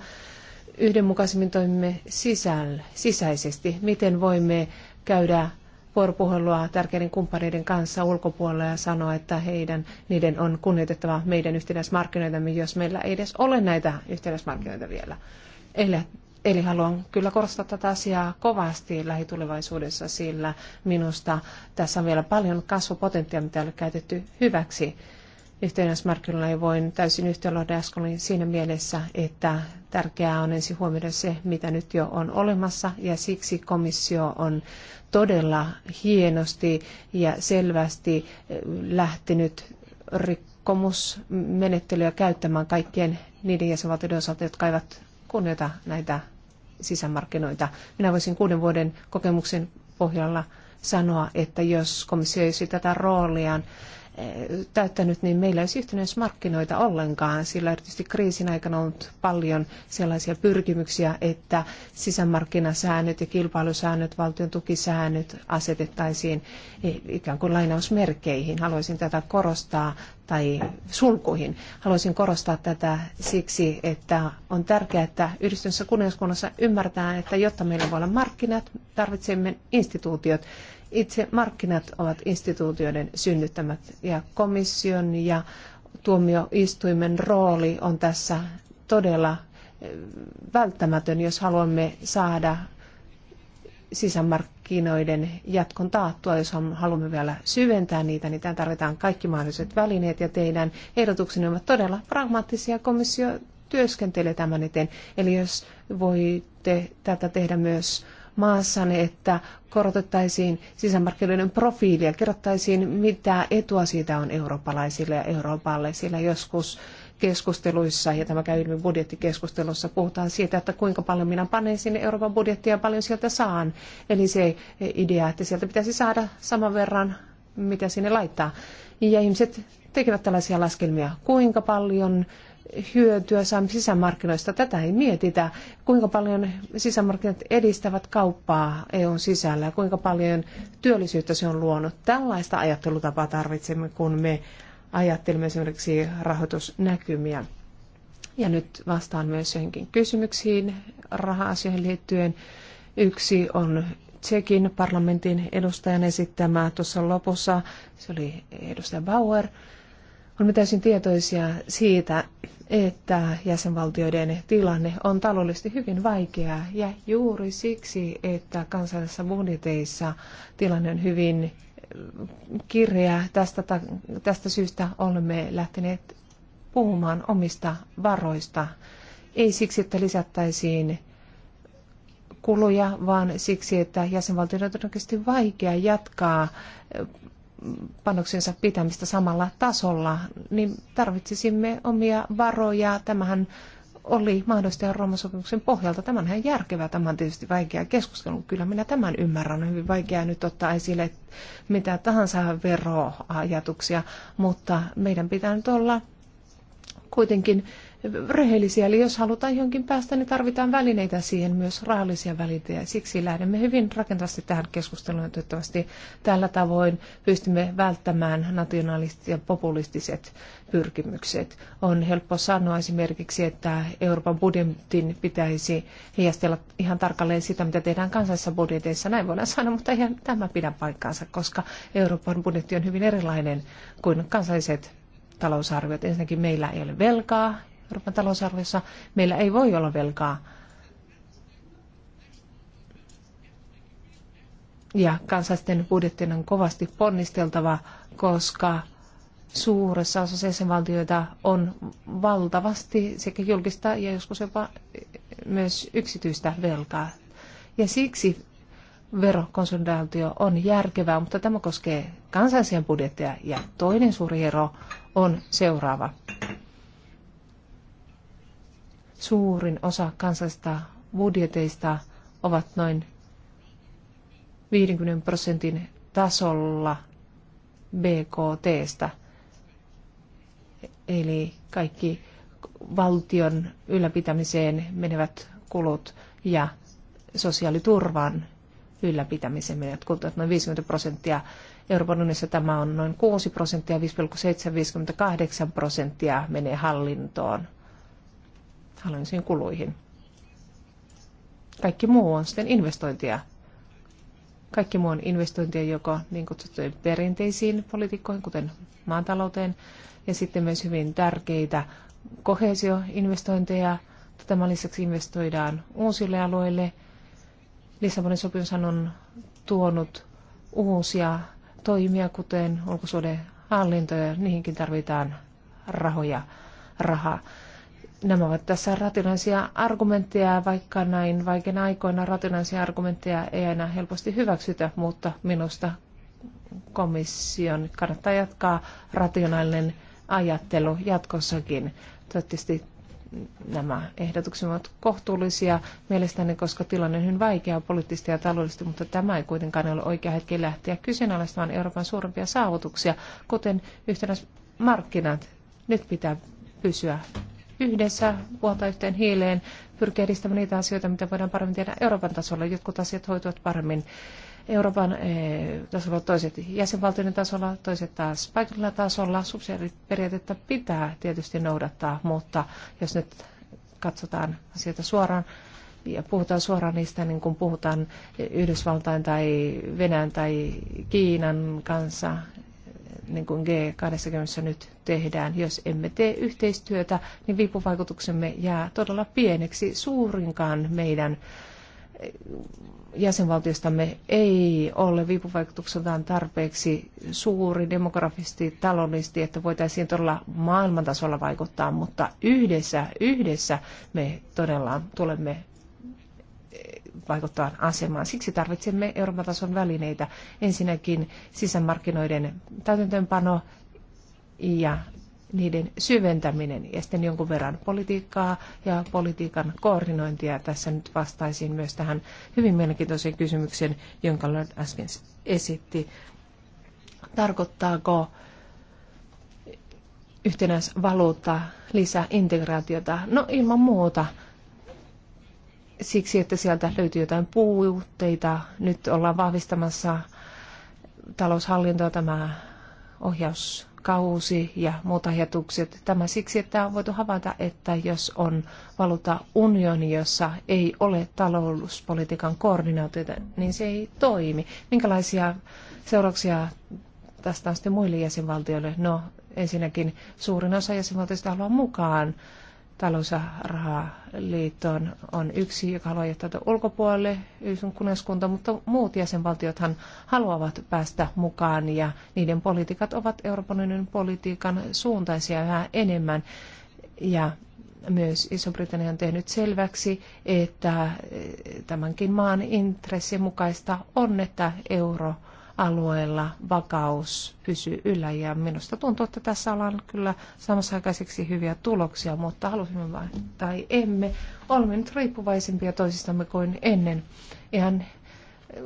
[SPEAKER 2] yhdenmukaisemmin toimimme sisällä, sisäisesti. Miten voimme käydä vuoropuhelua tärkeiden kumppaneiden kanssa ulkopuolella ja sanoa, että heidän, niiden on kunnioitettava meidän yhtenäismarkkinoitamme, jos meillä ei edes ole näitä yhtenäismarkkinoita vielä. Eli, eli haluan kyllä korostaa tätä asiaa kovasti lähitulevaisuudessa, sillä minusta tässä on vielä paljon kasvupotentiaalia, mitä on käytetty hyväksi yhtenäismarkkinoilla ei voin täysin yhtäloida äsken siinä mielessä, että tärkeää on ensin huomioida se, mitä nyt jo on olemassa, ja siksi komissio on todella hienosti ja selvästi eh, lähtenyt rikkomusmenettelyä käyttämään kaikkien niiden jäsenvaltioiden osalta, jotka eivät kunnioita näitä sisämarkkinoita. Minä voisin kuuden vuoden kokemuksen pohjalla sanoa, että jos komissio ei sitä tätä rooliaan täyttänyt, niin meillä ei olisi yhtenäismarkkinoita ollenkaan, sillä erityisesti kriisin aikana on ollut paljon sellaisia pyrkimyksiä, että sisämarkkinasäännöt ja kilpailusäännöt, valtion tukisäännöt asetettaisiin ikään kuin lainausmerkeihin. Haluaisin tätä korostaa tai sulkuihin. Haluaisin korostaa tätä siksi, että on tärkeää, että yhdistyneessä kuningaskunnassa ymmärretään, että jotta meillä voi olla markkinat, tarvitsemme instituutiot itse markkinat ovat instituutioiden synnyttämät ja komission ja tuomioistuimen rooli on tässä todella eh, välttämätön, jos haluamme saada sisämarkkinoiden jatkon taattua, jos haluamme vielä syventää niitä, niin tähän tarvitaan kaikki mahdolliset välineet ja teidän ehdotuksenne ovat todella pragmaattisia. Komissio työskentelee tämän eteen. Eli jos voitte tätä tehdä myös maassani, että korotettaisiin sisämarkkinoiden profiilia, kerrottaisiin mitä etua siitä on eurooppalaisille ja Euroopalle, sillä joskus keskusteluissa, ja tämä käy ilmi budjettikeskustelussa, puhutaan siitä, että kuinka paljon minä panen sinne Euroopan budjettia ja paljon sieltä saan. Eli se idea, että sieltä pitäisi saada saman verran, mitä sinne laittaa. Ja ihmiset tekevät tällaisia laskelmia, kuinka paljon hyötyä saamme sisämarkkinoista. Tätä ei mietitä, kuinka paljon sisämarkkinat edistävät kauppaa EUn sisällä ja kuinka paljon työllisyyttä se on luonut. Tällaista ajattelutapaa tarvitsemme, kun me ajattelemme esimerkiksi rahoitusnäkymiä. Ja nyt vastaan myös johonkin kysymyksiin raha-asioihin liittyen. Yksi on Tsekin parlamentin edustajan esittämä tuossa lopussa, se oli edustaja Bauer. Olemme täysin tietoisia siitä, että jäsenvaltioiden tilanne on taloudellisesti hyvin vaikea ja juuri siksi, että kansallisissa budjeteissa tilanne on hyvin eh, kireä. Tästä, tästä syystä olemme lähteneet puhumaan omista varoista. Ei siksi, että lisättäisiin kuluja, vaan siksi, että jäsenvaltioiden on todennäköisesti vaikea jatkaa eh, panoksensa pitämistä samalla tasolla, niin tarvitsisimme omia varoja. Tämähän oli mahdollista Rooman sopimuksen pohjalta. on järkevää, tämä on tietysti vaikea keskustelu. Kyllä minä tämän ymmärrän, on hyvin vaikea nyt ottaa esille mitä tahansa veroajatuksia, mutta meidän pitää nyt olla kuitenkin rehellisiä. Eli jos halutaan johonkin päästä, niin tarvitaan välineitä siihen, myös rahallisia välineitä. Siksi lähdemme hyvin rakentavasti tähän keskusteluun. Toivottavasti tällä tavoin pystymme välttämään nationalistiset ja populistiset pyrkimykset. On helppo sanoa esimerkiksi, että Euroopan budjetin pitäisi heijastella ihan tarkalleen sitä, mitä tehdään kansallisissa budjeteissa. Näin voidaan sanoa, mutta eihän tämä pidä paikkaansa, koska Euroopan budjetti on hyvin erilainen kuin kansalliset talousarviot. Ensinnäkin meillä ei ole velkaa Euroopan talousarviossa. Meillä ei voi olla velkaa. Ja kansallisten budjettien on kovasti ponnisteltava, koska suuressa osassa jäsenvaltioita on valtavasti sekä julkista ja joskus jopa myös yksityistä velkaa. Ja siksi verokonsolidaatio on järkevää, mutta tämä koskee kansallisia budjetteja. Ja toinen suuri ero on seuraava. Suurin osa kansallisista budjeteista ovat noin 50 prosentin tasolla BKTstä. Eli kaikki valtion ylläpitämiseen menevät kulut ja sosiaaliturvan ylläpitämiseen menevät kulut, noin 50 prosenttia. Euroopan unionissa tämä on noin 6 prosenttia, 5,7-58 prosenttia menee hallintoon hallinnollisiin kuluihin. Kaikki muu on sitten investointia. Kaikki muu on investointia joko niin kutsuttuihin perinteisiin politiikkoihin, kuten maatalouteen ja sitten myös hyvin tärkeitä kohesioinvestointeja. Tämän lisäksi investoidaan uusille alueille. Lissabonin sopimus on tuonut uusia toimia, kuten ulkosuuden hallintoja. ja niihinkin tarvitaan rahoja, rahaa. Nämä ovat tässä rationaalisia argumentteja, vaikka näin vaikeina aikoina rationaalisia argumentteja ei aina helposti hyväksytä, mutta minusta komission kannattaa jatkaa rationaalinen ajattelu jatkossakin. Toivottavasti nämä ehdotukset ovat kohtuullisia mielestäni, koska tilanne on hyvin vaikea poliittisesti ja taloudellisesti, mutta tämä ei kuitenkaan ole oikea hetki lähteä kyseenalaistamaan Euroopan suurimpia saavutuksia, kuten yhtenäismarkkinat. Nyt pitää pysyä yhdessä vuolta yhteen hiileen pyrkiä edistämään niitä asioita, mitä voidaan paremmin tehdä Euroopan tasolla. Jotkut asiat hoituvat paremmin Euroopan eh, tasolla, toiset jäsenvaltioiden tasolla, toiset taas paikallisella tasolla. Subsidiariteettiperiaatetta pitää tietysti noudattaa, mutta jos nyt katsotaan asioita suoraan, ja puhutaan suoraan niistä, niin kuin puhutaan Yhdysvaltain tai Venäjän tai Kiinan kanssa, niin kuin G20 nyt tehdään. Jos emme tee yhteistyötä, niin viipuvaikutuksemme jää todella pieneksi. Suurinkaan meidän jäsenvaltiostamme ei ole viipuvaikutukseltaan tarpeeksi suuri demografisesti, taloudellisesti, että voitaisiin todella maailmantasolla vaikuttaa, mutta yhdessä, yhdessä me todella tulemme vaikuttavaan asemaan. Siksi tarvitsemme Euroopan tason välineitä. Ensinnäkin sisämarkkinoiden täytäntöönpano ja niiden syventäminen ja sitten jonkun verran politiikkaa ja politiikan koordinointia. Tässä nyt vastaisin myös tähän hyvin mielenkiintoiseen kysymykseen, jonka Lord äsken esitti. Tarkoittaako yhtenäisvaluutta lisää integraatiota? No ilman muuta siksi, että sieltä löytyy jotain puutteita. Nyt ollaan vahvistamassa taloushallintoa tämä ohjauskausi ja muut ajatukset. Tämä siksi, että on voitu havaita, että jos on valuta unioni, jossa ei ole talouspolitiikan koordinaatioita, niin se ei toimi. Minkälaisia seurauksia tästä on sitten muille jäsenvaltioille? No, ensinnäkin suurin osa jäsenvaltioista haluaa mukaan talous- ja rahaliittoon on yksi, joka haluaa jättää ulkopuolelle Yhdysvallan kuningaskunta, mutta muut jäsenvaltiothan haluavat päästä mukaan ja niiden politiikat ovat Euroopan unionin politiikan suuntaisia yhä enemmän. Ja myös Iso-Britannia on tehnyt selväksi, että tämänkin maan intressien mukaista on, että euro alueella vakaus pysyy yllä. Ja minusta tuntuu, että tässä ollaan kyllä samassa aikaiseksi hyviä tuloksia, mutta halusimme vain tai emme. Olemme nyt riippuvaisempia toisistamme kuin ennen. Ihan äh,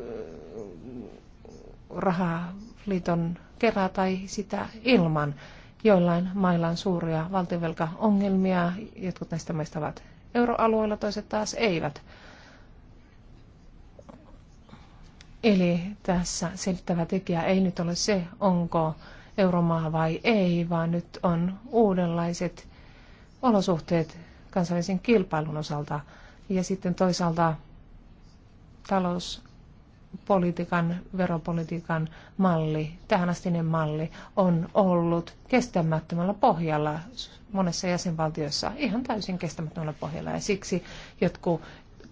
[SPEAKER 2] rahaliiton kerää tai sitä ilman. Joillain mailla on suuria valtionvelkaongelmia, jotkut näistä maista ovat euroalueella, toiset taas eivät. Eli tässä selittävä tekijä ei nyt ole se, onko euromaa vai ei, vaan nyt on uudenlaiset olosuhteet kansainvälisen kilpailun osalta. Ja sitten toisaalta talouspolitiikan, veropolitiikan malli, tähänastinen malli, on ollut kestämättömällä pohjalla monessa jäsenvaltiossa, ihan täysin kestämättömällä pohjalla. Ja siksi jotkut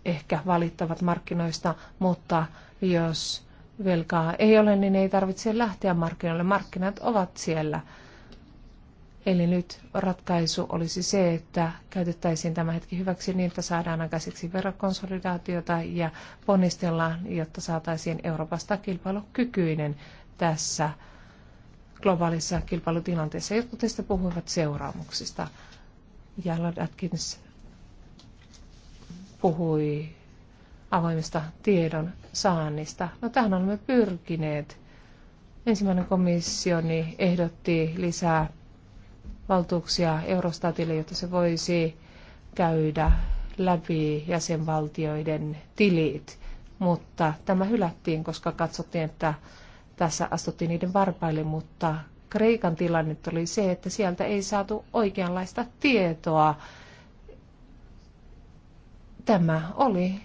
[SPEAKER 2] ehkä valittavat markkinoista, mutta jos velkaa ei ole, niin ei tarvitse lähteä markkinoille. Markkinat ovat siellä. Eli nyt ratkaisu olisi se, että käytettäisiin tämä hetki hyväksi niin, että saadaan aikaiseksi verokonsolidaatiota ja ponnistellaan, jotta saataisiin Euroopasta kilpailukykyinen tässä globaalissa kilpailutilanteessa. Jotkut teistä puhuivat seuraamuksista. Ja Lord Atkins puhui avoimesta tiedon saannista. No tähän olemme pyrkineet. Ensimmäinen komissioni ehdotti lisää valtuuksia Eurostatille, jotta se voisi käydä läpi jäsenvaltioiden tilit, mutta tämä hylättiin, koska katsottiin, että tässä astuttiin niiden varpaille, mutta Kreikan tilanne oli se, että sieltä ei saatu oikeanlaista tietoa. Tämä oli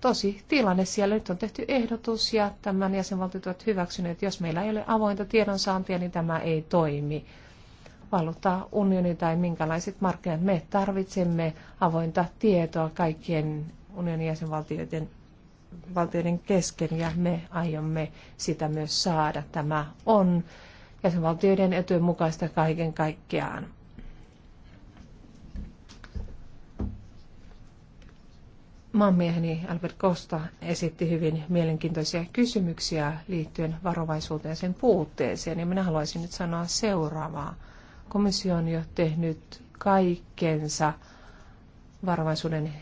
[SPEAKER 2] tosi tilanne siellä. Nyt on tehty ehdotus ja tämän jäsenvaltiot ovat hyväksyneet. Jos meillä ei ole avointa tiedonsaantia, niin tämä ei toimi. Valuta unioni tai minkälaiset markkinat. Me tarvitsemme avointa tietoa kaikkien unionin jäsenvaltioiden valtioiden kesken ja me aiomme sitä myös saada. Tämä on jäsenvaltioiden etujen mukaista kaiken kaikkiaan. maanmieheni Albert Costa esitti hyvin mielenkiintoisia kysymyksiä liittyen varovaisuuteen sen puutteeseen. Ja minä haluaisin nyt sanoa seuraavaa. Komissio on jo tehnyt kaikkensa varovaisuuden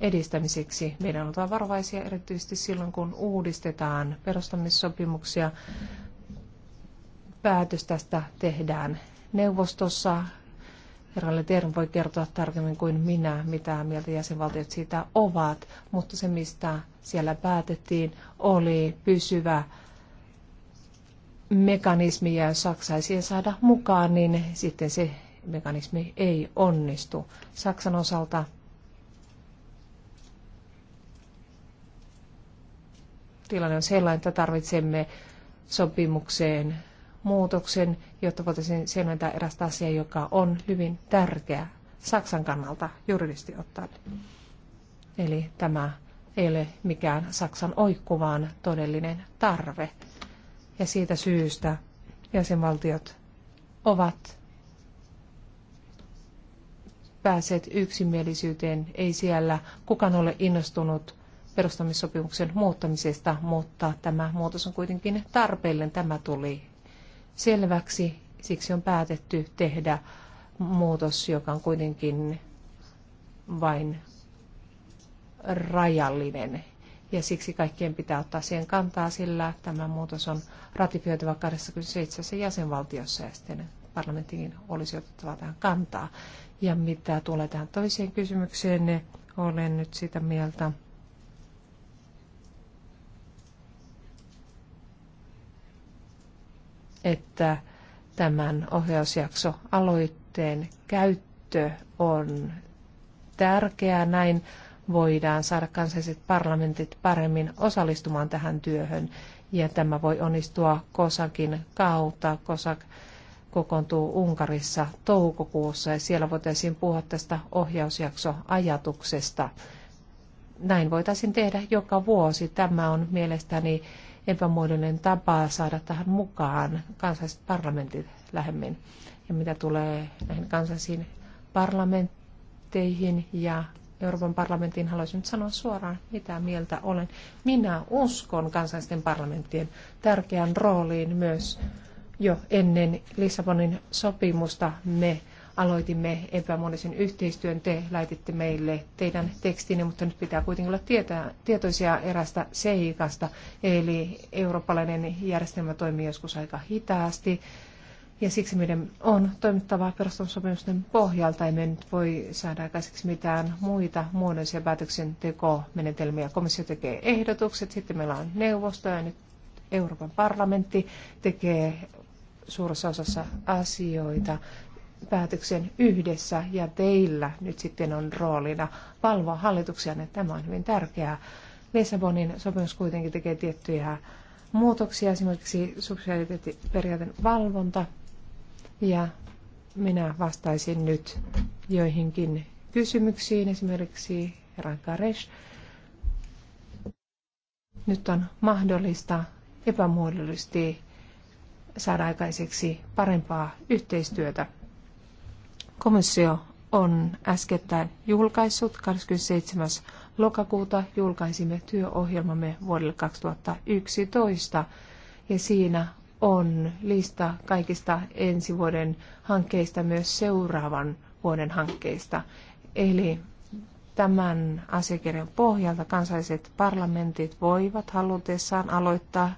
[SPEAKER 2] edistämiseksi. Meidän on oltava varovaisia erityisesti silloin, kun uudistetaan perustamissopimuksia. Päätös tästä tehdään neuvostossa Herralle Tiedon voi kertoa tarkemmin kuin minä, mitä mieltä jäsenvaltiot siitä ovat, mutta se, mistä siellä päätettiin, oli pysyvä mekanismi, ja jos Saksa ei siihen saada mukaan, niin sitten se mekanismi ei onnistu. Saksan osalta tilanne on sellainen, että tarvitsemme sopimukseen muutoksen, jotta voitaisiin selventää erästä asiaa, joka on hyvin tärkeä Saksan kannalta juridisesti ottaen. Eli tämä ei ole mikään Saksan oikku, vaan todellinen tarve. Ja siitä syystä jäsenvaltiot ovat päässeet yksimielisyyteen. Ei siellä kukaan ole innostunut perustamissopimuksen muuttamisesta, mutta tämä muutos on kuitenkin tarpeellinen. Tämä tuli selväksi. Siksi on päätetty tehdä muutos, joka on kuitenkin vain rajallinen. Ja siksi kaikkien pitää ottaa siihen kantaa, sillä tämä muutos on ratifioitava 27 jäsenvaltiossa ja sitten parlamenttikin olisi otettava tähän kantaa. Ja mitä tulee tähän toiseen kysymykseen, olen nyt sitä mieltä, että tämän ohjausjakso aloitteen käyttö on tärkeää. Näin voidaan saada kansalliset parlamentit paremmin osallistumaan tähän työhön. Ja tämä voi onnistua Kosakin kautta. Kosak kokoontuu Unkarissa toukokuussa ja siellä voitaisiin puhua tästä ohjausjaksoajatuksesta. Näin voitaisiin tehdä joka vuosi. Tämä on mielestäni epämuodollinen tapa saada tähän mukaan kansalliset parlamentit lähemmin. Ja mitä tulee näihin kansallisiin parlamentteihin ja Euroopan parlamenttiin, haluaisin nyt sanoa suoraan, mitä mieltä olen. Minä uskon kansallisten parlamenttien tärkeään rooliin myös jo ennen Lissabonin sopimusta me aloitimme epämuodollisen yhteistyön. Te laititte meille teidän tekstinne, mutta nyt pitää kuitenkin olla tietä, tietoisia erästä seikasta. Eli eurooppalainen järjestelmä toimii joskus aika hitaasti. Ja siksi meidän on toimittava perustamissopimusten pohjalta. Emme nyt voi saada aikaiseksi mitään muita muodollisia päätöksentekomenetelmiä. Komissio tekee ehdotukset, sitten meillä on neuvosto ja nyt Euroopan parlamentti tekee suuressa osassa asioita päätöksen yhdessä ja teillä nyt sitten on roolina valvoa hallituksia, että niin tämä on hyvin tärkeää. Lissabonin sopimus kuitenkin tekee tiettyjä muutoksia, esimerkiksi subsidiariteettiperiaatteen valvonta. Ja minä vastaisin nyt joihinkin kysymyksiin, esimerkiksi herran Nyt on mahdollista epämuodollisesti saada aikaiseksi parempaa yhteistyötä Komissio on äskettäin julkaissut 27. lokakuuta julkaisimme työohjelmamme vuodelle 2011 ja siinä on lista kaikista ensi vuoden hankkeista myös seuraavan vuoden hankkeista. Eli tämän asiakirjan pohjalta kansalliset parlamentit voivat halutessaan aloittaa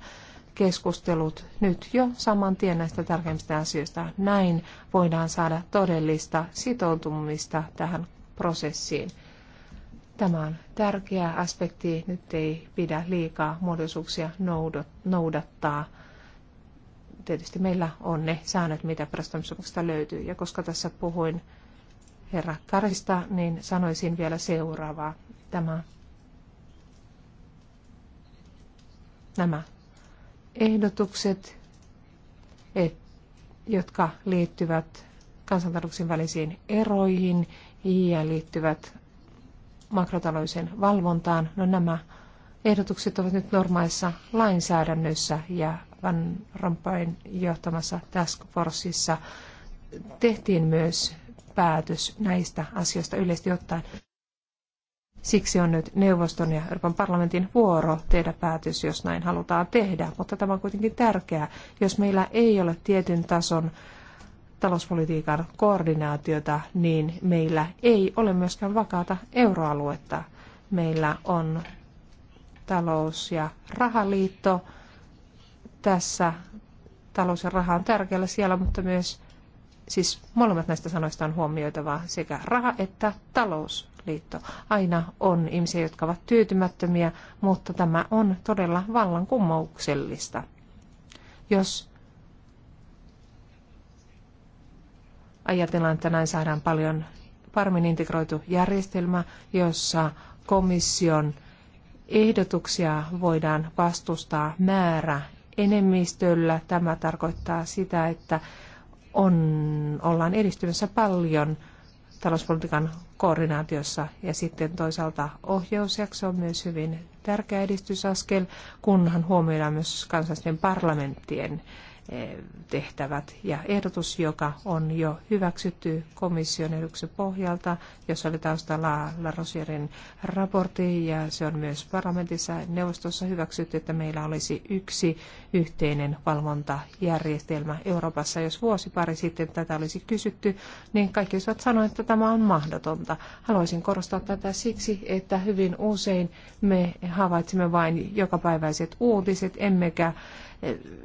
[SPEAKER 2] keskustelut nyt jo saman tien näistä tärkeimmistä asioista. Näin voidaan saada todellista sitoutumista tähän prosessiin. Tämä on tärkeä aspekti. Nyt ei pidä liikaa muodollisuuksia noudattaa. Tietysti meillä on ne säännöt, mitä perustamisopimuksesta löytyy. Ja koska tässä puhuin herra Karista, niin sanoisin vielä seuraavaa. Tämä, nämä ehdotukset, et, jotka liittyvät kansantalouksien välisiin eroihin ja liittyvät makrotalouden valvontaan. No nämä ehdotukset ovat nyt normaissa lainsäädännössä ja Van Rompuyn johtamassa Task Forceissa tehtiin myös päätös näistä asioista yleisesti ottaen. Siksi on nyt neuvoston ja Euroopan parlamentin vuoro tehdä päätös, jos näin halutaan tehdä. Mutta tämä on kuitenkin tärkeää, jos meillä ei ole tietyn tason talouspolitiikan koordinaatiota, niin meillä ei ole myöskään vakaata euroaluetta. Meillä on talous- ja rahaliitto tässä. Talous ja raha on tärkeällä siellä, mutta myös siis molemmat näistä sanoista on huomioitava sekä raha että talousliitto. Aina on ihmisiä, jotka ovat tyytymättömiä, mutta tämä on todella vallankumouksellista. Jos ajatellaan, että näin saadaan paljon paremmin integroitu järjestelmä, jossa komission ehdotuksia voidaan vastustaa määrä enemmistöllä. Tämä tarkoittaa sitä, että on, ollaan edistymässä paljon talouspolitiikan koordinaatiossa ja sitten toisaalta ohjausjakso on myös hyvin tärkeä edistysaskel, kunhan huomioidaan myös kansallisten parlamenttien Eh, tehtävät. Ja ehdotus, joka on jo hyväksytty komission ehdotuksen pohjalta, jossa oli taustalla La Rosierin raportti ja se on myös parlamentissa neuvostossa hyväksytty, että meillä olisi yksi yhteinen valvontajärjestelmä Euroopassa. Jos vuosi pari sitten tätä olisi kysytty, niin kaikki olisivat sanoneet, että tämä on mahdotonta. Haluaisin korostaa tätä siksi, että hyvin usein me havaitsemme vain jokapäiväiset uutiset, emmekä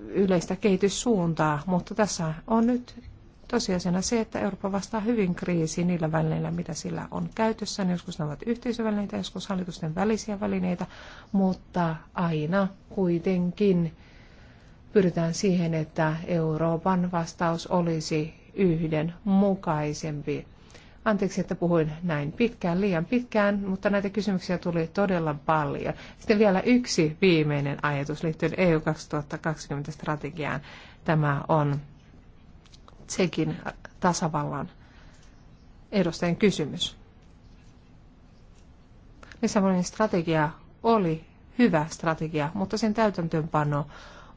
[SPEAKER 2] yleistä kehityssuuntaa, mutta tässä on nyt tosiasiana se, että Eurooppa vastaa hyvin kriisiin niillä välineillä, mitä sillä on käytössä. Joskus ne ovat yhteisövälineitä, joskus hallitusten välisiä välineitä, mutta aina kuitenkin pyritään siihen, että Euroopan vastaus olisi yhdenmukaisempi Anteeksi, että puhuin näin pitkään, liian pitkään, mutta näitä kysymyksiä tuli todella paljon. Sitten vielä yksi viimeinen ajatus liittyen EU 2020-strategiaan. Tämä on Tsekin tasavallan edustajan kysymys. Lissabonin strategia oli hyvä strategia, mutta sen täytäntöönpano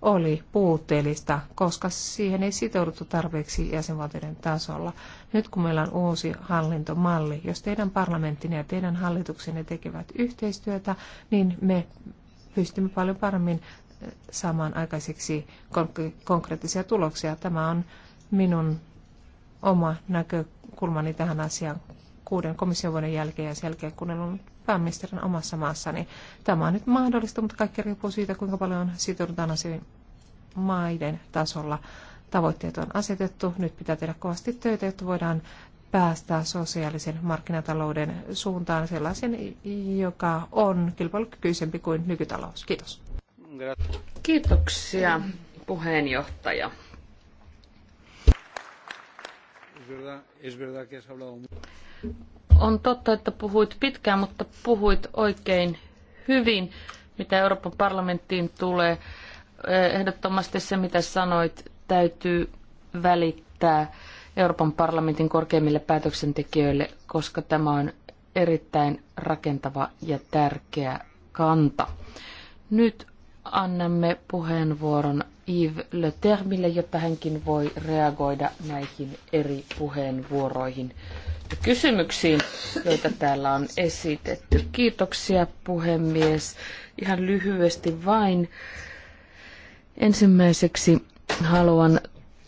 [SPEAKER 2] oli puutteellista, koska siihen ei sitouduttu tarpeeksi jäsenvaltioiden tasolla. Nyt kun meillä on uusi hallintomalli, jos teidän parlamenttinne ja teidän hallituksenne tekevät yhteistyötä, niin me pystymme paljon paremmin eh, saamaan aikaiseksi konkreettisia tuloksia. Tämä on minun oma näkökulmani tähän asiaan kuuden komission vuoden jälkeen ja sen jälkeen, kun olen ollut pääministerin omassa maassani. Tämä on nyt mahdollista, mutta kaikki riippuu siitä, kuinka paljon sitoudutaan asioihin maiden tasolla. Tavoitteet on asetettu. Nyt pitää tehdä kovasti töitä, jotta voidaan päästä sosiaalisen markkinatalouden suuntaan sellaisen, joka on kilpailukykyisempi kuin nykytalous. Kiitos.
[SPEAKER 3] Kiitoksia puheenjohtaja. On totta, että puhuit pitkään, mutta puhuit oikein hyvin, mitä Euroopan parlamenttiin tulee. Eh, ehdottomasti se, mitä sanoit, täytyy välittää Euroopan parlamentin korkeimmille päätöksentekijöille, koska tämä on erittäin rakentava ja tärkeä kanta. Nyt annamme puheenvuoron Yves Le Termille, jotta hänkin voi reagoida näihin eri puheenvuoroihin kysymyksiin, joita täällä on esitetty. Kiitoksia puhemies. Ihan lyhyesti vain. Ensimmäiseksi haluan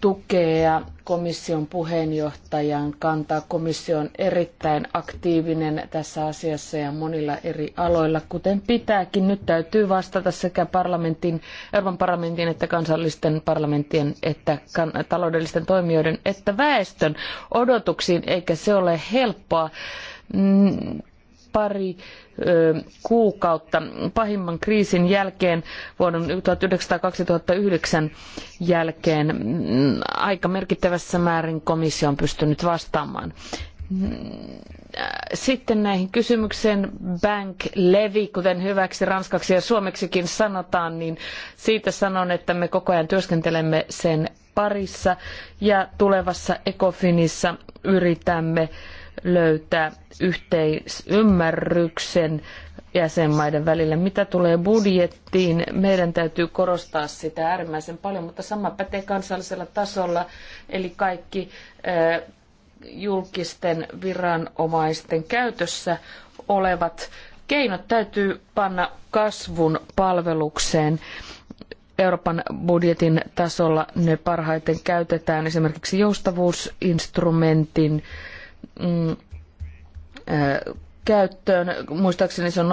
[SPEAKER 3] tukea komission puheenjohtajan kantaa. Komissio on erittäin aktiivinen tässä asiassa ja monilla eri aloilla, kuten pitääkin. Nyt täytyy vastata sekä parlamentin, Euroopan parlamentin että kansallisten parlamenttien että taloudellisten toimijoiden että väestön odotuksiin, eikä se ole helppoa mm, pari kuukautta pahimman kriisin jälkeen vuoden 1900-2009 jälkeen mm, aika merkittävässä määrin komissio on pystynyt vastaamaan. Mm, sitten näihin kysymykseen bank levy, kuten hyväksi ranskaksi ja suomeksikin sanotaan, niin siitä sanon, että me koko ajan työskentelemme sen parissa ja tulevassa ECOFINissa yritämme löytää yhteisymmärryksen jäsenmaiden välillä. Mitä tulee budjettiin, meidän täytyy korostaa sitä äärimmäisen paljon, mutta sama pätee kansallisella tasolla, eli kaikki eh, julkisten viranomaisten käytössä olevat keinot täytyy panna kasvun palvelukseen. Euroopan budjetin tasolla ne parhaiten käytetään esimerkiksi joustavuusinstrumentin mm, käyttöön. Muistaakseni se on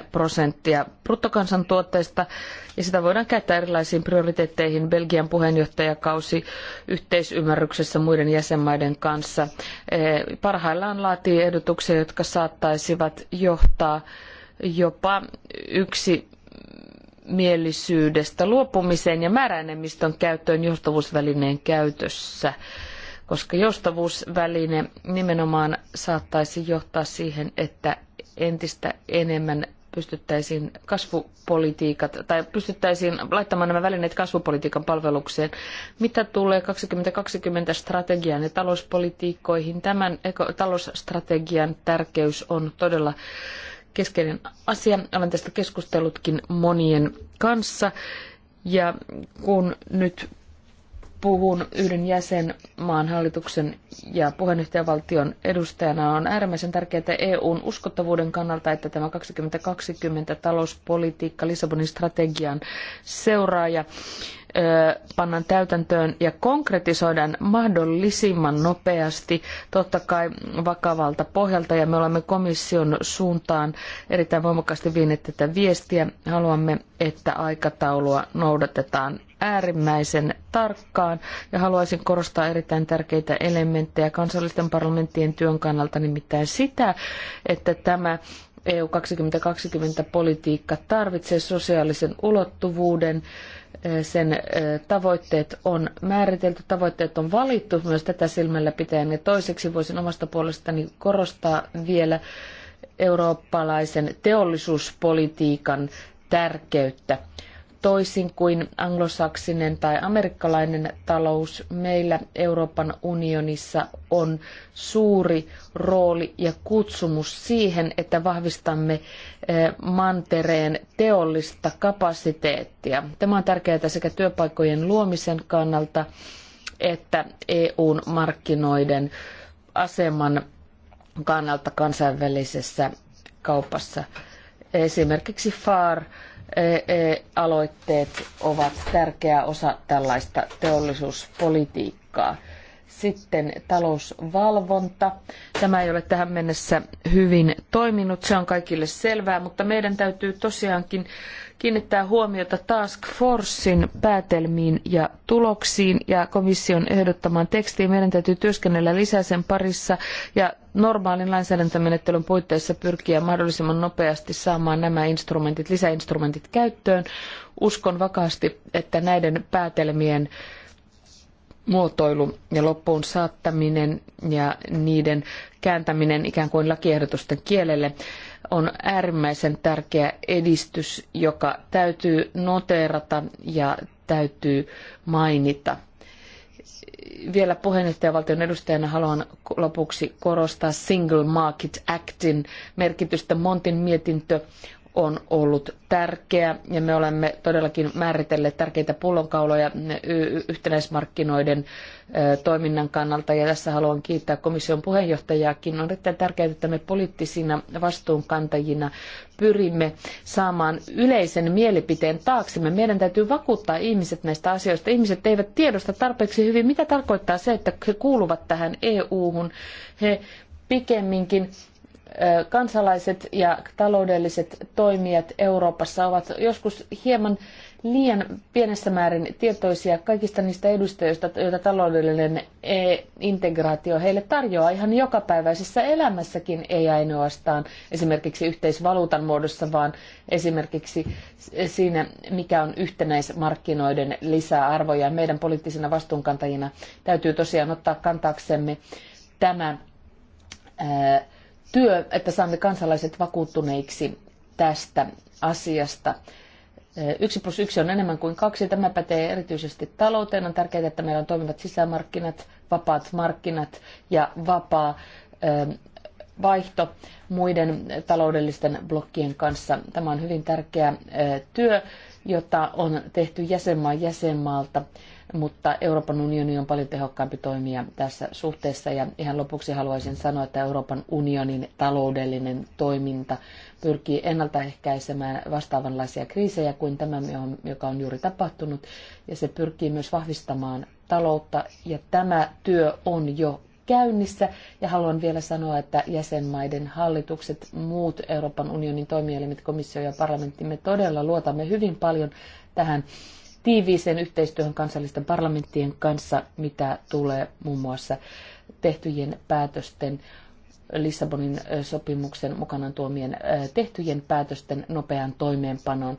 [SPEAKER 3] 0,03 prosenttia bruttokansantuotteesta ja sitä voidaan käyttää erilaisiin prioriteetteihin Belgian puheenjohtajakausi yhteisymmärryksessä muiden jäsenmaiden kanssa. E, parhaillaan laatii ehdotuksia, jotka saattaisivat johtaa jopa yksi mielisyydestä luopumiseen ja määräenemmistön käyttöön johtavuusvälineen käytössä koska joustavuusväline nimenomaan saattaisi johtaa siihen, että entistä enemmän pystyttäisiin kasvupolitiikat tai pystyttäisiin laittamaan nämä välineet kasvupolitiikan palvelukseen. Mitä tulee 2020 strategiaan ja talouspolitiikkoihin, tämän talousstrategian tärkeys on todella keskeinen asia. Olen tästä keskustellutkin monien kanssa. Ja kun nyt puhun yhden jäsenmaan hallituksen ja puheenjohtajavaltion edustajana. On äärimmäisen tärkeää EU EUn uskottavuuden kannalta, että tämä 2020 talouspolitiikka Lissabonin strategian seuraaja pannaan täytäntöön ja konkretisoidaan mahdollisimman nopeasti, totta kai vakavalta pohjalta. Ja me olemme komission suuntaan erittäin voimakkaasti vieneet tätä viestiä. Haluamme, että aikataulua noudatetaan äärimmäisen tarkkaan ja haluaisin korostaa erittäin tärkeitä elementtejä kansallisten parlamenttien työn kannalta, nimittäin sitä, että tämä EU 2020 politiikka tarvitsee sosiaalisen ulottuvuuden sen tavoitteet on määritelty, tavoitteet on valittu myös tätä silmällä pitäen. Ja toiseksi voisin omasta puolestani korostaa vielä eurooppalaisen teollisuuspolitiikan tärkeyttä Toisin kuin anglosaksinen tai amerikkalainen talous, meillä Euroopan unionissa on suuri rooli ja kutsumus siihen, että vahvistamme eh, mantereen teollista kapasiteettia. Tämä on tärkeää sekä työpaikkojen luomisen kannalta että EUn markkinoiden aseman kannalta kansainvälisessä kaupassa. Esimerkiksi FAR E aloitteet ovat tärkeä osa tällaista teollisuuspolitiikkaa. Sitten talousvalvonta. Tämä ei ole tähän mennessä hyvin toiminut, se on kaikille selvää, mutta meidän täytyy tosiaankin kiinnittää huomiota Task Forcein päätelmiin ja tuloksiin ja komission ehdottamaan tekstiin. Meidän täytyy työskennellä lisää sen parissa ja normaalin lainsäädäntömenettelyn puitteissa pyrkiä mahdollisimman nopeasti saamaan nämä instrumentit, lisäinstrumentit käyttöön. Uskon vakaasti, että näiden päätelmien muotoilu ja loppuun saattaminen ja niiden kääntäminen ikään kuin lakiehdotusten kielelle on äärimmäisen tärkeä edistys, joka täytyy noteerata ja täytyy mainita. Vielä puheenjohtajavaltion edustajana haluan lopuksi korostaa Single Market Actin merkitystä. Montin mietintö on ollut tärkeä ja me olemme todellakin määritelleet tärkeitä pullonkauloja yhtenäismarkkinoiden toiminnan kannalta ja tässä haluan kiittää komission puheenjohtajaakin. On erittäin tärkeää, että me poliittisina vastuunkantajina pyrimme saamaan yleisen mielipiteen taaksemme. Meidän täytyy vakuuttaa ihmiset näistä asioista. Ihmiset eivät tiedosta tarpeeksi hyvin, mitä tarkoittaa se, että he kuuluvat tähän EU-hun. He pikemminkin kansalaiset ja taloudelliset toimijat Euroopassa ovat joskus hieman liian pienessä määrin tietoisia kaikista niistä eduista, joita taloudellinen e, integraatio heille tarjoaa ihan jokapäiväisessä elämässäkin, ei ainoastaan esimerkiksi yhteisvaluutan muodossa, vaan esimerkiksi siinä, mikä on yhtenäismarkkinoiden lisäarvo. Ja meidän poliittisina vastuunkantajina täytyy tosiaan ottaa kantaaksemme tämä ää, työ, että saamme kansalaiset vakuuttuneiksi tästä asiasta. Eh, yksi plus yksi on enemmän kuin kaksi. Tämä pätee erityisesti talouteen. On tärkeää, että meillä on toimivat sisämarkkinat, vapaat markkinat ja vapaa eh, vaihto muiden taloudellisten blokkien kanssa. Tämä on hyvin tärkeä eh, työ, jota on tehty jäsenmaa jäsenmaalta. jäsenmaalta mutta Euroopan unioni on paljon tehokkaampi toimija tässä suhteessa. Ja ihan lopuksi haluaisin sanoa, että Euroopan unionin taloudellinen toiminta pyrkii ennaltaehkäisemään vastaavanlaisia kriisejä kuin tämä, joka on juuri tapahtunut. Ja se pyrkii myös vahvistamaan taloutta. Ja tämä työ on jo käynnissä. Ja haluan vielä sanoa, että jäsenmaiden hallitukset, muut Euroopan unionin toimielimet, komissio ja parlamentti, me todella luotamme hyvin paljon tähän tiiviiseen yhteistyöhön kansallisten parlamenttien kanssa, mitä tulee muun muassa tehtyjen päätösten Lissabonin sopimuksen mukanaan tuomien tehtyjen päätösten nopean toimeenpanoon.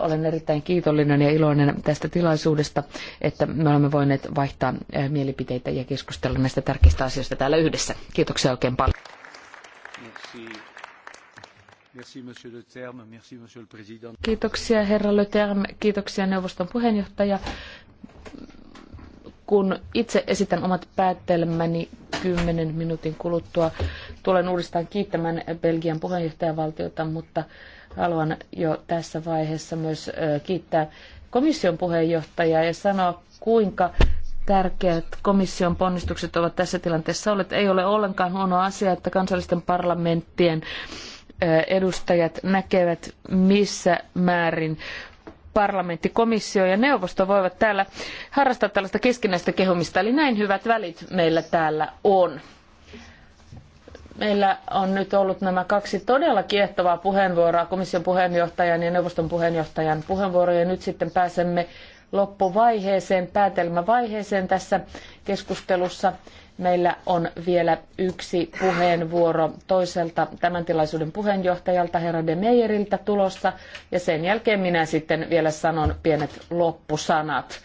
[SPEAKER 3] Olen erittäin kiitollinen ja iloinen tästä tilaisuudesta, että me olemme voineet vaihtaa mielipiteitä ja keskustella näistä tärkeistä asioista täällä yhdessä. Kiitoksia oikein paljon.
[SPEAKER 1] Merci. Kiitoksia
[SPEAKER 3] herra Leterme, kiitoksia neuvoston puheenjohtaja. Kun itse esitän omat päättelmäni kymmenen minuutin kuluttua, tulen uudestaan kiittämään Belgian puheenjohtajavaltiota, mutta haluan jo tässä vaiheessa myös kiittää komission puheenjohtajaa ja sanoa, kuinka tärkeät komission ponnistukset ovat tässä tilanteessa olleet. Ei ole ollenkaan huono asia, että kansallisten parlamenttien edustajat näkevät, missä määrin parlamentti, komissio ja neuvosto voivat täällä harrastaa tällaista keskinäistä kehumista. Eli näin hyvät välit meillä täällä on. Meillä on nyt ollut nämä kaksi todella kiehtovaa puheenvuoroa, komission puheenjohtajan ja neuvoston puheenjohtajan puheenvuoroja. Nyt sitten pääsemme loppuvaiheeseen, päätelmävaiheeseen tässä keskustelussa. Meillä on vielä yksi puheenvuoro toiselta tämän tilaisuuden puheenjohtajalta, herra de Meijeriltä tulossa, ja sen jälkeen minä sitten vielä sanon pienet loppusanat.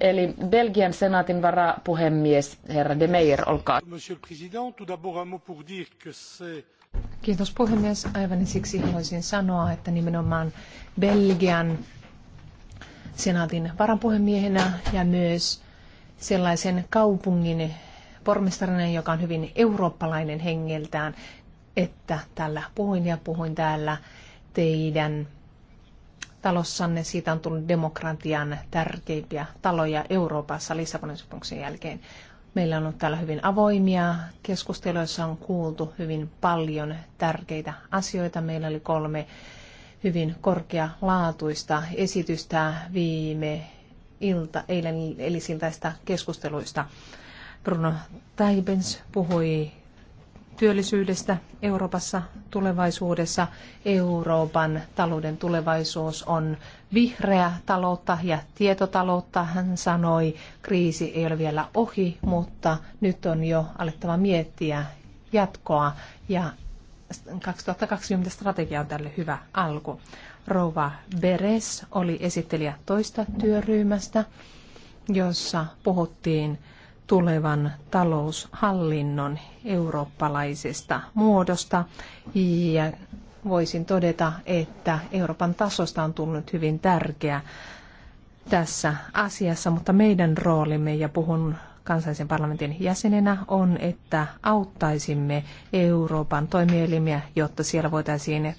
[SPEAKER 3] Eli Belgian senaatin varapuhemies, herra de Meijer,
[SPEAKER 1] olkaa.
[SPEAKER 2] Kiitos puhemies. Aivan siksi haluaisin sanoa, että nimenomaan Belgian senaatin varapuhemiehenä ja myös sellaisen kaupungin pormestarinen, joka on hyvin eurooppalainen hengeltään, että tällä puhuin ja puhuin täällä teidän talossanne. Siitä on tullut demokratian tärkeimpiä taloja Euroopassa Lissabonin sopimuksen jälkeen. Meillä on ollut täällä hyvin avoimia keskusteluissa on kuultu hyvin paljon tärkeitä asioita. Meillä oli kolme hyvin korkealaatuista esitystä viime ilta, eilen eli siltaista keskusteluista. Bruno Taibens puhui työllisyydestä Euroopassa tulevaisuudessa. Euroopan talouden tulevaisuus on vihreä taloutta ja tietotaloutta, hän sanoi. Kriisi ei ole vielä ohi, mutta nyt on jo alettava miettiä jatkoa ja 2020 strategia on tälle hyvä alku. Rova Beres oli esittelijä toista työryhmästä, jossa puhuttiin tulevan taloushallinnon eurooppalaisesta muodosta ja voisin todeta, että Euroopan tasosta on tullut hyvin tärkeä tässä asiassa, mutta meidän roolimme ja puhun kansallisen parlamentin jäsenenä on, että auttaisimme Euroopan toimielimiä, jotta siellä voitaisiin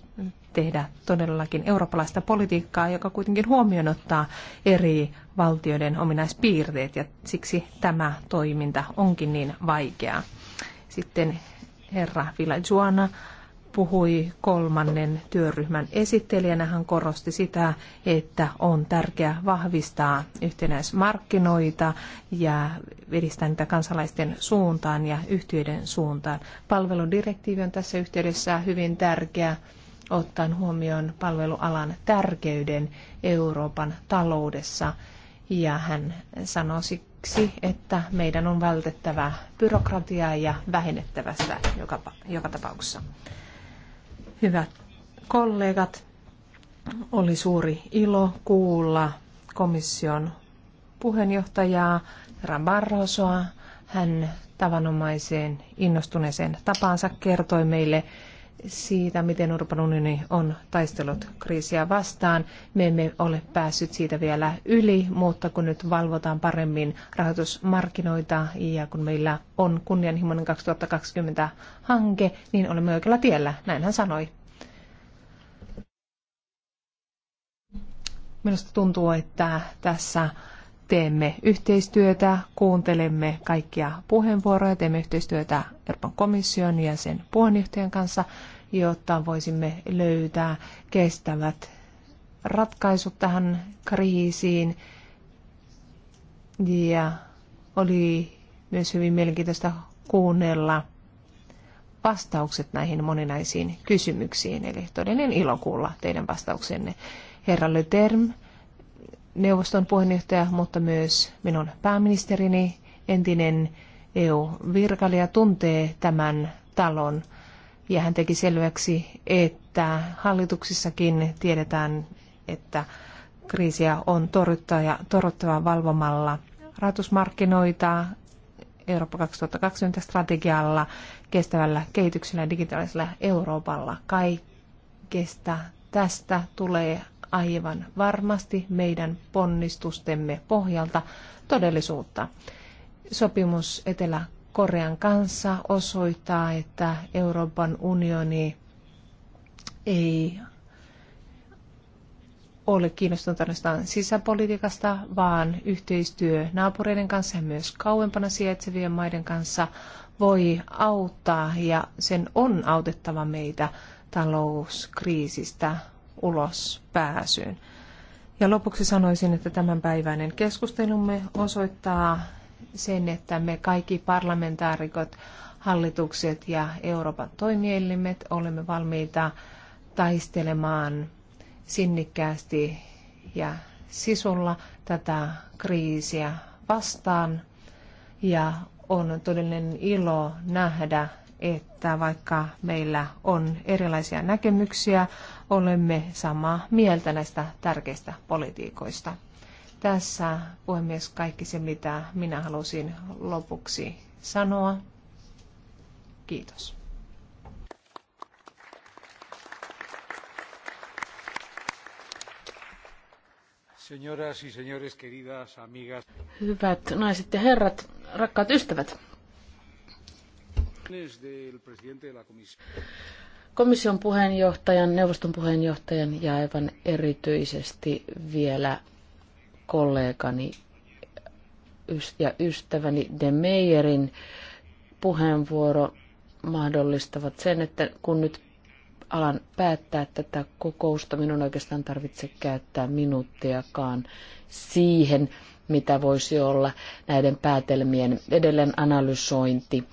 [SPEAKER 2] tehdä todellakin eurooppalaista politiikkaa, joka kuitenkin huomioon ottaa eri valtioiden ominaispiirteet ja siksi tämä toiminta onkin niin vaikeaa. Sitten herra Villajuana puhui kolmannen työryhmän esittelijänä. Hän korosti sitä, että on tärkeää vahvistaa yhtenäismarkkinoita ja edistää niitä kansalaisten suuntaan ja yhtiöiden suuntaan. Palveludirektiivi on tässä yhteydessä hyvin tärkeä ottaen huomioon palvelualan tärkeyden Euroopan taloudessa – ja hän sanoi siksi, että meidän on vältettävä byrokratiaa ja vähennettävä sitä joka, joka tapauksessa. Hyvät kollegat, oli suuri ilo kuulla komission puheenjohtajaa Rabarrosoa. Hän tavanomaiseen innostuneeseen tapaansa kertoi meille siitä, miten Euroopan unioni on taistellut kriisiä vastaan. Me emme ole päässyt siitä vielä yli, mutta kun nyt valvotaan paremmin rahoitusmarkkinoita ja kun meillä on kunnianhimoinen 2020 hanke, niin olemme oikealla tiellä, näin hän sanoi. Minusta tuntuu, että tässä teemme yhteistyötä, kuuntelemme kaikkia puheenvuoroja, teemme yhteistyötä Euroopan komission ja sen puheenjohtajan kanssa, jotta voisimme löytää kestävät ratkaisut tähän kriisiin. Ja oli myös hyvin mielenkiintoista kuunnella vastaukset näihin moninaisiin kysymyksiin. Eli todellinen ilo kuulla teidän vastauksenne. Herra Leterme, neuvoston puheenjohtaja, mutta myös minun pääministerini, entinen EU-virkailija, tuntee tämän talon. Ja hän teki selväksi, että hallituksissakin tiedetään, että kriisiä on torjuttava, ja torjuttava valvomalla rahoitusmarkkinoita, Eurooppa 2020 strategialla, kestävällä kehityksellä ja digitaalisella Euroopalla. Kaikesta tästä tulee aivan varmasti meidän ponnistustemme pohjalta todellisuutta. Sopimus Etelä-Korean kanssa osoittaa, että Euroopan unioni ei ole kiinnostunut ainoastaan sisäpolitiikasta, vaan yhteistyö naapureiden kanssa ja myös kauempana sijaitsevien maiden kanssa voi auttaa ja sen on autettava meitä talouskriisistä ulos pääsyyn. Ja lopuksi sanoisin, että tämänpäiväinen keskustelumme osoittaa sen, että me kaikki parlamentaarikot, hallitukset ja Euroopan toimielimet olemme valmiita taistelemaan sinnikkäästi ja sisulla tätä kriisiä vastaan. Ja on todellinen ilo nähdä että vaikka meillä on erilaisia näkemyksiä, olemme samaa mieltä näistä tärkeistä politiikoista. Tässä puhemies kaikki se, mitä minä halusin lopuksi sanoa. Kiitos.
[SPEAKER 1] Hyvät naiset
[SPEAKER 3] ja herrat, rakkaat ystävät. Komission puheenjohtajan, neuvoston puheenjohtajan ja aivan erityisesti vielä kollegani ja ystäväni De Meijerin puheenvuoro mahdollistavat sen, että kun nyt alan päättää tätä kokousta, minun oikeastaan tarvitse käyttää minuuttiakaan siihen, mitä voisi olla näiden päätelmien edelleen analysointi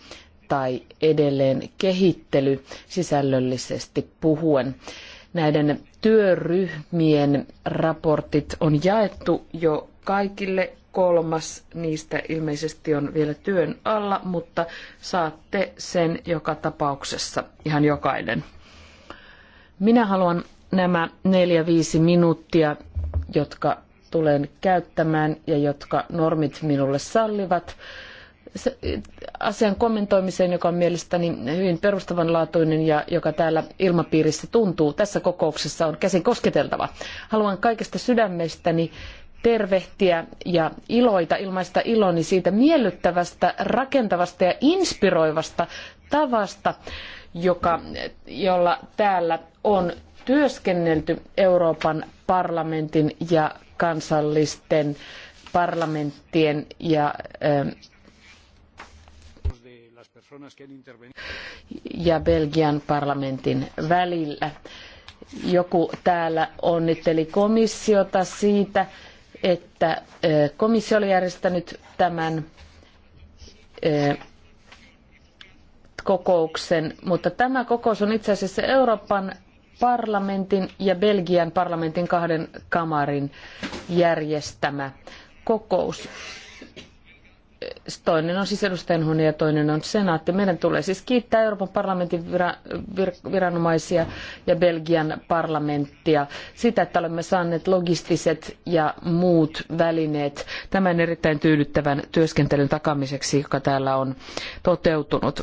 [SPEAKER 3] tai edelleen kehittely sisällöllisesti puhuen. Näiden työryhmien raportit on jaettu jo kaikille. Kolmas niistä ilmeisesti on vielä työn alla, mutta saatte sen joka tapauksessa, ihan jokainen. Minä haluan nämä neljä viisi minuuttia, jotka tulen käyttämään ja jotka normit minulle sallivat, asian kommentoimiseen, joka on mielestäni hyvin perustavanlaatuinen ja joka täällä ilmapiirissä tuntuu tässä kokouksessa on käsin kosketeltava. Haluan kaikesta sydämestäni tervehtiä ja iloita, ilmaista iloni siitä miellyttävästä, rakentavasta ja inspiroivasta tavasta, joka, jolla täällä on työskennelty Euroopan parlamentin ja kansallisten parlamenttien ja ja Belgian parlamentin välillä. Joku täällä onnitteli komissiota siitä, että komissio oli järjestänyt tämän kokouksen, mutta tämä kokous on itse asiassa Euroopan parlamentin ja Belgian parlamentin kahden kamarin järjestämä kokous toinen on siis edustajanhuone ja toinen on senaatti. Meidän tulee siis kiittää Euroopan parlamentin viranomaisia ja Belgian parlamenttia sitä, että olemme saaneet logistiset ja muut välineet tämän erittäin tyydyttävän työskentelyn takamiseksi, joka täällä on toteutunut.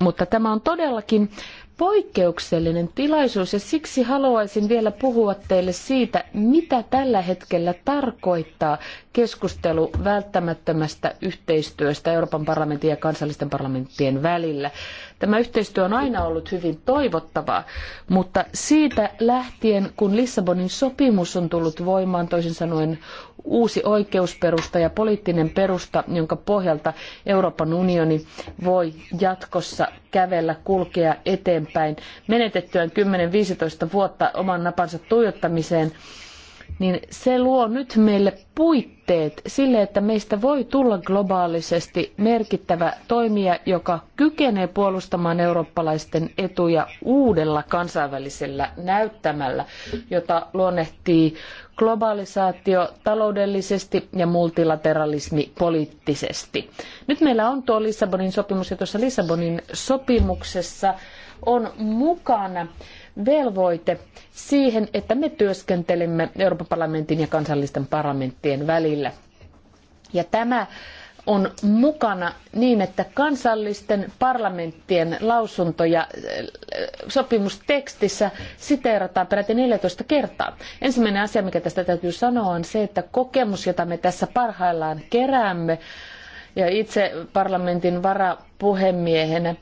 [SPEAKER 3] Mutta tämä on todellakin poikkeuksellinen tilaisuus ja siksi haluaisin vielä puhua teille siitä, mitä tällä hetkellä tarkoittaa keskustelu välttämättömästä yhteistyöstä Euroopan parlamentin ja kansallisten parlamenttien välillä. Tämä yhteistyö on aina ollut hyvin toivottavaa, mutta siitä lähtien, kun Lissabonin sopimus on tullut voimaan, toisin sanoen uusi oikeusperusta ja poliittinen perusta, jonka pohjalta Euroopan unioni voi jatkossa kävellä, kulkea eteenpäin. Menetettyään 10-15 vuotta oman napansa tuijottamiseen, niin se luo nyt meille puitteet sille, että meistä voi tulla globaalisesti merkittävä toimija, joka kykenee puolustamaan eurooppalaisten etuja uudella kansainvälisellä näyttämällä, jota luonnehtii globalisaatio taloudellisesti ja multilateralismi poliittisesti. Nyt meillä on tuo Lissabonin sopimus ja tuossa Lissabonin sopimuksessa on mukana velvoite siihen, että me työskentelemme Euroopan parlamentin ja kansallisten parlamenttien välillä. Ja tämä on mukana niin, että kansallisten parlamenttien lausuntoja äh, sopimustekstissä siteerataan peräti 14 kertaa. Ensimmäinen asia, mikä tästä täytyy sanoa, on se, että kokemus, jota me tässä parhaillaan keräämme, ja itse parlamentin varapuhemiehenä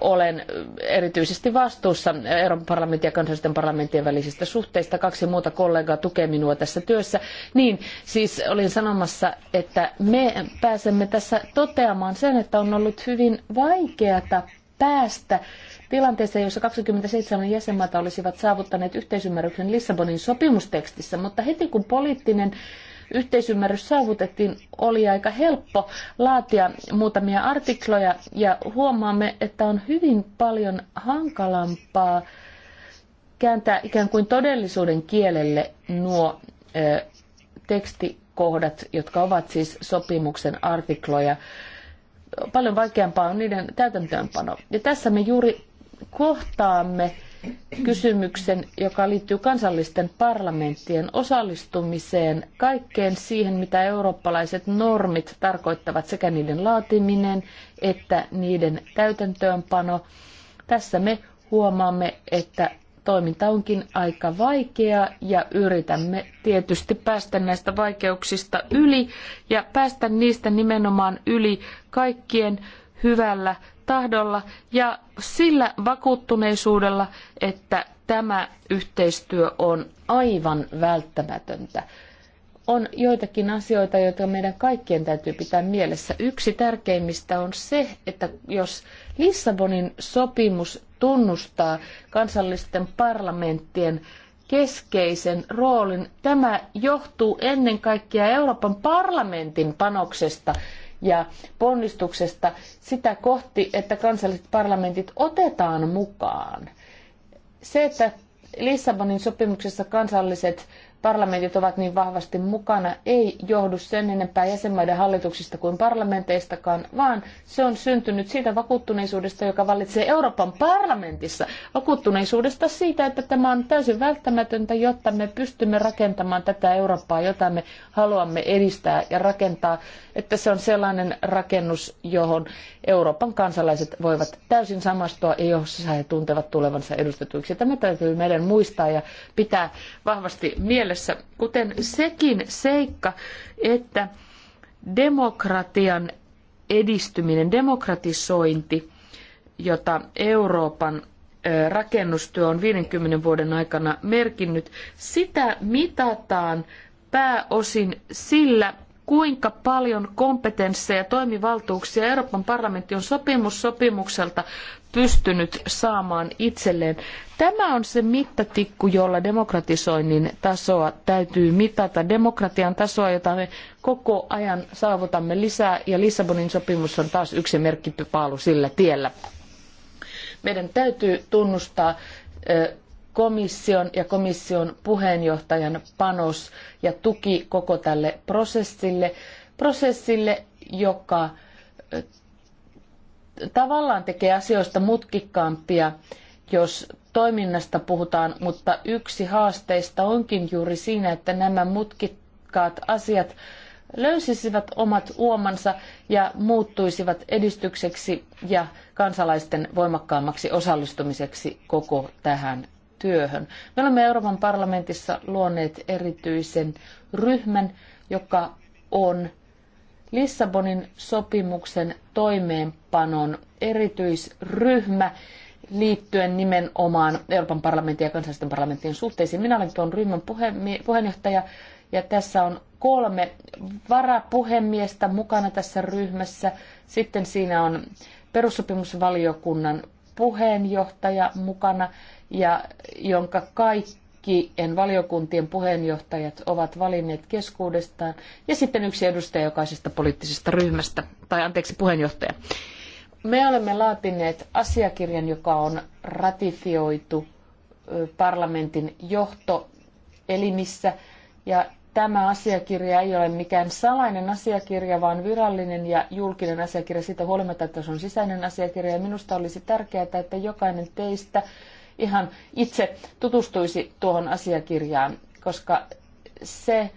[SPEAKER 3] olen erityisesti vastuussa Euroopan parlamentin ja kansallisten parlamenttien välisistä suhteista. Kaksi muuta kollegaa tukee minua tässä työssä. Niin, siis olin sanomassa, että me pääsemme tässä toteamaan sen, että on ollut hyvin vaikeata päästä tilanteeseen, jossa 27 jäsenmaata olisivat saavuttaneet yhteisymmärryksen Lissabonin sopimustekstissä, mutta heti kun poliittinen yhteisymmärrys saavutettiin, oli aika helppo laatia muutamia artikloja ja huomaamme, että on hyvin paljon hankalampaa kääntää ikään kuin todellisuuden kielelle nuo ö, tekstikohdat, jotka ovat siis sopimuksen artikloja. Paljon vaikeampaa on niiden täytäntöönpano. Ja tässä me juuri kohtaamme kysymyksen, joka liittyy kansallisten parlamenttien osallistumiseen kaikkeen siihen, mitä eurooppalaiset normit tarkoittavat, sekä niiden laatiminen että niiden täytäntöönpano. Tässä me huomaamme, että toiminta onkin aika vaikeaa ja yritämme tietysti päästä näistä vaikeuksista yli ja päästä niistä nimenomaan yli kaikkien hyvällä tahdolla ja sillä vakuuttuneisuudella, että tämä yhteistyö on aivan välttämätöntä. On joitakin asioita, joita meidän kaikkien täytyy pitää mielessä. Yksi tärkeimmistä on se, että jos Lissabonin sopimus tunnustaa kansallisten parlamenttien keskeisen roolin. Tämä johtuu ennen kaikkea Euroopan parlamentin panoksesta ja ponnistuksesta sitä kohti, että kansalliset parlamentit otetaan mukaan. Se, että Lissabonin sopimuksessa kansalliset parlamentit ovat niin vahvasti mukana, ei johdu sen enempää jäsenmaiden hallituksista kuin parlamenteistakaan, vaan se on syntynyt siitä vakuuttuneisuudesta, joka vallitsee Euroopan parlamentissa. Vakuuttuneisuudesta siitä, että tämä on täysin välttämätöntä, jotta me pystymme rakentamaan tätä Eurooppaa, jota me haluamme edistää ja rakentaa, että se on sellainen rakennus, johon Euroopan kansalaiset voivat täysin samastua ja jossa he tuntevat tulevansa edustetuiksi. Tämä täytyy meidän muistaa ja pitää vahvasti mielessä, kuten sekin seikka, että demokratian edistyminen, demokratisointi, jota Euroopan rakennustyö on 50 vuoden aikana merkinnyt, sitä mitataan pääosin sillä, kuinka paljon kompetensseja ja toimivaltuuksia Euroopan parlamentti on sopimus sopimukselta pystynyt saamaan itselleen. Tämä on se mittatikku, jolla demokratisoinnin tasoa täytyy mitata. Demokratian tasoa, jota me koko ajan saavutamme lisää, ja Lissabonin sopimus on taas yksi merkkipaalu sillä tiellä. Meidän täytyy tunnustaa komission ja komission puheenjohtajan panos ja tuki koko tälle prosessille, prosessille, joka tavallaan tekee asioista mutkikkaampia, jos toiminnasta puhutaan, mutta yksi haasteista onkin juuri siinä, että nämä mutkikkaat asiat löysisivät omat uomansa ja muuttuisivat edistykseksi ja kansalaisten voimakkaammaksi osallistumiseksi koko tähän työhön. Me olemme Euroopan parlamentissa luoneet erityisen ryhmän, joka on Lissabonin sopimuksen toimeenpanon erityisryhmä liittyen nimenomaan Euroopan parlamentin ja kansallisten parlamenttien suhteisiin. Minä olen tuon ryhmän puheenjohtaja ja tässä on kolme varapuhemiestä mukana tässä ryhmässä. Sitten siinä on perussopimusvaliokunnan puheenjohtaja mukana ja jonka kaikkien valiokuntien puheenjohtajat ovat valinneet keskuudestaan, ja sitten yksi edustaja jokaisesta poliittisesta ryhmästä, tai anteeksi puheenjohtaja. Me olemme laatineet asiakirjan, joka on ratifioitu parlamentin johtoelimissä, ja tämä asiakirja ei ole mikään salainen asiakirja, vaan virallinen ja julkinen asiakirja siitä huolimatta, että se on sisäinen asiakirja. Ja minusta olisi tärkeää, että jokainen teistä ihan itse tutustuisi tuohon asiakirjaan, koska se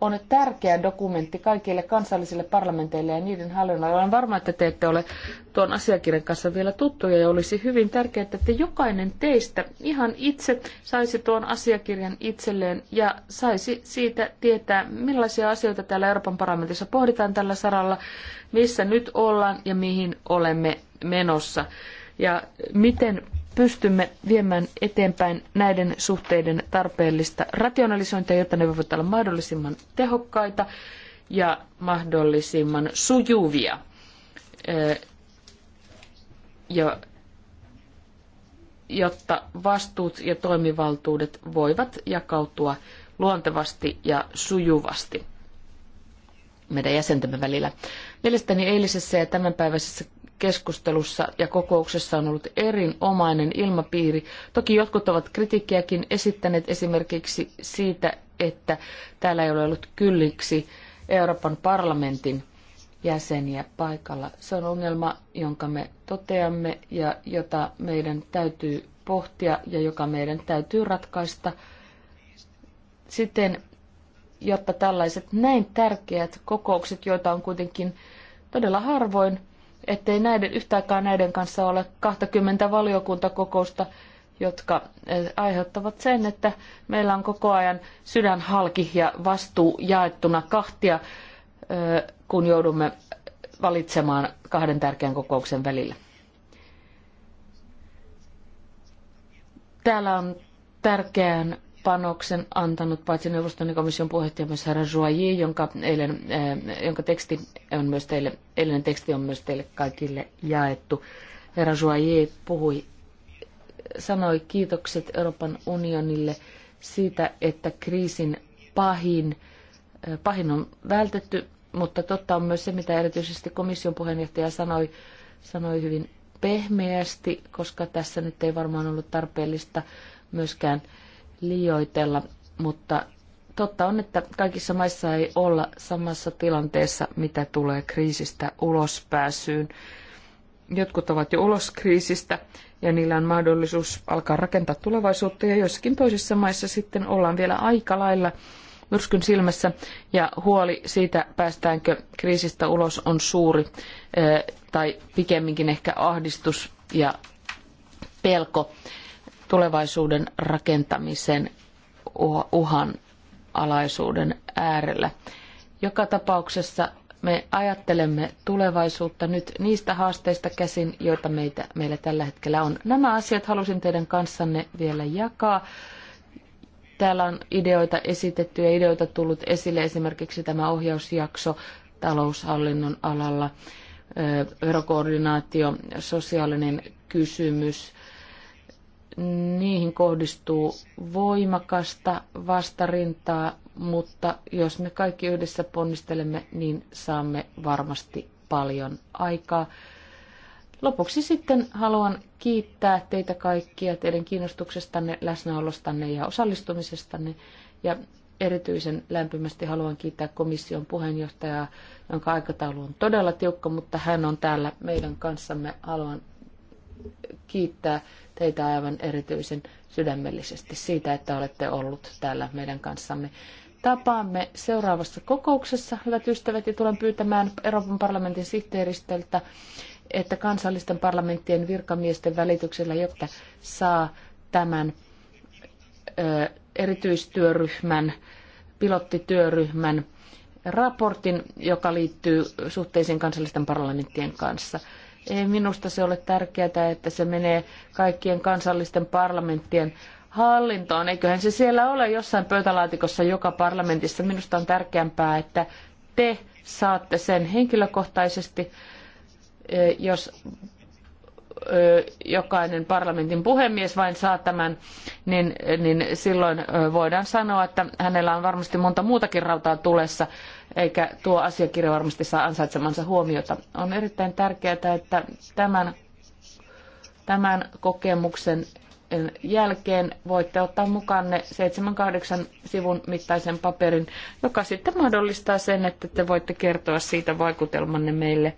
[SPEAKER 3] on tärkeä dokumentti kaikille kansallisille parlamenteille ja niiden hallinnoille. Olen varma, että te ette ole tuon asiakirjan kanssa vielä tuttuja ja olisi hyvin tärkeää, että jokainen teistä ihan itse saisi tuon asiakirjan itselleen ja saisi siitä tietää, millaisia asioita täällä Euroopan parlamentissa pohditaan tällä saralla, missä nyt ollaan ja mihin olemme menossa ja miten pystymme viemään eteenpäin näiden suhteiden tarpeellista rationalisointia, jotta ne voivat olla mahdollisimman tehokkaita ja mahdollisimman sujuvia. Ja jotta vastuut ja toimivaltuudet voivat jakautua luontevasti ja sujuvasti meidän jäsentemme välillä. Mielestäni eilisessä ja tämänpäiväisessä keskustelussa ja kokouksessa on ollut erinomainen ilmapiiri. Toki jotkut ovat kritiikkiäkin esittäneet esimerkiksi siitä, että täällä ei ole ollut kylliksi Euroopan parlamentin jäseniä paikalla. Se on ongelma, jonka me toteamme ja jota meidän täytyy pohtia ja joka meidän täytyy ratkaista siten, jotta tällaiset näin tärkeät kokoukset, joita on kuitenkin todella harvoin, ettei näiden, yhtäkään näiden kanssa ole 20 valiokuntakokousta, jotka eh, aiheuttavat sen, että meillä on koko ajan sydän halki ja vastuu jaettuna kahtia, eh, kun joudumme valitsemaan kahden tärkeän kokouksen välillä. Täällä on tärkeän panoksen antanut paitsi neuvoston ja niin komission puheenjohtaja myös herra Joyer, jonka, eilen, eh, jonka teksti on myös teille, eilinen teksti on myös teille kaikille jaettu. Herra Joyer puhui, sanoi kiitokset Euroopan unionille siitä, että kriisin pahin, eh, pahin on vältetty, mutta totta on myös se, mitä erityisesti komission puheenjohtaja sanoi, sanoi hyvin pehmeästi, koska tässä nyt ei varmaan ollut tarpeellista myöskään äh, liioitella, mutta totta on, että kaikissa maissa ei olla samassa tilanteessa, mitä tulee kriisistä ulospääsyyn. Jotkut ovat jo ulos kriisistä ja niillä on mahdollisuus alkaa rakentaa tulevaisuutta ja joissakin toisissa maissa sitten ollaan vielä aika lailla myrskyn silmässä ja huoli siitä, päästäänkö kriisistä ulos, on suuri eh, tai pikemminkin ehkä ahdistus ja pelko tulevaisuuden rakentamisen uhan alaisuuden äärellä. Joka tapauksessa me ajattelemme tulevaisuutta nyt niistä haasteista käsin, joita meitä, meillä tällä hetkellä on. Nämä asiat halusin teidän kanssanne vielä jakaa. Täällä on ideoita esitetty ja ideoita tullut esille esimerkiksi tämä ohjausjakso taloushallinnon alalla, verokoordinaatio, sosiaalinen kysymys, niihin kohdistuu voimakasta vastarintaa, mutta jos me kaikki yhdessä ponnistelemme, niin saamme varmasti paljon aikaa. Lopuksi sitten haluan kiittää teitä kaikkia teidän kiinnostuksestanne, läsnäolostanne ja osallistumisestanne. Ja erityisen lämpimästi haluan kiittää komission puheenjohtajaa, jonka aikataulu on todella tiukka, mutta hän on täällä meidän kanssamme. Haluan kiittää teitä aivan erityisen sydämellisesti siitä, että olette ollut täällä meidän kanssamme. Tapaamme seuraavassa kokouksessa, hyvät ystävät, ja tulen pyytämään Euroopan parlamentin sihteeristöltä, että kansallisten parlamenttien virkamiesten välityksellä, jotta saa tämän ö, erityistyöryhmän, pilottityöryhmän raportin, joka liittyy suhteisiin kansallisten parlamenttien kanssa. Ei minusta se ole tärkeää, että se menee kaikkien kansallisten parlamenttien hallintoon. Eiköhän se siellä ole jossain pöytälaatikossa joka parlamentissa. Minusta on tärkeämpää, että te saatte sen henkilökohtaisesti, eh, jos jokainen parlamentin puhemies vain saa tämän, niin, niin silloin voidaan sanoa, että hänellä on varmasti monta muutakin rautaa tulessa, eikä tuo asiakirja varmasti saa ansaitsemansa huomiota. On erittäin tärkeää, että tämän, tämän kokemuksen jälkeen voitte ottaa mukanne 7-8 sivun mittaisen paperin, joka sitten mahdollistaa sen, että te voitte kertoa siitä vaikutelmanne meille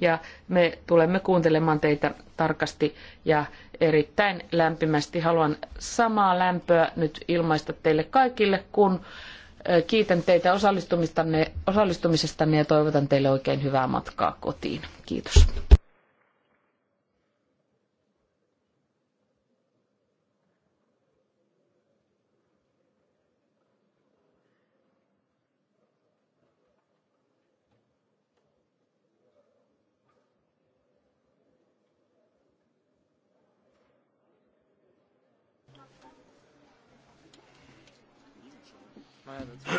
[SPEAKER 3] ja me tulemme kuuntelemaan teitä tarkasti ja erittäin lämpimästi. Haluan samaa lämpöä nyt ilmaista teille kaikille, kun kiitän teitä osallistumisestanne, osallistumisestanne ja toivotan teille oikein hyvää matkaa
[SPEAKER 2] kotiin. Kiitos. violence